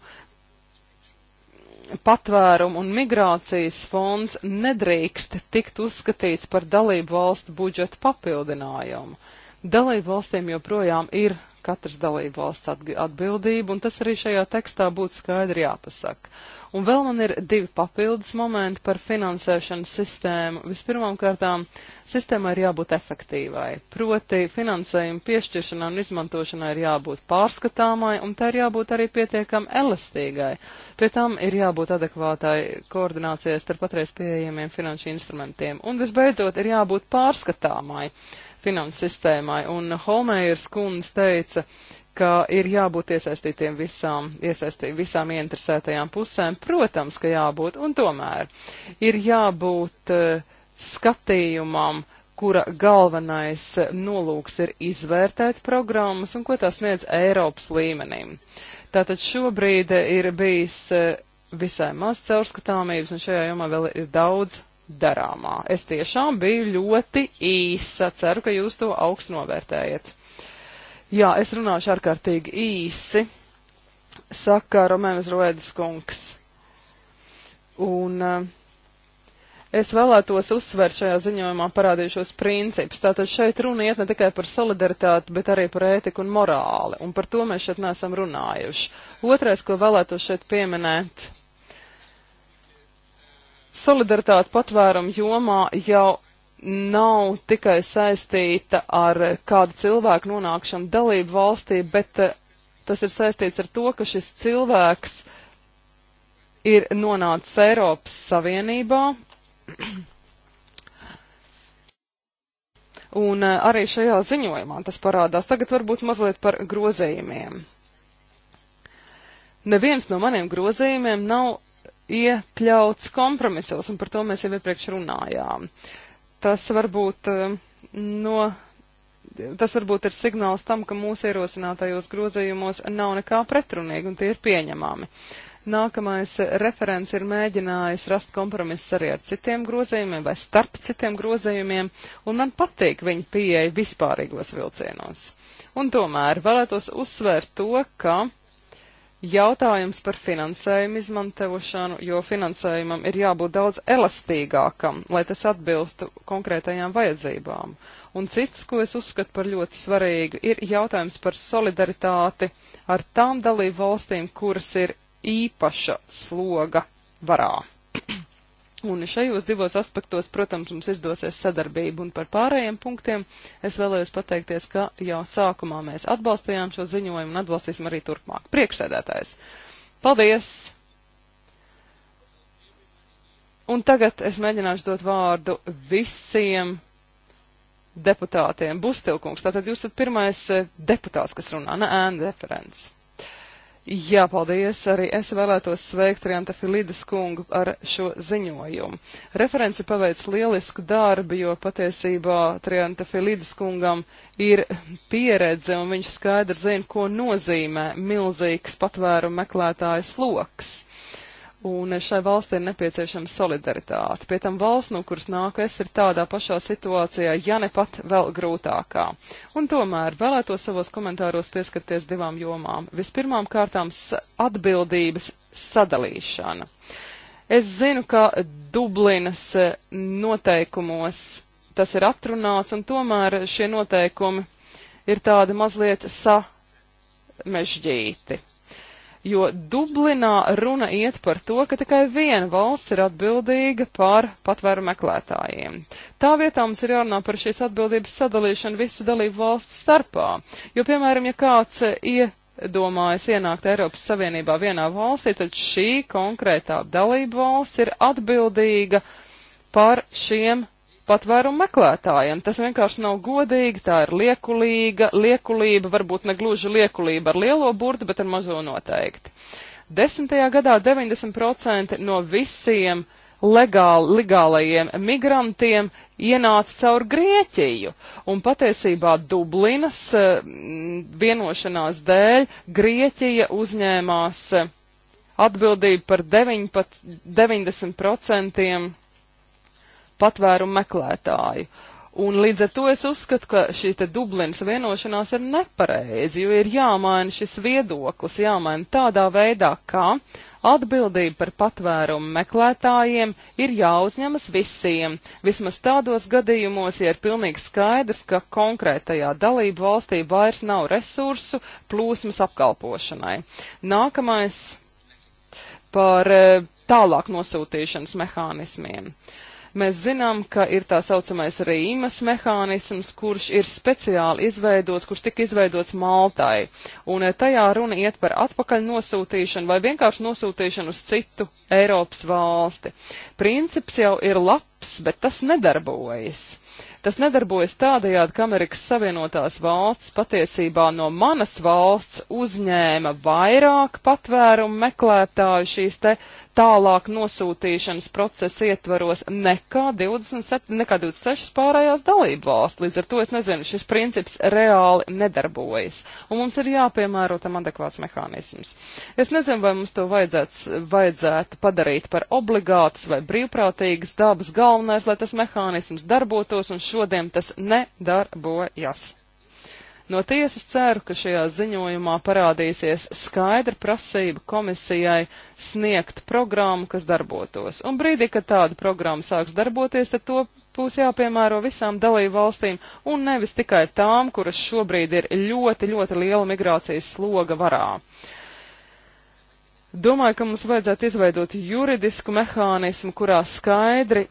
patvērumu un migrācijas fonds nedrīkst tikt uzskatīts par dalību valstu budžeta papildinājumu. Dalību valstīm joprojām ir katras dalību valsts atbildība, un tas arī šajā tekstā būtu skaidri jāpasaka. Un vēl man ir divi papildus momenti par finansēšanas sistēmu. Vispirmām kārtām, sistēmai ir jābūt efektīvai, proti finansējuma piešķiršanai un izmantošanai ir jābūt pārskatāmai, un tā ir jābūt arī pietiekami elastīgai. Pie tam ir jābūt adekvātai koordinācijai starp patreiz pieejamiem finanšu instrumentiem. Un visbeidzot, ir jābūt pārskatāmai finanses sistēmai. Un Holmējers kundze teica, ka ir jābūt iesaistītiem visām, iesaistīt visām ieinteresētajām pusēm. Protams, ka jābūt, un tomēr ir jābūt uh, skatījumam, kura galvenais eh, nolūks ir izvērtēt programmas un ko tās sniedz Eiropas līmenim. Tātad šobrīd ir bijis eh, visai maz caurskatāmības, un šajā jomā vēl ir daudz darāmā. Es tiešām biju ļoti īsa. Ceru, ka jūs to augstu novērtējat. Jā, es runāšu ārkārtīgi īsi, saka Romēnas Roedas kungs. Un eh, es vēlētos uzsvērt šajā ziņojumā parādījušos principus. Tātad šeit runa iet ne tikai par solidaritāti, bet arī par ētiku un morāli. Un par to mēs šeit nesam runājuši. Otrais, ko vēlētos šeit pieminēt, solidaritāte patvērumu jomā jau nav tikai saistīta ar kādu cilvēku nonākšanu dalību valstī, bet eh, tas ir saistīts ar to, ka šis cilvēks ir nonācis Eiropas Savienībā. Un eh, arī šajā ziņojumā tas parādās. Tagad varbūt mazliet par grozījumiem. Neviens no maniem grozījumiem nav iekļauts kompromisos, un par to mēs jau iepriekš runājām. Tas varbūt eh, no. Tas varbūt ir signāls tam, ka mūsu ierosinātajos grozījumos nav nekā pretrunīga un tie ir pieņemami. Nākamais referents ir mēģinājis rast kompromisus arī ar citiem grozījumiem vai starp citiem grozījumiem, un man patīk viņa pieeja vispārīgos vilcienos. Un tomēr vēlētos uzsvērt to, ka Jautājums par finansējumu izmantošanu, jo finansējumam ir jābūt daudz elastīgākam, lai tas atbilstu konkrētajām vajadzībām. Un cits, ko es uzskatu par ļoti svarīgu, ir jautājums par solidaritāti ar tām dalību valstīm, kuras ir īpaša sloga varā. Un šajos divos aspektos, protams, mums izdosies sadarbība, un par pārējiem punktiem es vēlējos pateikties, ka jau sākumā mēs atbalstījām šo ziņojumu un atbalstīsim arī turpmāk. Priekšsēdētājs. Paldies! Un tagad es mēģināšu dot vārdu visiem deputātiem. Bustilkungs, tātad jūs esat pirmais eh, deputāts, kas runā, ne ēna referents. Jā, paldies. Arī es vēlētos sveikt Rianta Filides kungu ar šo ziņojumu. Referenci paveic lielisku darbu, jo patiesībā Rianta Filides kungam ir pieredze un viņš skaidri zina, ko nozīmē milzīgs patvērumu meklētājs loks un šai valstī ir nepieciešama solidaritāte. Pie tam valsts, no kuras nāk es, ir tādā pašā situācijā, ja ne pat vēl grūtākā. Un tomēr vēlētos savos komentāros pieskarties divām jomām. Vispirmām kārtām atbildības sadalīšana. Es zinu, ka Dublinas e, noteikumos tas ir atrunāts, un tomēr šie noteikumi ir tādi mazliet samežģīti jo Dublinā runa iet par to, ka tikai viena valsts ir atbildīga par patvēru meklētājiem. Tā vietā mums ir jārunā par šīs atbildības sadalīšanu visu dalību valstu starpā, jo, piemēram, ja kāds iedomājas ienākt Eiropas Savienībā vienā valstī, tad šī konkrētā dalību valsts ir atbildīga par šiem patvērumu meklētājiem. Tas vienkārši nav godīgi, tā ir liekulīga, liekulība, varbūt ne gluži liekulība ar lielo burtu, bet ar mazo noteikti. Desmitajā gadā 90% no visiem legāli, legālajiem migrantiem ienāca caur Grieķiju. Un patiesībā Dublinas eh, vienošanās dēļ Grieķija uzņēmās eh, atbildību par 90%, 90 patvērumu meklētāju. Un līdz ar to es uzskatu, ka šī te Dublinas vienošanās ir nepareizi, jo ir jāmaina šis viedoklis, jāmaina tādā veidā, ka atbildība par patvērumu meklētājiem ir jāuzņemas visiem, vismaz tādos gadījumos, ja ir pilnīgi skaidrs, ka konkrētajā dalību valstī vairs nav resursu plūsmas apkalpošanai. Nākamais par eh, tālāk nosūtīšanas mehānismiem. Uh, Mēs zinām, ka ir tā saucamais Rīmas mehānisms, kurš ir speciāli izveidots, kurš tika izveidots Maltai. Un eh, tajā runa iet par atpakaļ nosūtīšanu vai vienkārši nosūtīšanu uz citu Eiropas valsti. Princips jau ir labs, bet tas nedarbojas. Tas nedarbojas tādējādi, ka Amerikas Savienotās valsts patiesībā no manas valsts uzņēma vairāk patvērumu meklētāju šīs te tālāk nosūtīšanas procesa ietvaros nekā, 27, nekā 26 pārējās dalību valsts. Līdz ar to es nezinu, šis princips reāli nedarbojas. Un mums ir jāpiemēro tam adekvāts mehānisms. Es nezinu, vai mums to vajadzētu, vajadzētu padarīt par obligātas vai brīvprātīgas dabas galvenais, lai tas mehānisms darbotos, un šodien tas nedarbojas. No tiesas ceru, ka šajā ziņojumā parādīsies skaidra prasība komisijai sniegt programmu, kas darbotos. Un brīdī, kad tāda programma sāks darboties, tad to būs jāpiemēro visām dalību valstīm un nevis tikai tām, kuras šobrīd ir ļoti, ļoti liela migrācijas sloga varā. Domāju, ka mums vajadzētu izveidot juridisku mehānismu, kurā skaidri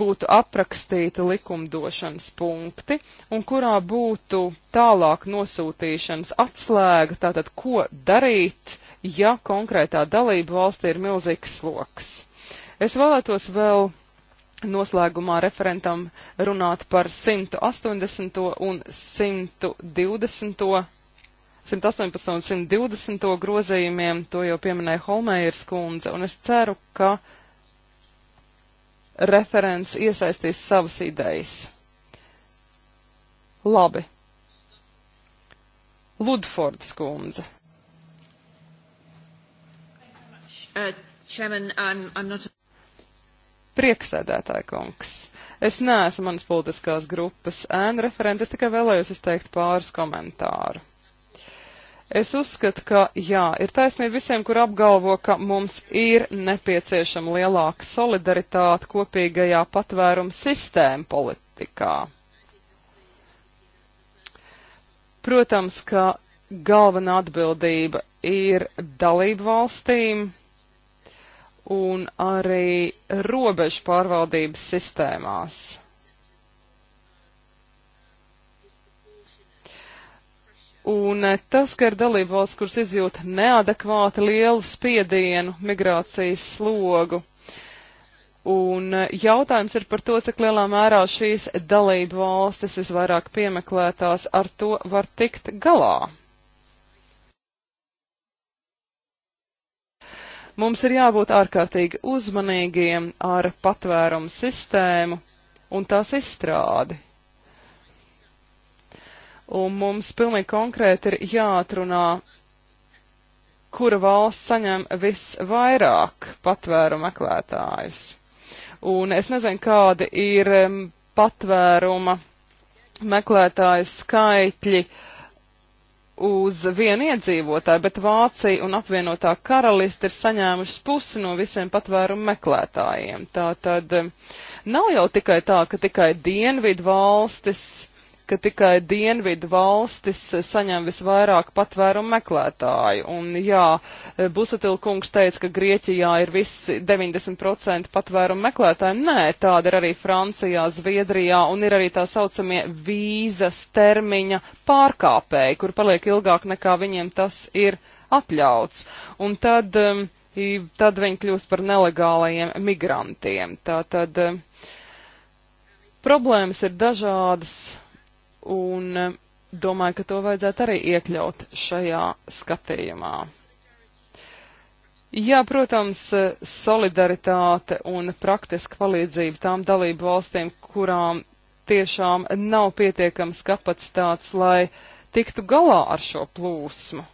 būtu aprakstīti likumdošanas punkti un kurā būtu tālāk nosūtīšanas atslēga, tātad ko darīt, ja konkrētā dalība valstī ir milzīgs sloks. Es vēlētos vēl noslēgumā referentam runāt par 180. un 120. 118 un 120 grozījumiem, to jau pieminēja Holmējers kundze, un es ceru, ka uh, referents iesaistīs savas idejas. Labi. Ludfords kundze. Uh, chairman, I'm, I'm not... Prieksēdētāja kungs. Es neesmu manas politiskās grupas ēnu referents, es tikai vēlējos izteikt pāris komentāru. Es uzskatu, ka jā, ir taisnība visiem, kur apgalvo, ka mums ir nepieciešama lielāka solidaritāte kopīgajā patvērumu sistēma politikā. Protams, ka galvenā atbildība ir dalību valstīm un arī robežu pārvaldības sistēmās. Un eh, tas, ka ir dalība valsts, kuras izjūta neadekvāti lielu spiedienu, migrācijas slogu. Un eh, jautājums ir par to, cik lielā mērā šīs dalība valstis visvairāk piemeklētās ar to var tikt galā. Mums ir jābūt ārkārtīgi uzmanīgiem ar patvērumu sistēmu un tās izstrādi un mums pilnīgi konkrēti ir jāatrunā, kura valsts saņem visvairāk patvēru meklētājus. Un es nezinu, kādi ir patvēruma meklētāju skaitļi uz vienu iedzīvotāju, bet Vācija un apvienotā karaliste ir saņēmušas pusi no visiem patvērumu meklētājiem. Tā tad nav jau tikai tā, ka tikai dienvidu valstis ka tikai dienvidu valstis eh, saņem visvairāk patvērumu meklētāju. Un jā, eh, Busatilkungs teica, ka Grieķijā ir visi 90% patvērumu meklētāji. Nē, tāda ir arī Francijā, Zviedrijā un ir arī tā saucamie vīzas termiņa pārkāpēji, kur paliek ilgāk nekā viņiem tas ir atļauts. Un tad, tad viņi kļūst par nelegālajiem migrantiem. Tā tad problēmas ir dažādas un eh, domāju, ka to vajadzētu arī iekļaut šajā skatījumā. Jā, protams, eh, solidaritāte un praktiska palīdzība tām dalību valstīm, kurām tiešām nav pietiekams kapacitāts, lai tiktu galā ar šo plūsmu.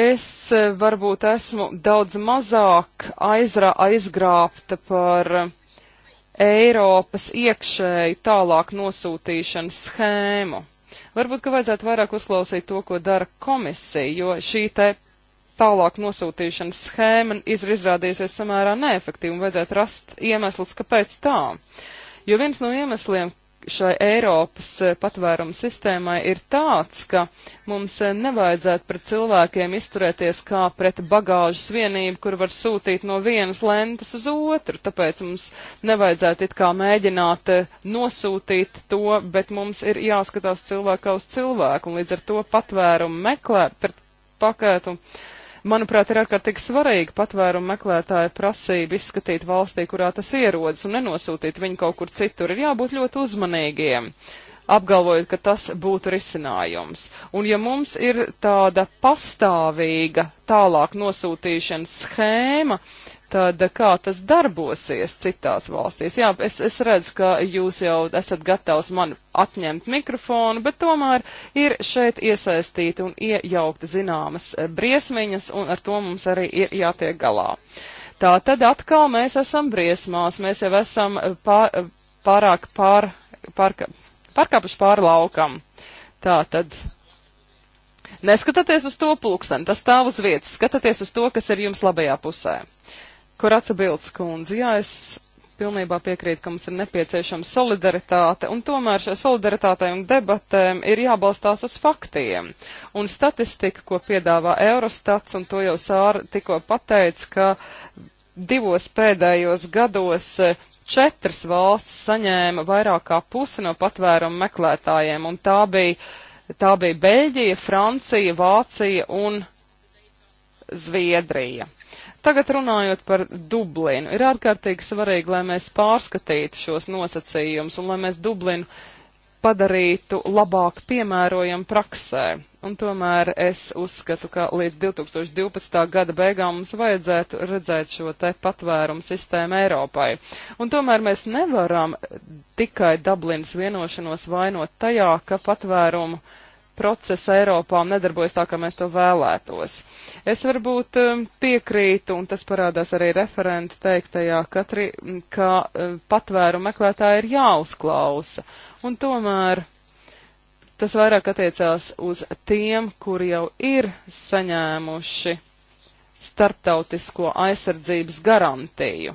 Es eh, varbūt esmu daudz mazāk aizra, aizgrābta par Eiropas iekšēju tālāk nosūtīšanas schēmu. Varbūt, ka vajadzētu vairāk uzklausīt to, ko dara komisija, jo šī te tālāk nosūtīšanas schēma ir izrādījusies samērā neefektīva un vajadzētu rast iemeslus, kāpēc tā. Jo viens no iemesliem, šai Eiropas eh, patvērumu sistēmai ir tāds, ka mums eh, nevajadzētu pret cilvēkiem izturēties kā pret bagāžas vienību, kur var sūtīt no vienas lentas uz otru, tāpēc mums nevajadzētu it kā mēģināt eh, nosūtīt to, bet mums ir jāskatās cilvēkā uz cilvēku, un līdz ar to patvērumu meklēt pret pakētu. Uh, manuprāt, ir ārkārtīgi svarīgi patvērumu meklētāja prasība izskatīt valstī, kurā tas ierodas, un nenosūtīt viņu kaut kur citur. Ir jābūt ļoti uzmanīgiem apgalvojot, ka tas būtu risinājums. Un ja mums ir tāda pastāvīga tālāk nosūtīšanas schēma, uh, tad kā tas darbosies citās valstīs? Jā, es, es redzu, ka jūs jau esat gatavs man atņemt mikrofonu, bet tomēr ir šeit iesaistīti un iejaukti zināmas eh, briesmiņas, un ar to mums arī ir jātiek galā. Tā tad atkal mēs esam briesmās, mēs jau esam eh, pār, eh, pārāk pār, pārka, pārkāpuši pāri laukam. Tā tad Neskatieties uz to pulksteni, tas stāv uz vietas, skatieties uz to, kas ir jums labajā pusē. Koraca Bildskundze, jā, es pilnībā piekrītu, ka mums ir nepieciešama solidaritāte, un tomēr šai solidaritātei un debatēm ir jābalstās uz faktiem. Un statistika, ko piedāvā Eurostats, un to jau Sāra tikko pateica, ka divos pēdējos gados e, četras valsts saņēma vairāk kā pusi no patvērumu meklētājiem, un tā bija, tā bija Beļģija, Francija, Vācija un Zviedrija. Tagad runājot par Dublinu, ir ārkārtīgi svarīgi, lai mēs pārskatītu šos nosacījumus un lai mēs Dublinu padarītu labāk piemērojam praksē. Un tomēr es uzskatu, ka līdz 2012. gada beigām mums vajadzētu redzēt šo te patvērumu sistēmu Eiropai. Un tomēr mēs nevaram tikai Dublinas vienošanos vainot tajā, ka patvērumu uh, process Eiropā nedarbojas tā, kā mēs to vēlētos. Es varbūt um, piekrītu, un tas parādās arī referenta teiktajā, katri, ka um, patvēru meklētāji ir jāuzklausa. Un tomēr tas vairāk attiecās uz tiem, kuri jau ir saņēmuši starptautisko aizsardzības garantiju.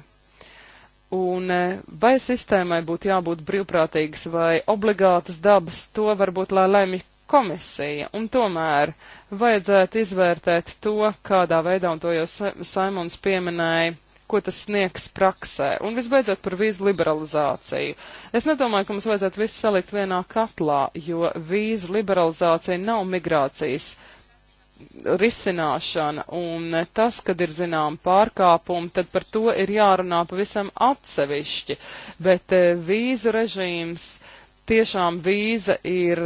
Un e, vai sistēmai būtu jābūt brīvprātīgas vai obligātas dabas, to varbūt lai lemj komisija, un tomēr vajadzētu izvērtēt to, kādā veidā, un to jau Saimons pieminēja, ko tas sniegs praksē, un visbeidzot par vīzu liberalizāciju. Es nedomāju, ka mums vajadzētu visu salikt vienā katlā, jo vīzu liberalizācija nav migrācijas risināšana, un tas, kad ir zinām pārkāpumi, tad par to ir jārunā pavisam atsevišķi, bet eh, vīzu režīms tiešām vīza ir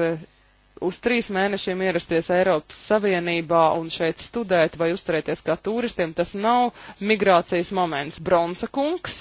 uz trīs mēnešiem ierasties Eiropas Savienībā un šeit studēt vai uzturēties kā turistiem, tas nav migrācijas moments. Bronsa kungs.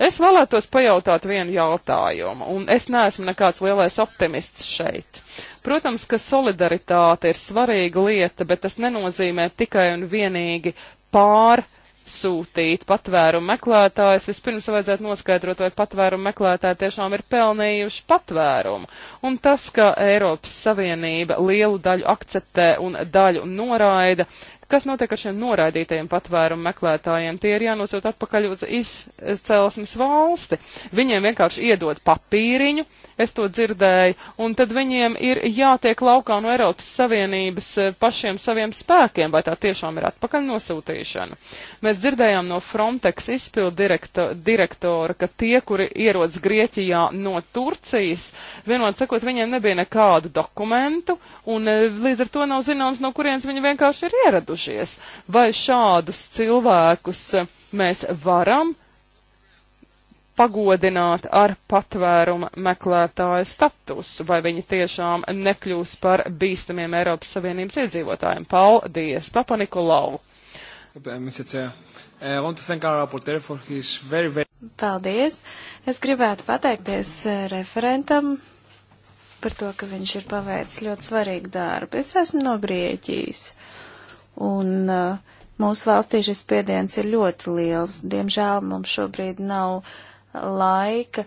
Es vēlētos pajautāt vienu jautājumu, un es neesmu nekāds lielais optimists šeit. Protams, ka solidaritāte ir svarīga lieta, bet tas nenozīmē tikai un vienīgi pār sūtīt patvērumu meklētājus, vispirms vajadzētu noskaidrot, vai patvērumu meklētāji tiešām ir pelnījuši patvērumu. Un tas, ka Eiropas Savienība lielu daļu akceptē un daļu noraida, kas notiek ar šiem noraidītajiem patvērumu meklētājiem? Tie ir jānosūt atpakaļ uz izcelsmes valsti. Viņiem vienkārši iedod papīriņu, es to dzirdēju, un tad viņiem ir jātiek laukā no Eiropas Savienības eh, pašiem saviem spēkiem, vai tā tiešām ir atpakaļ nosūtīšana. Mēs dzirdējām no Frontex izpildu direktora, direktora, ka tie, kuri ierodas Grieķijā no Turcijas, vienot sakot, viņiem nebija nekādu dokumentu, un eh, līdz ar to nav zināms, no kurienes viņi vienkārši ir ieradušies. Vai šādus cilvēkus eh, mēs varam pagodināt ar patvērumu meklētāju statusu, vai viņi tiešām nekļūs par bīstamiem Eiropas Savienības iedzīvotājiem. Paldies, Papa Nikolau! Paldies!
Es gribētu pateikties eh, referentam par to, ka viņš ir paveicis ļoti svarīgu darbu. Es esmu no Grieķijas, un uh, mūsu valstī šis spiediens ir ļoti liels. Diemžēl mums šobrīd nav uh, laika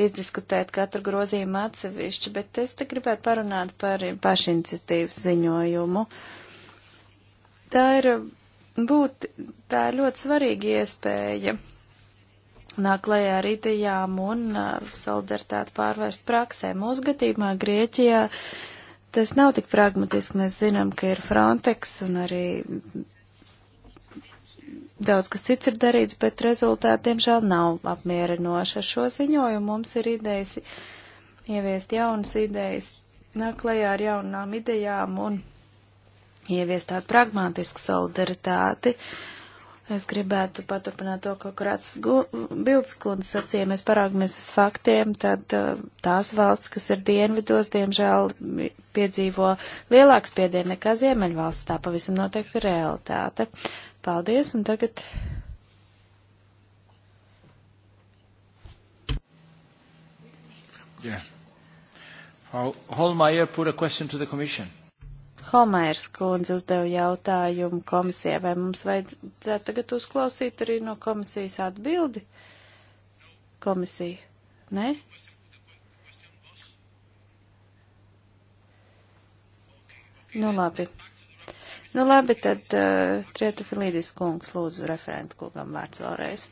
izdiskutēt katru grozījumu atsevišķi, bet es te gribētu parunāt par pašiniciatīvas ziņojumu. Tā ir būt, tā ir ļoti svarīga iespēja nāk lejā ar idejām un uh, solidaritāti pārvērst praksē. Mūsu gadījumā Grieķijā tas nav tik pragmatiski. Mēs zinām, ka ir Frontex un arī daudz kas cits ir darīts, bet rezultāti, diemžēl, nav apmierinoši. Ar šo ziņojumu mums ir idejas ieviest jaunas idejas, nāk klajā ar jaunām idejām un ieviest tādu pragmātisku solidaritāti. Es gribētu paturpināt to, ko Kurāts Bildskundze sacīja, mēs parāgamies uz faktiem, tad uh, tās valsts, kas ir dienvidos, diemžēl piedzīvo lielāks piedienu nekā ziemeļvalsts, tā pavisam noteikti realitāte. Uh, Paldies, un tagad. Yeah. Holmeier put a question to the commission. Homērs kundze uzdeva jautājumu komisijai, vai mums vajadzētu tagad uzklausīt arī no komisijas atbildi? Komisija, ne? Nu labi. Nu labi, tad uh, eh, Trieta Filīdis kungs lūdzu referentu kungam vārds vēlreiz.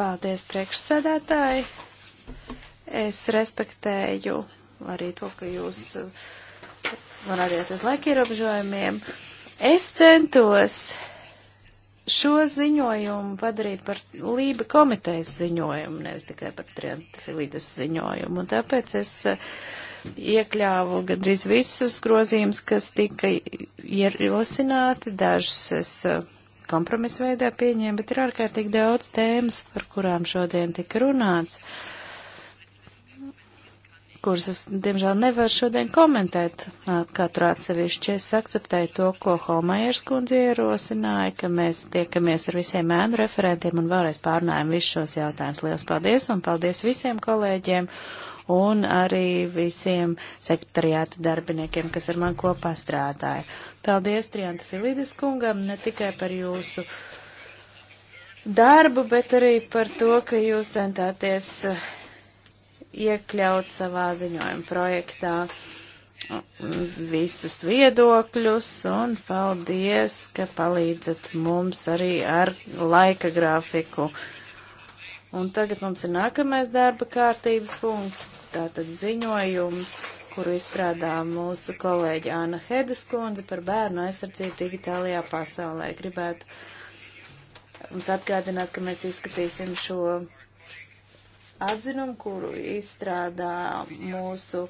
Paldies priekšsēdētāji. Es respektēju arī to, ka jūs eh, norādījāt uz laika ierobežojumiem. Es centos šo ziņojumu padarīt par Lība komitejas ziņojumu, nevis tikai par Trienta Filīdas ziņojumu. Un tāpēc es. Uh, iekļāvu gadrīz visus grozījumus, kas tika ierosināti, dažus es eh, kompromisu veidā pieņēmu, bet ir ārkārtīgi daudz tēmas, par kurām šodien tika runāts, kuras es, diemžēl, nevaru šodien komentēt. Katru atsevišķi es akceptēju to, ko Holmajers kundze ierosināja, ka mēs tiekamies ar visiem ēnu referentiem un vēlreiz pārnājam visus šos jautājumus. Lielas paldies un paldies visiem kolēģiem! un arī visiem sekretariāta darbiniekiem, kas ar man kopā strādāja. Paldies Trianta Filides kungam ne tikai par jūsu darbu, bet arī par to, ka jūs centāties eh, iekļaut savā ziņojuma projektā
mm, visus
viedokļus un paldies, ka palīdzat mums arī ar laika grafiku. Un tagad mums ir nākamais darba kārtības punkts, tātad ziņojums, kuru izstrādā mūsu kolēģi Āna Hedes kundze par bērnu aizsardzību digitālajā pasaulē. Gribētu mums atgādināt, ka mēs izskatīsim šo atzinumu, kuru izstrādā mūsu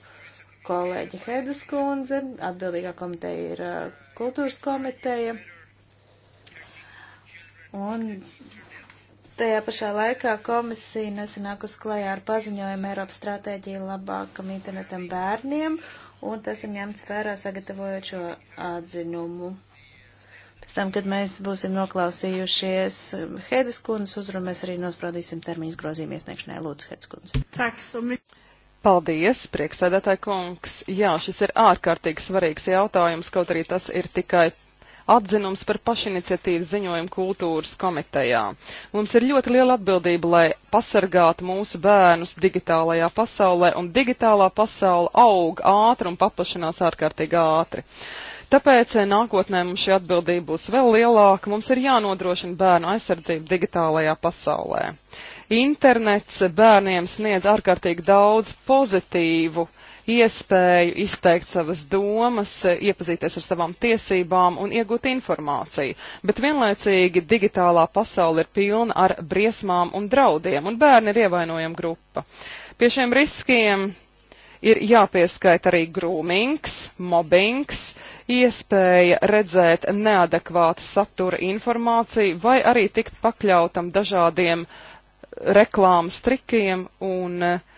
kolēģi Hedes kundze. Atbildīgā komiteja ir uh, kultūras komiteja. Un Tajā pašā laikā komisija nesenāk uz klajā ar paziņojumu Eiropas stratēģiju labākam internetam bērniem, un tas ir ņemts vērā sagatavojot šo atzinumu. Pēc tam, kad mēs būsim noklausījušies um, Hedas kundas uzrunu, mēs arī nospraudīsim termiņus grozījuma iesniegšanai. Lūdzu, Hedas kundze.
Paldies, prieksēdētāji kungs. Jā, šis ir ārkārtīgi svarīgs jautājums, kaut arī tas ir tikai atzinums par pašiniciatīvas ziņojumu kultūras komitejā. Mums ir ļoti liela atbildība, lai pasargātu mūsu bērnus digitālajā pasaulē, un digitālā pasaule aug ātri un paplašinās ārkārtīgi ātri. Tāpēc eh, nākotnē mums šī atbildība būs vēl lielāka. Mums ir jānodrošina bērnu aizsardzību digitālajā pasaulē. Internets bērniem sniedz ārkārtīgi daudz pozitīvu uh, iespēju izteikt savas domas, iepazīties ar savām tiesībām un iegūt informāciju. Bet vienlaicīgi digitālā pasaule ir pilna ar briesmām un draudiem, un bērni ir ievainojama grupa. Pie šiem riskiem ir jāpieskaita arī grūmings, mobbings, iespēja redzēt neadekvātu satura informāciju vai arī tikt pakļautam dažādiem reklāmas trikiem un uh,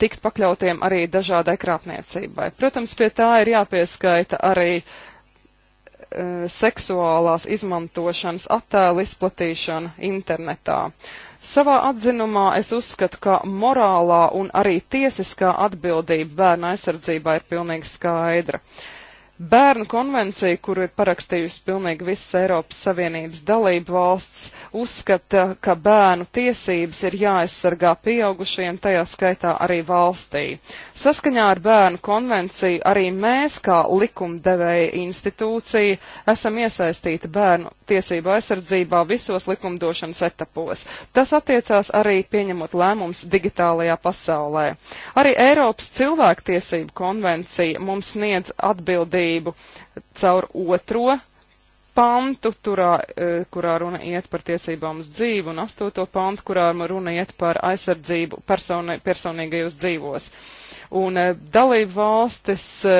tikt pakļautiem arī dažādai krāpniecībai. Protams, pie tā ir jāpieskaita arī e, seksuālās izmantošanas attēlu izplatīšana internetā. Savā atzinumā es uzskatu, ka morālā un arī tiesiskā atbildība bērna aizsardzībā ir pilnīgi skaidra. Uh, Bērnu konvencija, kuru ir parakstījusi pilnīgi visas Eiropas Savienības dalību valsts, uzskata, ka bērnu tiesības ir jāaizsargā pieaugušiem, tajā skaitā arī valstī. Saskaņā ar bērnu konvenciju arī mēs, kā likumdevēja institūcija, esam iesaistīti bērnu tiesību aizsardzībā visos likumdošanas etapos. Tas attiecās arī pieņemot lēmums digitālajā pasaulē. Arī Eiropas cilvēktiesību konvencija mums sniedz atbildību sadarbību caur otro pantu, turā, e, kurā runa iet par tiesībām uz dzīvu, un astoto pantu, kurā runa iet par aizsardzību personi, personīgajos dzīvos. Un e, dalību valstis, e,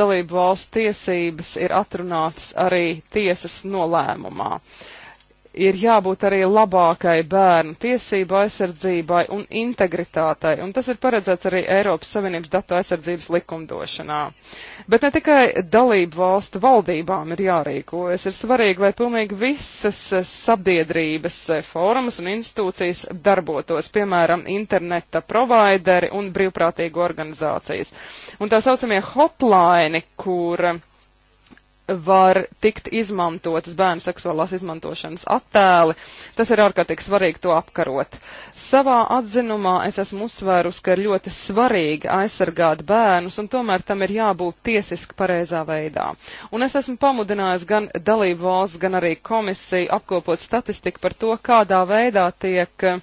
dalību valstu tiesības ir atrunātas arī tiesas nolēmumā. Uh, ir jābūt arī labākai bērnu tiesību aizsardzībai un integritātei, un tas ir paredzēts arī Eiropas Savienības datu aizsardzības likumdošanā. Bet ne tikai dalību valstu valdībām ir jārīkojas, ir svarīgi, lai pilnīgi visas sabiedrības formas un institūcijas darbotos, piemēram, interneta provideri un brīvprātīgo organizācijas. Un tā saucamie hotlaini, kur var tikt izmantotas bērnu seksuālās izmantošanas attēli. Tas ir ārkārtīgi svarīgi to apkarot. Savā atzinumā es esmu uzsvērus, ka ir ļoti svarīgi aizsargāt bērnus, un tomēr tam ir jābūt tiesiski pareizā veidā. Un es esmu pamudinājis gan dalību valsts, gan arī komisiju apkopot statistiku par to, kādā veidā tiek uh,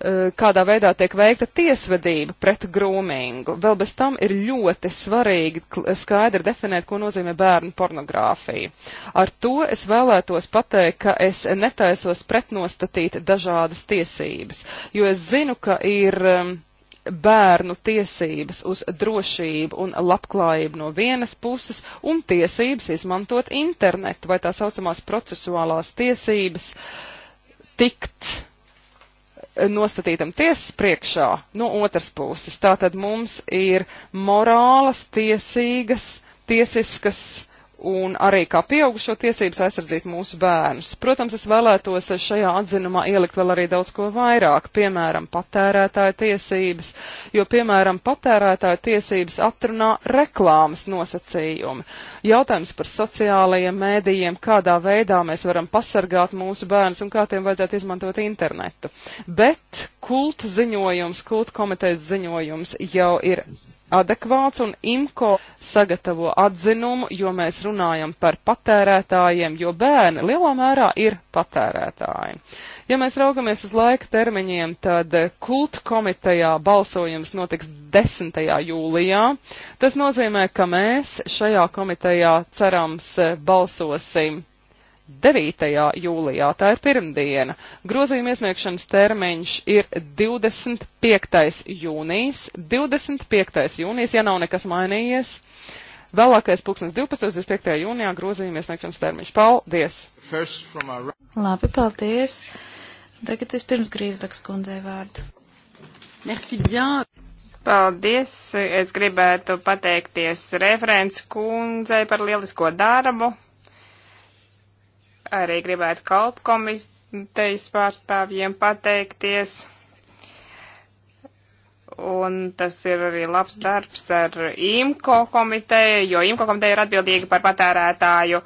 Eh, kādā veidā tiek veikta tiesvedība pret grūmingu. Vēl bez tam ir ļoti svarīgi skaidri definēt, ko nozīmē bērnu pornogrāfija. Ar to es vēlētos pateikt, ka es netaisos pretnostatīt dažādas tiesības, jo es zinu, ka ir bērnu tiesības uz drošību un labklājību no vienas puses un tiesības izmantot internetu vai tā saucamās procesuālās tiesības tikt nostatītam tiesas priekšā no otras puses. Tātad mums ir morālas, tiesīgas, tiesiskas un arī kā pieaugušo tiesības aizsardzīt mūsu bērnus. Protams, es vēlētos šajā atzinumā ielikt vēl arī daudz ko vairāk, piemēram, patērētāja tiesības, jo, piemēram, patērētāja tiesības aptrunā reklāmas nosacījumi. Jautājums par sociālajiem mēdījiem, kādā veidā mēs varam pasargāt mūsu bērnus un kā tiem vajadzētu izmantot internetu. Bet kulta ziņojums, kulta komitejas ziņojums jau ir adekvāts un IMCO sagatavo atzinumu, jo mēs runājam par patērētājiem, jo bērni lielā mērā ir patērētāji. Ja mēs raugamies uz laika termiņiem, tad kultu komitejā balsojums notiks 10. jūlijā. Tas nozīmē, ka mēs šajā komitejā cerams balsosim 9. jūlijā, tā ir pirmdiena. Grozījuma iesniegšanas termiņš ir 25. jūnijas. 25. jūnijas, ja nav nekas mainījies. Vēlākais pulkstens 12.25. jūnijā grozījuma iesniegšanas termiņš. Paldies! Our...
Labi, paldies! Tagad vispirms Grīsbeks kundzei vārdu.
Merci bien! Paldies! Es gribētu pateikties referents kundzei par lielisko darbu arī gribētu kalpu komitejas pārstāvjiem pateikties. Un tas ir arī labs darbs ar IMCO komiteju, jo IMCO komiteja ir atbildīga par patērētāju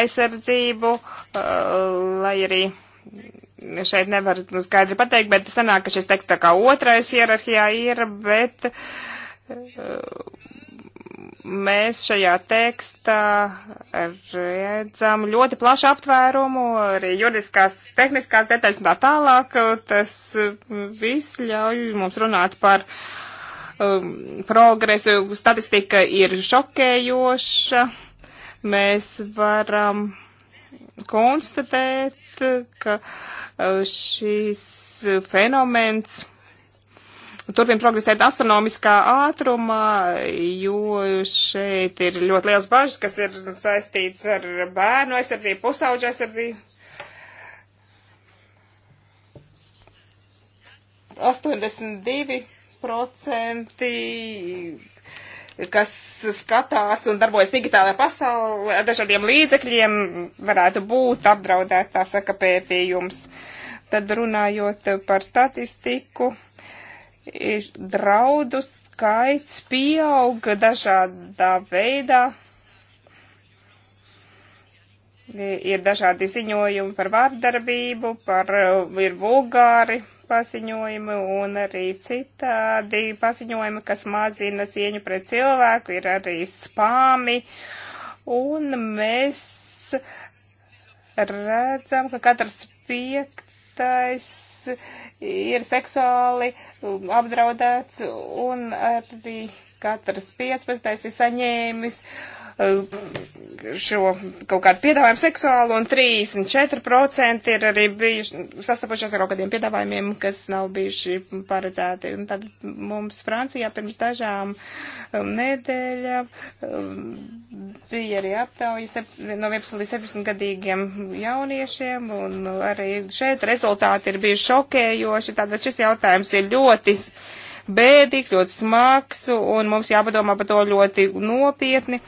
aizsardzību, uh, lai arī šeit nevar skaidri pateikt, bet sanāk, ka šis teksts tā kā otrais hierarhijā ir, bet uh, mēs šajā tekstā redzam ļoti plašu aptvērumu, arī juridiskās, tehniskās detaļas un tā tālāk. Tas viss ļauj mums runāt par um, progresu. Statistika ir šokējoša. Mēs varam konstatēt, ka uh, šīs fenomens turpina progresēt astronomiskā ātrumā, jo šeit ir ļoti liels bažas, kas ir saistīts ar bērnu aizsardzību, pusauģu aizsardzību. 82% kas skatās un darbojas digitālajā pasaulē ar dažādiem līdzekļiem, varētu būt apdraudētā saka pētījums. Tad runājot par statistiku draudu skaits pieauga dažādā veidā. Ir dažādi ziņojumi par vārdarbību, par, uh, ir vulgāri paziņojumi un arī citādi paziņojumi, kas mazina cieņu pret cilvēku, ir arī spāmi. Un mēs redzam, ka katrs piektais ir seksuāli apdraudēts un arī katrs 15. ir saņēmis uh, Uh, šo kaut kādu piedāvājumu seksuālu, un 34% ir arī bijuši sastapušies ar kaut kādiem piedāvājumiem, kas nav bijuši paredzēti. Un tad mums Francijā pirms dažām um, nedēļām um, bija arī aptauja no 11 līdz 17 gadīgiem jauniešiem, un arī šeit rezultāti ir bijuši šokējoši, tātad šis jautājums ir ļoti bēdīgs, ļoti smags, un mums jāpadomā par to ļoti nopietni.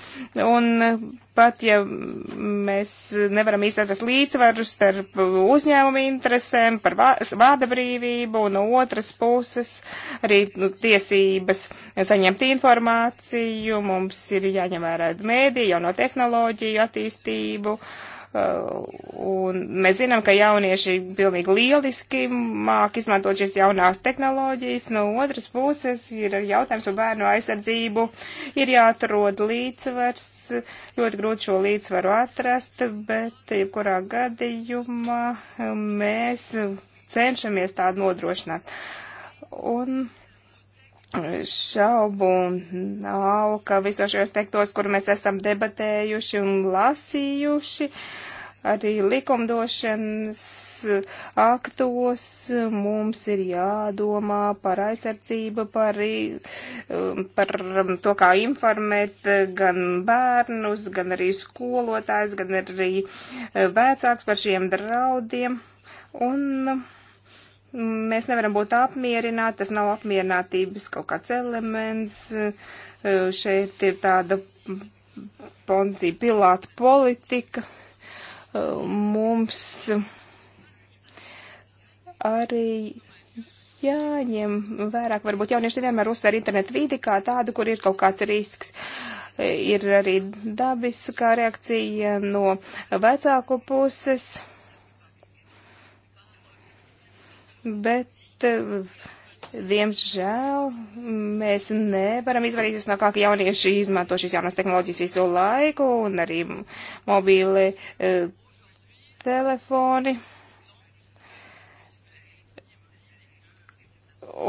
Un pat ja mēs nevaram izdarīt līdzsvaru starp uzņēmumu interesēm par vārda brīvību un no otras puses arī nu, tiesības saņemt informāciju, mums ir jāņem vērā mēdī, jauno tehnoloģiju attīstību. Uh, Uh, un mēs zinām, ka jaunieši pilnīgi lieliski māk izmantot šīs jaunās tehnoloģijas. No otras puses ir jautājums par bērnu aizsardzību. Ir jāatrod līdzsvars. Ļoti grūti šo līdzsvaru atrast, bet jebkurā gadījumā mēs cenšamies tādu nodrošināt. Un šaubu nav, ka visos šajos tekstos, kur mēs esam debatējuši un lasījuši, arī likumdošanas aktos mums ir jādomā par aizsardzību, par, um, par to, kā informēt gan bērnus, gan arī skolotājs, gan arī eh, vecāks par šiem draudiem. Un Mēs nevaram būt apmierināti, tas nav apmierinātības kaut kāds elements. E, šeit ir tāda poncija pilāta politika. E, mums arī jāņem vairāk, varbūt jaunieši vienmēr uzsver internetu vidi kā tādu, kur ir kaut kāds risks. E, ir arī dabiska reakcija no vecāku puses. bet eh, Diemžēl mēs nevaram izvairīties no kā, ka jaunieši izmanto šīs jaunās tehnoloģijas visu laiku un arī mobīli e, telefoni.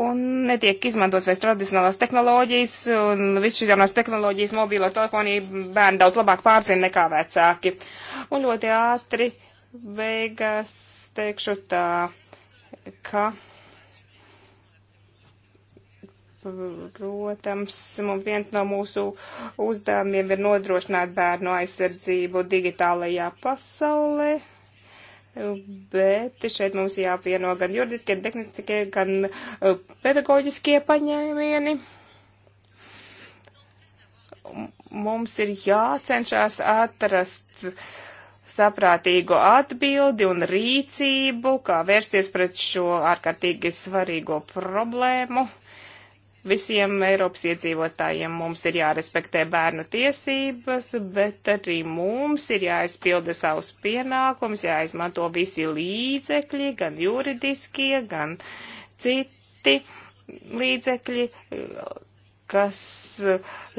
Un netiek izmantots vairs tradicionālās tehnoloģijas, un viss šīs jaunās tehnoloģijas mobīlo telefoniju bērni daudz labāk pārzina nekā vecāki. Un ļoti ātri beigās teikšu tā ka, protams, mums viens no mūsu uzdevumiem ir nodrošināt bērnu aizsardzību digitālajā pasaulē. Bet šeit mums jāapvieno gan juridiskie, tehniskie, gan eh, pedagoģiskie paņēmieni mums ir jācenšas atrast saprātīgu atbildi un rīcību, kā vērsties pret šo ārkārtīgi svarīgo problēmu. Visiem Eiropas iedzīvotājiem mums ir jārespektē bērnu tiesības, bet arī mums ir jāizpilda savus pienākums, jāizmanto visi līdzekļi, gan juridiskie, gan citi līdzekļi, kas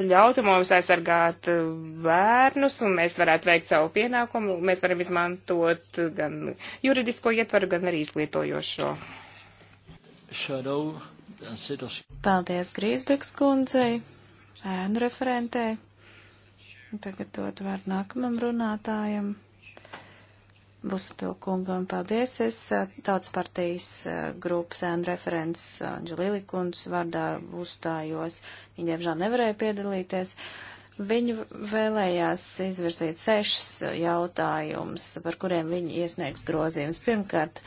ļautu mums aizsargāt bērnus, un mēs varētu veikt savu pienākumu. Mēs varam izmantot gan juridisko ietvaru, gan arī izglītojošo.
Paldies Grīsbeks kundzei, ēnu referentei. Tagad dod vārdu nākamam runātājam. Busato kungam paldies. Es tautas partijas grupas ēnu referents Džalīli kundas vārdā uzstājos. Viņa diemžēl nevarēja piedalīties. Viņu vēlējās izvirzīt sešus jautājumus, par kuriem viņi iesniegs grozījumus. Pirmkārt,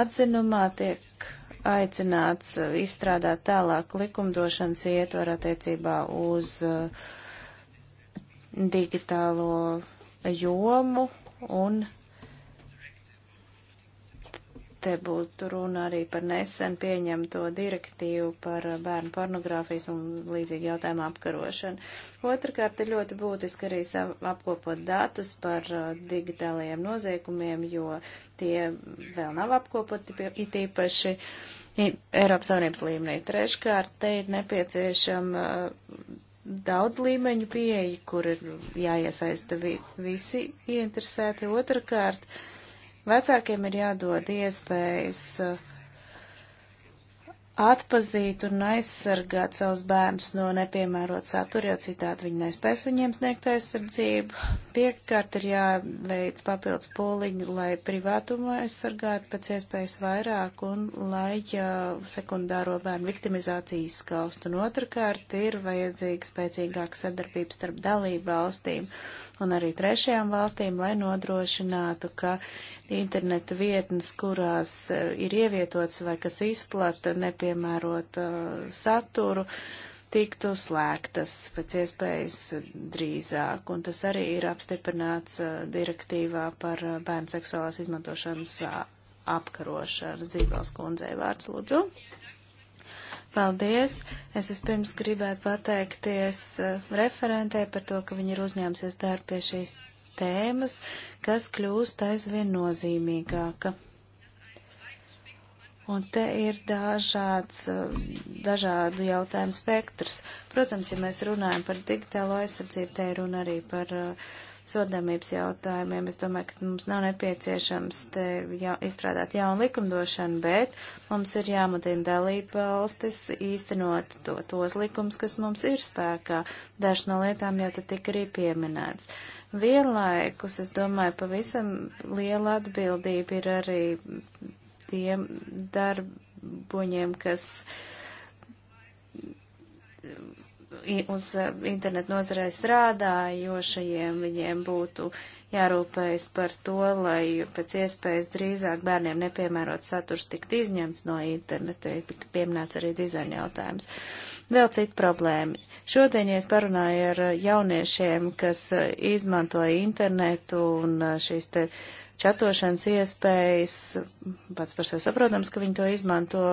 atzinumā tiek aicināts izstrādāt tālāk likumdošanas ietvaru attiecībā uz digitālo jomu un Te būtu runa arī par nesen pieņemto direktīvu par bērnu pornogrāfijas un līdzīgi jautājumu apkarošanu. Otrakārt, ir ļoti būtiski arī apkopot datus par uh, digitālajiem noziegumiem, jo tie vēl nav apkopoti it īpaši Eiropas Savienības līmenī. Treškārt, te ir nepieciešama uh, daudz līmeņu pieeja, kur ir jāiesaista vi visi ieinteresēti. Otrakārt, uh, Vecākiem ir jādod iespējas uh, atpazīt un aizsargāt savus bērnus no nepiemērot satura, jo citādi viņi nespēs viņiem sniegt aizsardzību. Piekārt ir jāveic papildus pūliņi, lai privātumu aizsargātu pēc iespējas vairāk un lai uh, sekundāro bērnu viktimizāciju izskaust. Un otrkārt ir vajadzīga spēcīgāka sadarbība starp dalību valstīm un arī trešajām valstīm, lai nodrošinātu, ka interneta vietnes, kurās eh, ir ievietots vai kas izplata nepiemērot eh, saturu, tiktu slēgtas pēc iespējas drīzāk. Un tas arī ir apstiprināts eh, direktīvā par bērnu seksuālās izmantošanas apkarošanu. Zīvels kundzei vārds lūdzu. Paldies! Es vispirms gribētu pateikties referentē par to, ka viņi ir uzņēmusies darbu pie šīs tēmas, kas kļūst aizvien nozīmīgāka. Un te ir dažāds, dažādu jautājumu spektrs. Protams, ja mēs runājam par digitālo aizsardzību, te ir runa arī par uh, sodāmības jautājumiem. Es domāju, ka mums nav nepieciešams te ja, izstrādāt jaunu likumdošanu, bet mums ir jāmudina dalība valstis īstenot to, tos likums, kas mums ir spēkā. Dažs no lietām jau te tika arī pieminēts. Vienlaikus, es domāju, pavisam liela atbildība ir arī tiem darboņiem, kas uz eh, internetu nozarē strādājošajiem, viņiem būtu jārūpējas par to, lai pēc iespējas drīzāk bērniem nepiemērot saturs tikt izņemts no interneta, pieminēts arī dizaina jautājums. Vēl cita problēma. Šodien, ja es parunāju ar jauniešiem, kas eh, izmantoja internetu un eh, šīs te čatošanas iespējas, pats par sevi saprotams, ka viņi to izmanto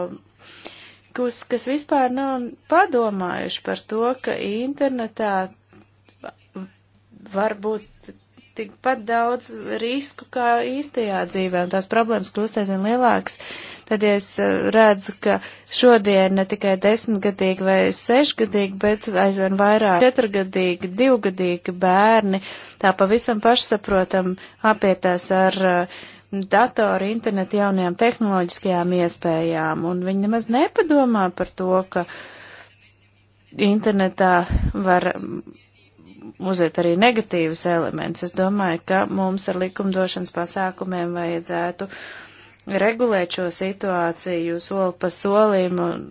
kas, kas vispār nav padomājuši par to, ka internetā var būt tikpat daudz risku kā īstajā dzīvē, un tās problēmas kļūst aizvien lielākas. Tad ja es eh, redzu, ka šodien ne tikai desmitgadīgi vai sešgadīgi, bet aizvien vairāk četrgadīgi, divgadīgi bērni tā pavisam pašsaprotam apietās ar uh, datoru, internetu jaunajām tehnoloģiskajām iespējām, un viņi nemaz nepadomā par to, ka internetā var uziet arī negatīvus elements. Es domāju, ka mums ar likumdošanas pasākumiem vajadzētu regulēt šo situāciju soli pa solim un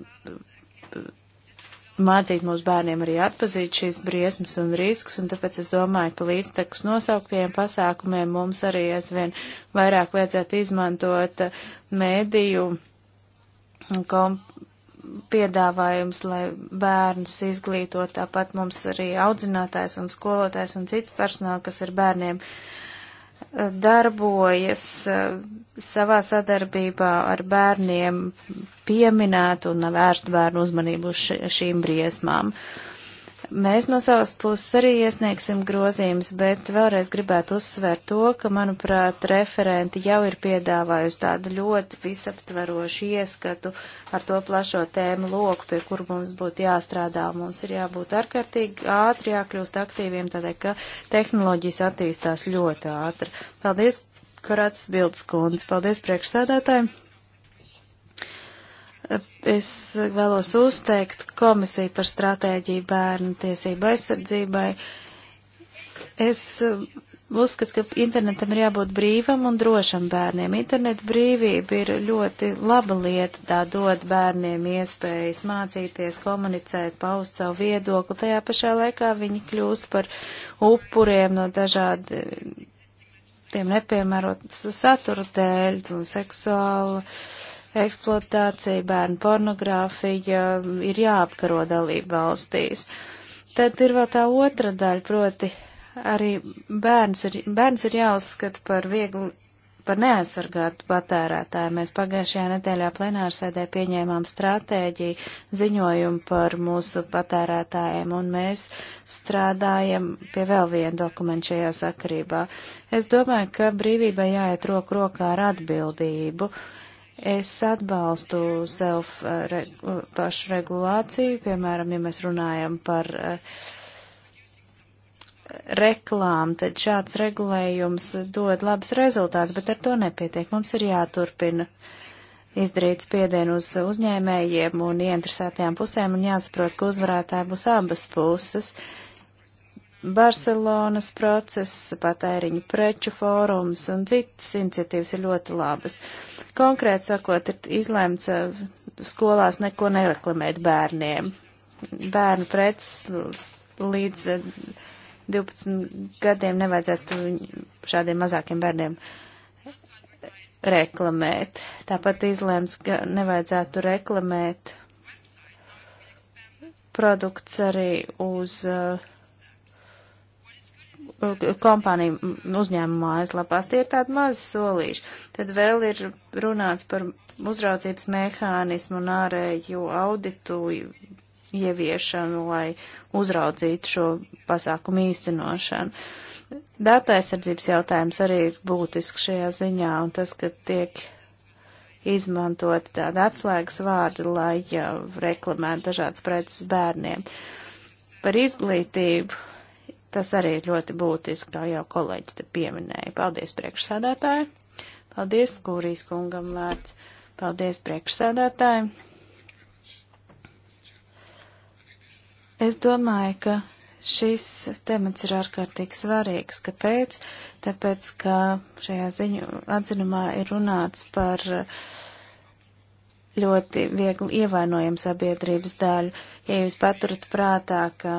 mācīt mūsu bērniem arī atpazīt šīs briesmas un risks, un tāpēc es domāju, ka līdztekus nosauktiem pasākumiem mums arī aizvien vairāk vajadzētu izmantot eh, mēdīju mm, kom piedāvājums, lai bērnus izglītot, tāpat mums arī audzinātājs un skolotājs un citu personāli, kas ar bērniem eh, darbojas, eh, savā sadarbībā ar bērniem pieminētu un vērstu bērnu uzmanību uz šīm briesmām. Mēs no savas puses arī iesniegsim grozījumus, bet vēlreiz gribētu uzsvērt to, ka, manuprāt, referenti jau ir piedāvājusi tādu ļoti visaptverošu ieskatu ar to plašo tēmu loku, pie kur mums būtu jāstrādā. Mums ir jābūt ārkārtīgi ātri, jākļūst aktīviem, tādēļ, ka tehnoloģijas attīstās ļoti ātri. Paldies Korats Bildes kundze. Paldies priekšsēdētājiem. Es vēlos uzteikt komisiju par stratēģiju bērnu tiesību aizsardzībai. Es um, uzskatu, ka internetam ir jābūt brīvam un drošam bērniem. Interneta brīvība ir ļoti laba lieta, tā dod bērniem iespējas mācīties, komunicēt, paust savu viedokli. Tajā pašā laikā viņi kļūst par upuriem no dažādi tiem nepiemērotas satura dēļ, seksuāla eksploatācija, bērnu pornogrāfija ir jāapkaro dalību valstīs. Tad ir vēl tā otra daļa, proti arī bērns ir, bērns ir jāuzskata par viegli par neaizsargātu patērētāju. Mēs pagājušajā nedēļā plenārsēdē pieņēmām stratēģiju ziņojumu par mūsu patērētājiem, un mēs strādājam pie vēl viena dokumenta šajā sakarībā. Es domāju, ka brīvībai jāiet roku rokā ar atbildību. Es atbalstu self uh, uh, pašu regulāciju, piemēram, ja mēs runājam par uh, reklāmu, tad šāds regulējums dod labs rezultāts, bet ar to nepietiek. Mums ir jāturpina izdarīt spiedienu uz uzņēmējiem un ieinteresētajām pusēm un jāsaprot, ka uzvarētāji būs abas puses. Barcelonas process, patēriņu preču fórums un citas iniciatīvas ir ļoti labas. Konkrēt sakot, ir izlēmts uh, skolās neko nereklamēt bērniem. Bērnu preces līdz uh, 12 gadiem nevajadzētu šādiem mazākiem bērniem reklamēt. Tāpat izlēms, ka nevajadzētu reklamēt produkts arī uz uh, kompāniju uzņēmumā aizlapās. Tie ir tādi mazi solīši. Tad vēl ir runāts par uzraudzības mehānismu un ārēju auditu ieviešanu, lai uzraudzītu šo pasākumu īstenošanu. Data aizsardzības jautājums arī ir būtisks šajā ziņā, un tas, ka tiek izmantot tādu atslēgas vārdu, lai jau reklamētu dažādas preces bērniem. Par izglītību tas arī ir ļoti būtiski, kā jau kolēģis te pieminēja. Paldies priekšsēdētāji! Paldies, Kūrīs kungam vārds! Paldies priekšsēdētāji! Es domāju, ka šis temats ir ārkārtīgi svarīgs. Kāpēc? Tāpēc, ka šajā ziņu atzinumā ir runāts par ļoti viegli ievainojumu sabiedrības daļu. Ja jūs paturat prātā, ka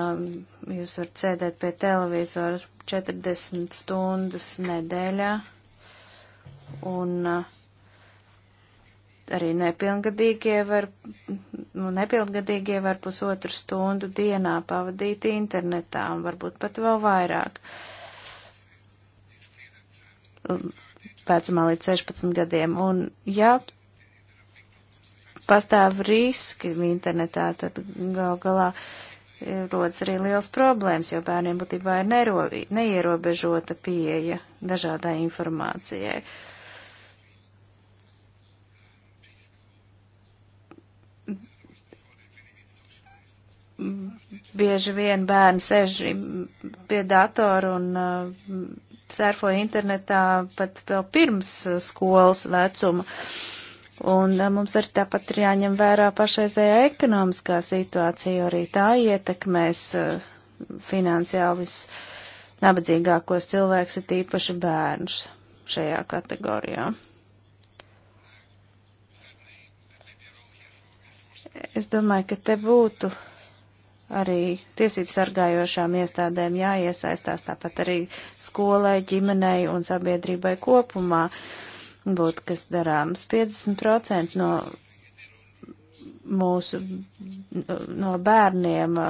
jūs varat sēdēt pie televizora 40 stundas nedēļā un uh, arī nepilngadīgie var, nu, nepilngadīgie var pusotru stundu dienā pavadīt internetā un varbūt pat vēl vairāk. Um, Vecumā līdz 16 gadiem. Un, ja pastāv riski internetā, tad gal galā e, rodas arī liels problēmas, jo bērniem būtībā ir nerovi, neierobežota pieeja dažādai informācijai. Uh, bieži vien bērni sēž pie datora un uh, sērfo internetā pat vēl pirms uh, skolas vecuma. Un uh, mums arī tāpat ir jāņem vērā pašreizējā ekonomiskā situācija, arī tā ietekmēs uh, finansiāli visnabadzīgākos cilvēkus, ir tīpaši bērnus šajā kategorijā. Es domāju, ka te būtu arī tiesību sargājošām iestādēm jāiesaistās, tāpat arī skolai, ģimenei un sabiedrībai kopumā būtu kas darāms. 50% no mūsu no bērniem uh,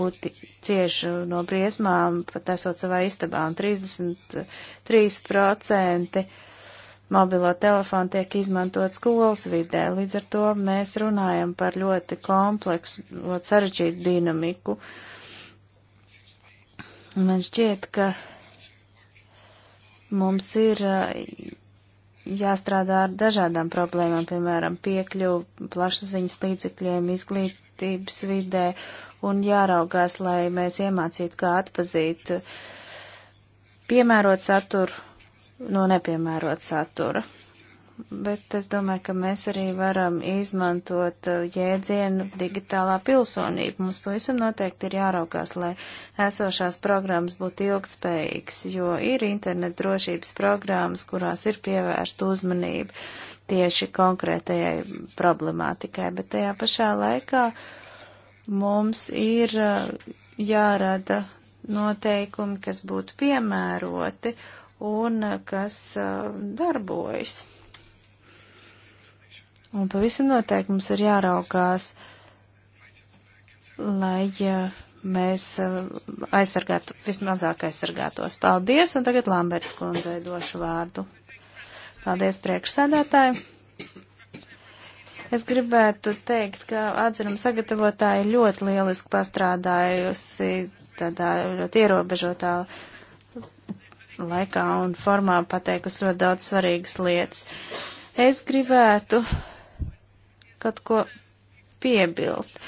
būtu cieši no briesmām, pat esot savā istabā, un 33% mobilo telefonu tiek izmantot skolas vidē. Līdz ar to mēs runājam par ļoti kompleksu, ļoti sarežģītu dinamiku. Man šķiet, ka mums ir jāstrādā ar dažādām problēmām, piemēram, piekļuvu plašsaziņas līdzekļiem, izglītības vidē un jāraugās, lai mēs iemācītu, kā atpazīt piemērot saturu no nepiemērot satura. Bet es domāju, ka mēs arī varam izmantot uh, jēdzienu digitālā pilsonība. Mums pavisam noteikti ir jāraukās, lai esošās programmas būtu ilgspējīgas, jo ir internet drošības programmas, kurās ir pievērsta uzmanība tieši konkrētajai problemātikai, bet tajā pašā laikā mums ir uh, jārada noteikumi, kas būtu piemēroti un kas darbojas. Un pavisam noteikti mums ir jāraugās, lai mēs aizsargātu, vismazāk aizsargātos. Paldies, un tagad Lamberts kundzei došu vārdu. Paldies priekšsēdētāji. Es gribētu teikt, ka atzinuma sagatavotāji ļoti lieliski pastrādājusi tādā ļoti ierobežotā laikā un formā pateikusi ļoti daudz svarīgas lietas. Es gribētu kaut ko piebilst.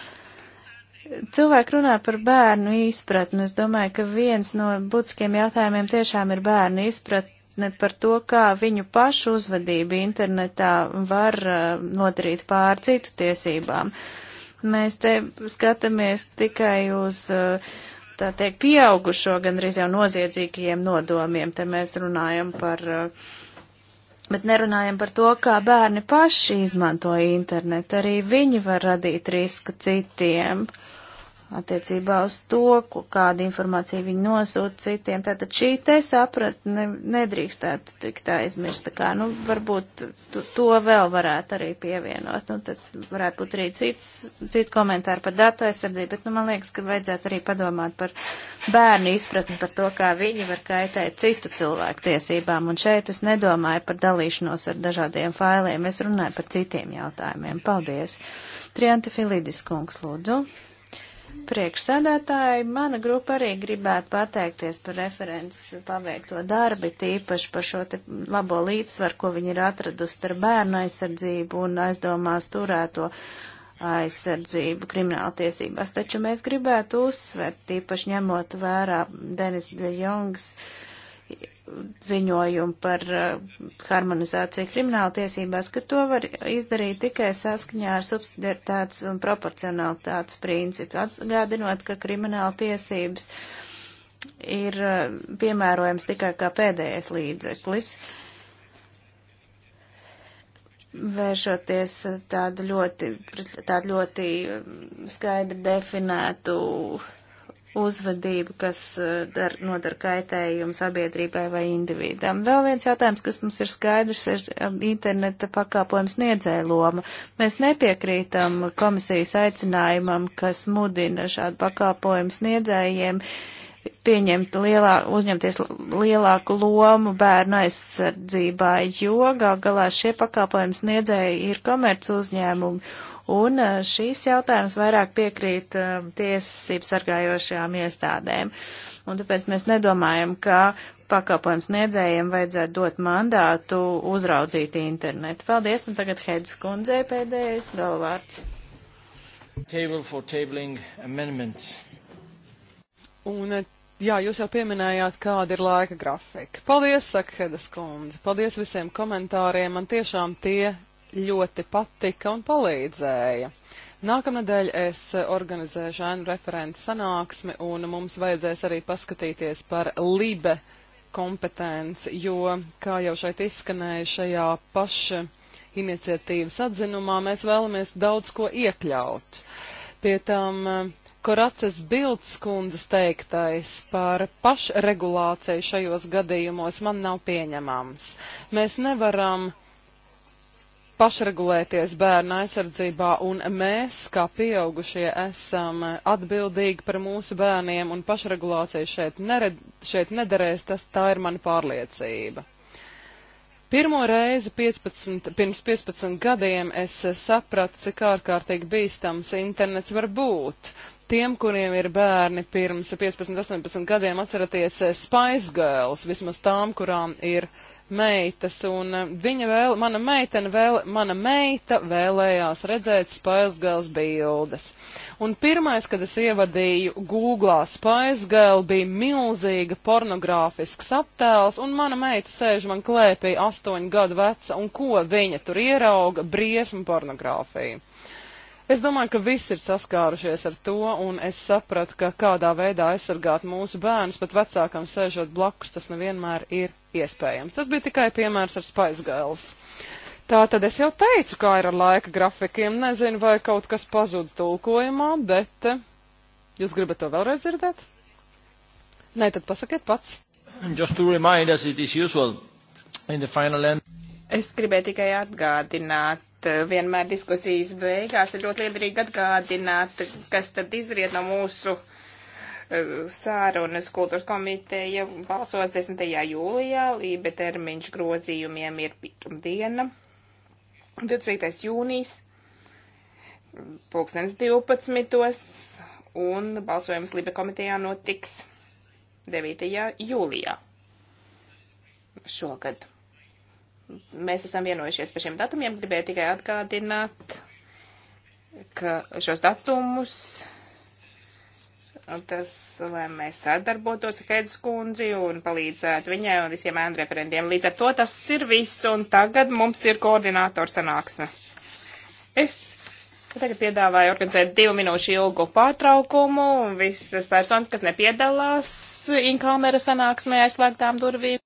Cilvēki runā par bērnu izpratni. Es domāju, ka viens no būtiskiem jautājumiem tiešām ir bērnu izpratne par to, kā viņu pašu uzvedība internetā var uh, nodarīt pār citu tiesībām. Mēs te skatāmies tikai uz uh, tā eh, teikt, pieaugušo gandrīz jau noziedzīgajiem nodomiem. Te mēs runājam par, eh, bet nerunājam par to, kā bērni paši izmanto internetu. Arī viņi var radīt risku citiem. Uh, attiecībā uz to, ko, kādu informāciju viņi nosūta citiem. Tātad šī te sapratne nedrīkstētu tikt aizmirsta, kā, nu, varbūt to vēl varētu arī pievienot. Nu, tad varētu būt arī cits, cits komentāri par datu aizsardzību, bet, nu, man liekas, ka vajadzētu arī padomāt par bērnu izpratni par to, kā viņi var kaitēt citu cilvēku tiesībām. Un šeit es nedomāju par dalīšanos ar dažādiem failiem, es runāju par citiem jautājumiem. Paldies! Trianta Filidis kungs, lūdzu. Priekšsēdētāji, mana grupa arī gribētu pateikties par referents paveikto darbi, tīpaši par šo te labo līdzsvaru, ko viņi ir atradusi ar bērnu aizsardzību un aizdomās turēto aizsardzību krimināltiesībās. Taču mēs gribētu uzsvert, tīpaši ņemot vērā Denis de Jongs. Uh, ziņojumu par eh, harmonizāciju krimināla tiesībās, ka to var izdarīt tikai saskaņā ar subsidiaritātes un proporcionalitātes principu, atgādinot, ka krimināla tiesības ir eh, piemērojams tikai kā pēdējais līdzeklis. Vēršoties tādu ļoti, tādu ļoti eh, skaidri definētu uh, uzvedību, kas eh, dar, nodara kaitējumu sabiedrībai vai individam. Vēl viens jautājums, kas mums ir skaidrs, ir um, interneta pakāpojums niedzēja loma. Mēs nepiekrītam komisijas aicinājumam, kas mudina šādu pakāpojumu sniedzējiem pieņemt lielā, uzņemties lielāku lomu bērnu aizsardzībā, jo gal galā šie pakāpojums sniedzēji ir komerc uzņēmumi Un eh, šīs jautājums vairāk piekrīt um, tiesību sargājošajām iestādēm. Un tāpēc mēs nedomājam, ka pakalpojums niedzējiem vajadzētu dot mandātu uzraudzīt internetu. Paldies, un tagad Hedz kundzei pēdējais galvārds.
Table for tabling amendments.
Un eh, Jā, jūs jau pieminējāt, kāda ir laika grafika. Paldies, saka Hedas kundze. Paldies visiem komentāriem. Man tiešām tie ļoti patika un palīdzēja. Nākamnedēļ es organizēšu ēnu referentu sanāksmi, un mums vajadzēs arī paskatīties par libe kompetenci, jo, kā jau šeit izskanēja šajā paša iniciatīvas atzinumā, mēs vēlamies daudz ko iekļaut. Pie tam eh, Koracas Bildes kundzes teiktais par pašregulāciju šajos gadījumos man nav pieņemams. Mēs nevaram pašregulēties bērnu aizsardzībā, un mēs, kā pieaugušie, esam atbildīgi par mūsu bērniem, un pašregulācija šeit, nered, šeit nederēs, tas tā ir mana pārliecība. Pirmo reizi 15, pirms 15 gadiem es sapratu, cik ārkārtīgi bīstams internets var būt. Tiem, kuriem ir bērni pirms 15, 18 gadiem, atceraties Spice Girls, vismaz tām, kurām ir uh, meitas, un eh, viņa vēl, mana meitene vēl, mana meita vēlējās redzēt Spaisgals bildes. Un pirmais, kad es ievadīju Googlā Spaisgal, bija milzīga pornogrāfisks attēls, un mana meita sēž man klēpī astoņu gadu veca, un ko viņa tur ierauga? Briesmu pornogrāfiju. Es domāju, ka visi ir saskārušies ar to, un es sapratu, ka kādā veidā aizsargāt mūsu bērnus, pat vecākam sēžot blakus, tas nevienmēr ir iespējams. Tas bija tikai piemērs ar spaisgailes. Tā tad es jau teicu, kā ir ar laika grafikiem. Nezinu, vai kaut kas pazuda tulkojumā, bet eh, jūs gribat to vēlreiz dzirdēt? Nē, tad pasakiet pats.
Us,
es gribēju tikai
atgādināt Eh, vienmēr diskusijas beigās ir ļoti liederīgi atgādināt, kas tad izriet no mūsu eh, sārunas kultūras komiteja balsos 10. jūlijā, lībe termiņš grozījumiem ir pirmdiena, 25. jūnijas, pulkstens 12. un balsojums lībe komitejā notiks 9. jūlijā šogad mēs esam vienojušies par šiem datumiem. Gribēju tikai atgādināt, ka šos datumus, tas, lai mēs sadarbotos ar Hedz kundzi un palīdzētu viņai un visiem ēnu referentiem. Līdz ar to tas ir viss, un tagad mums ir koordinātora sanāksme. Es tagad piedāvāju organizēt divu minūšu ilgu pārtraukumu, un visas personas, kas nepiedalās inkamera sanāksmē aizslēgtām durvīm.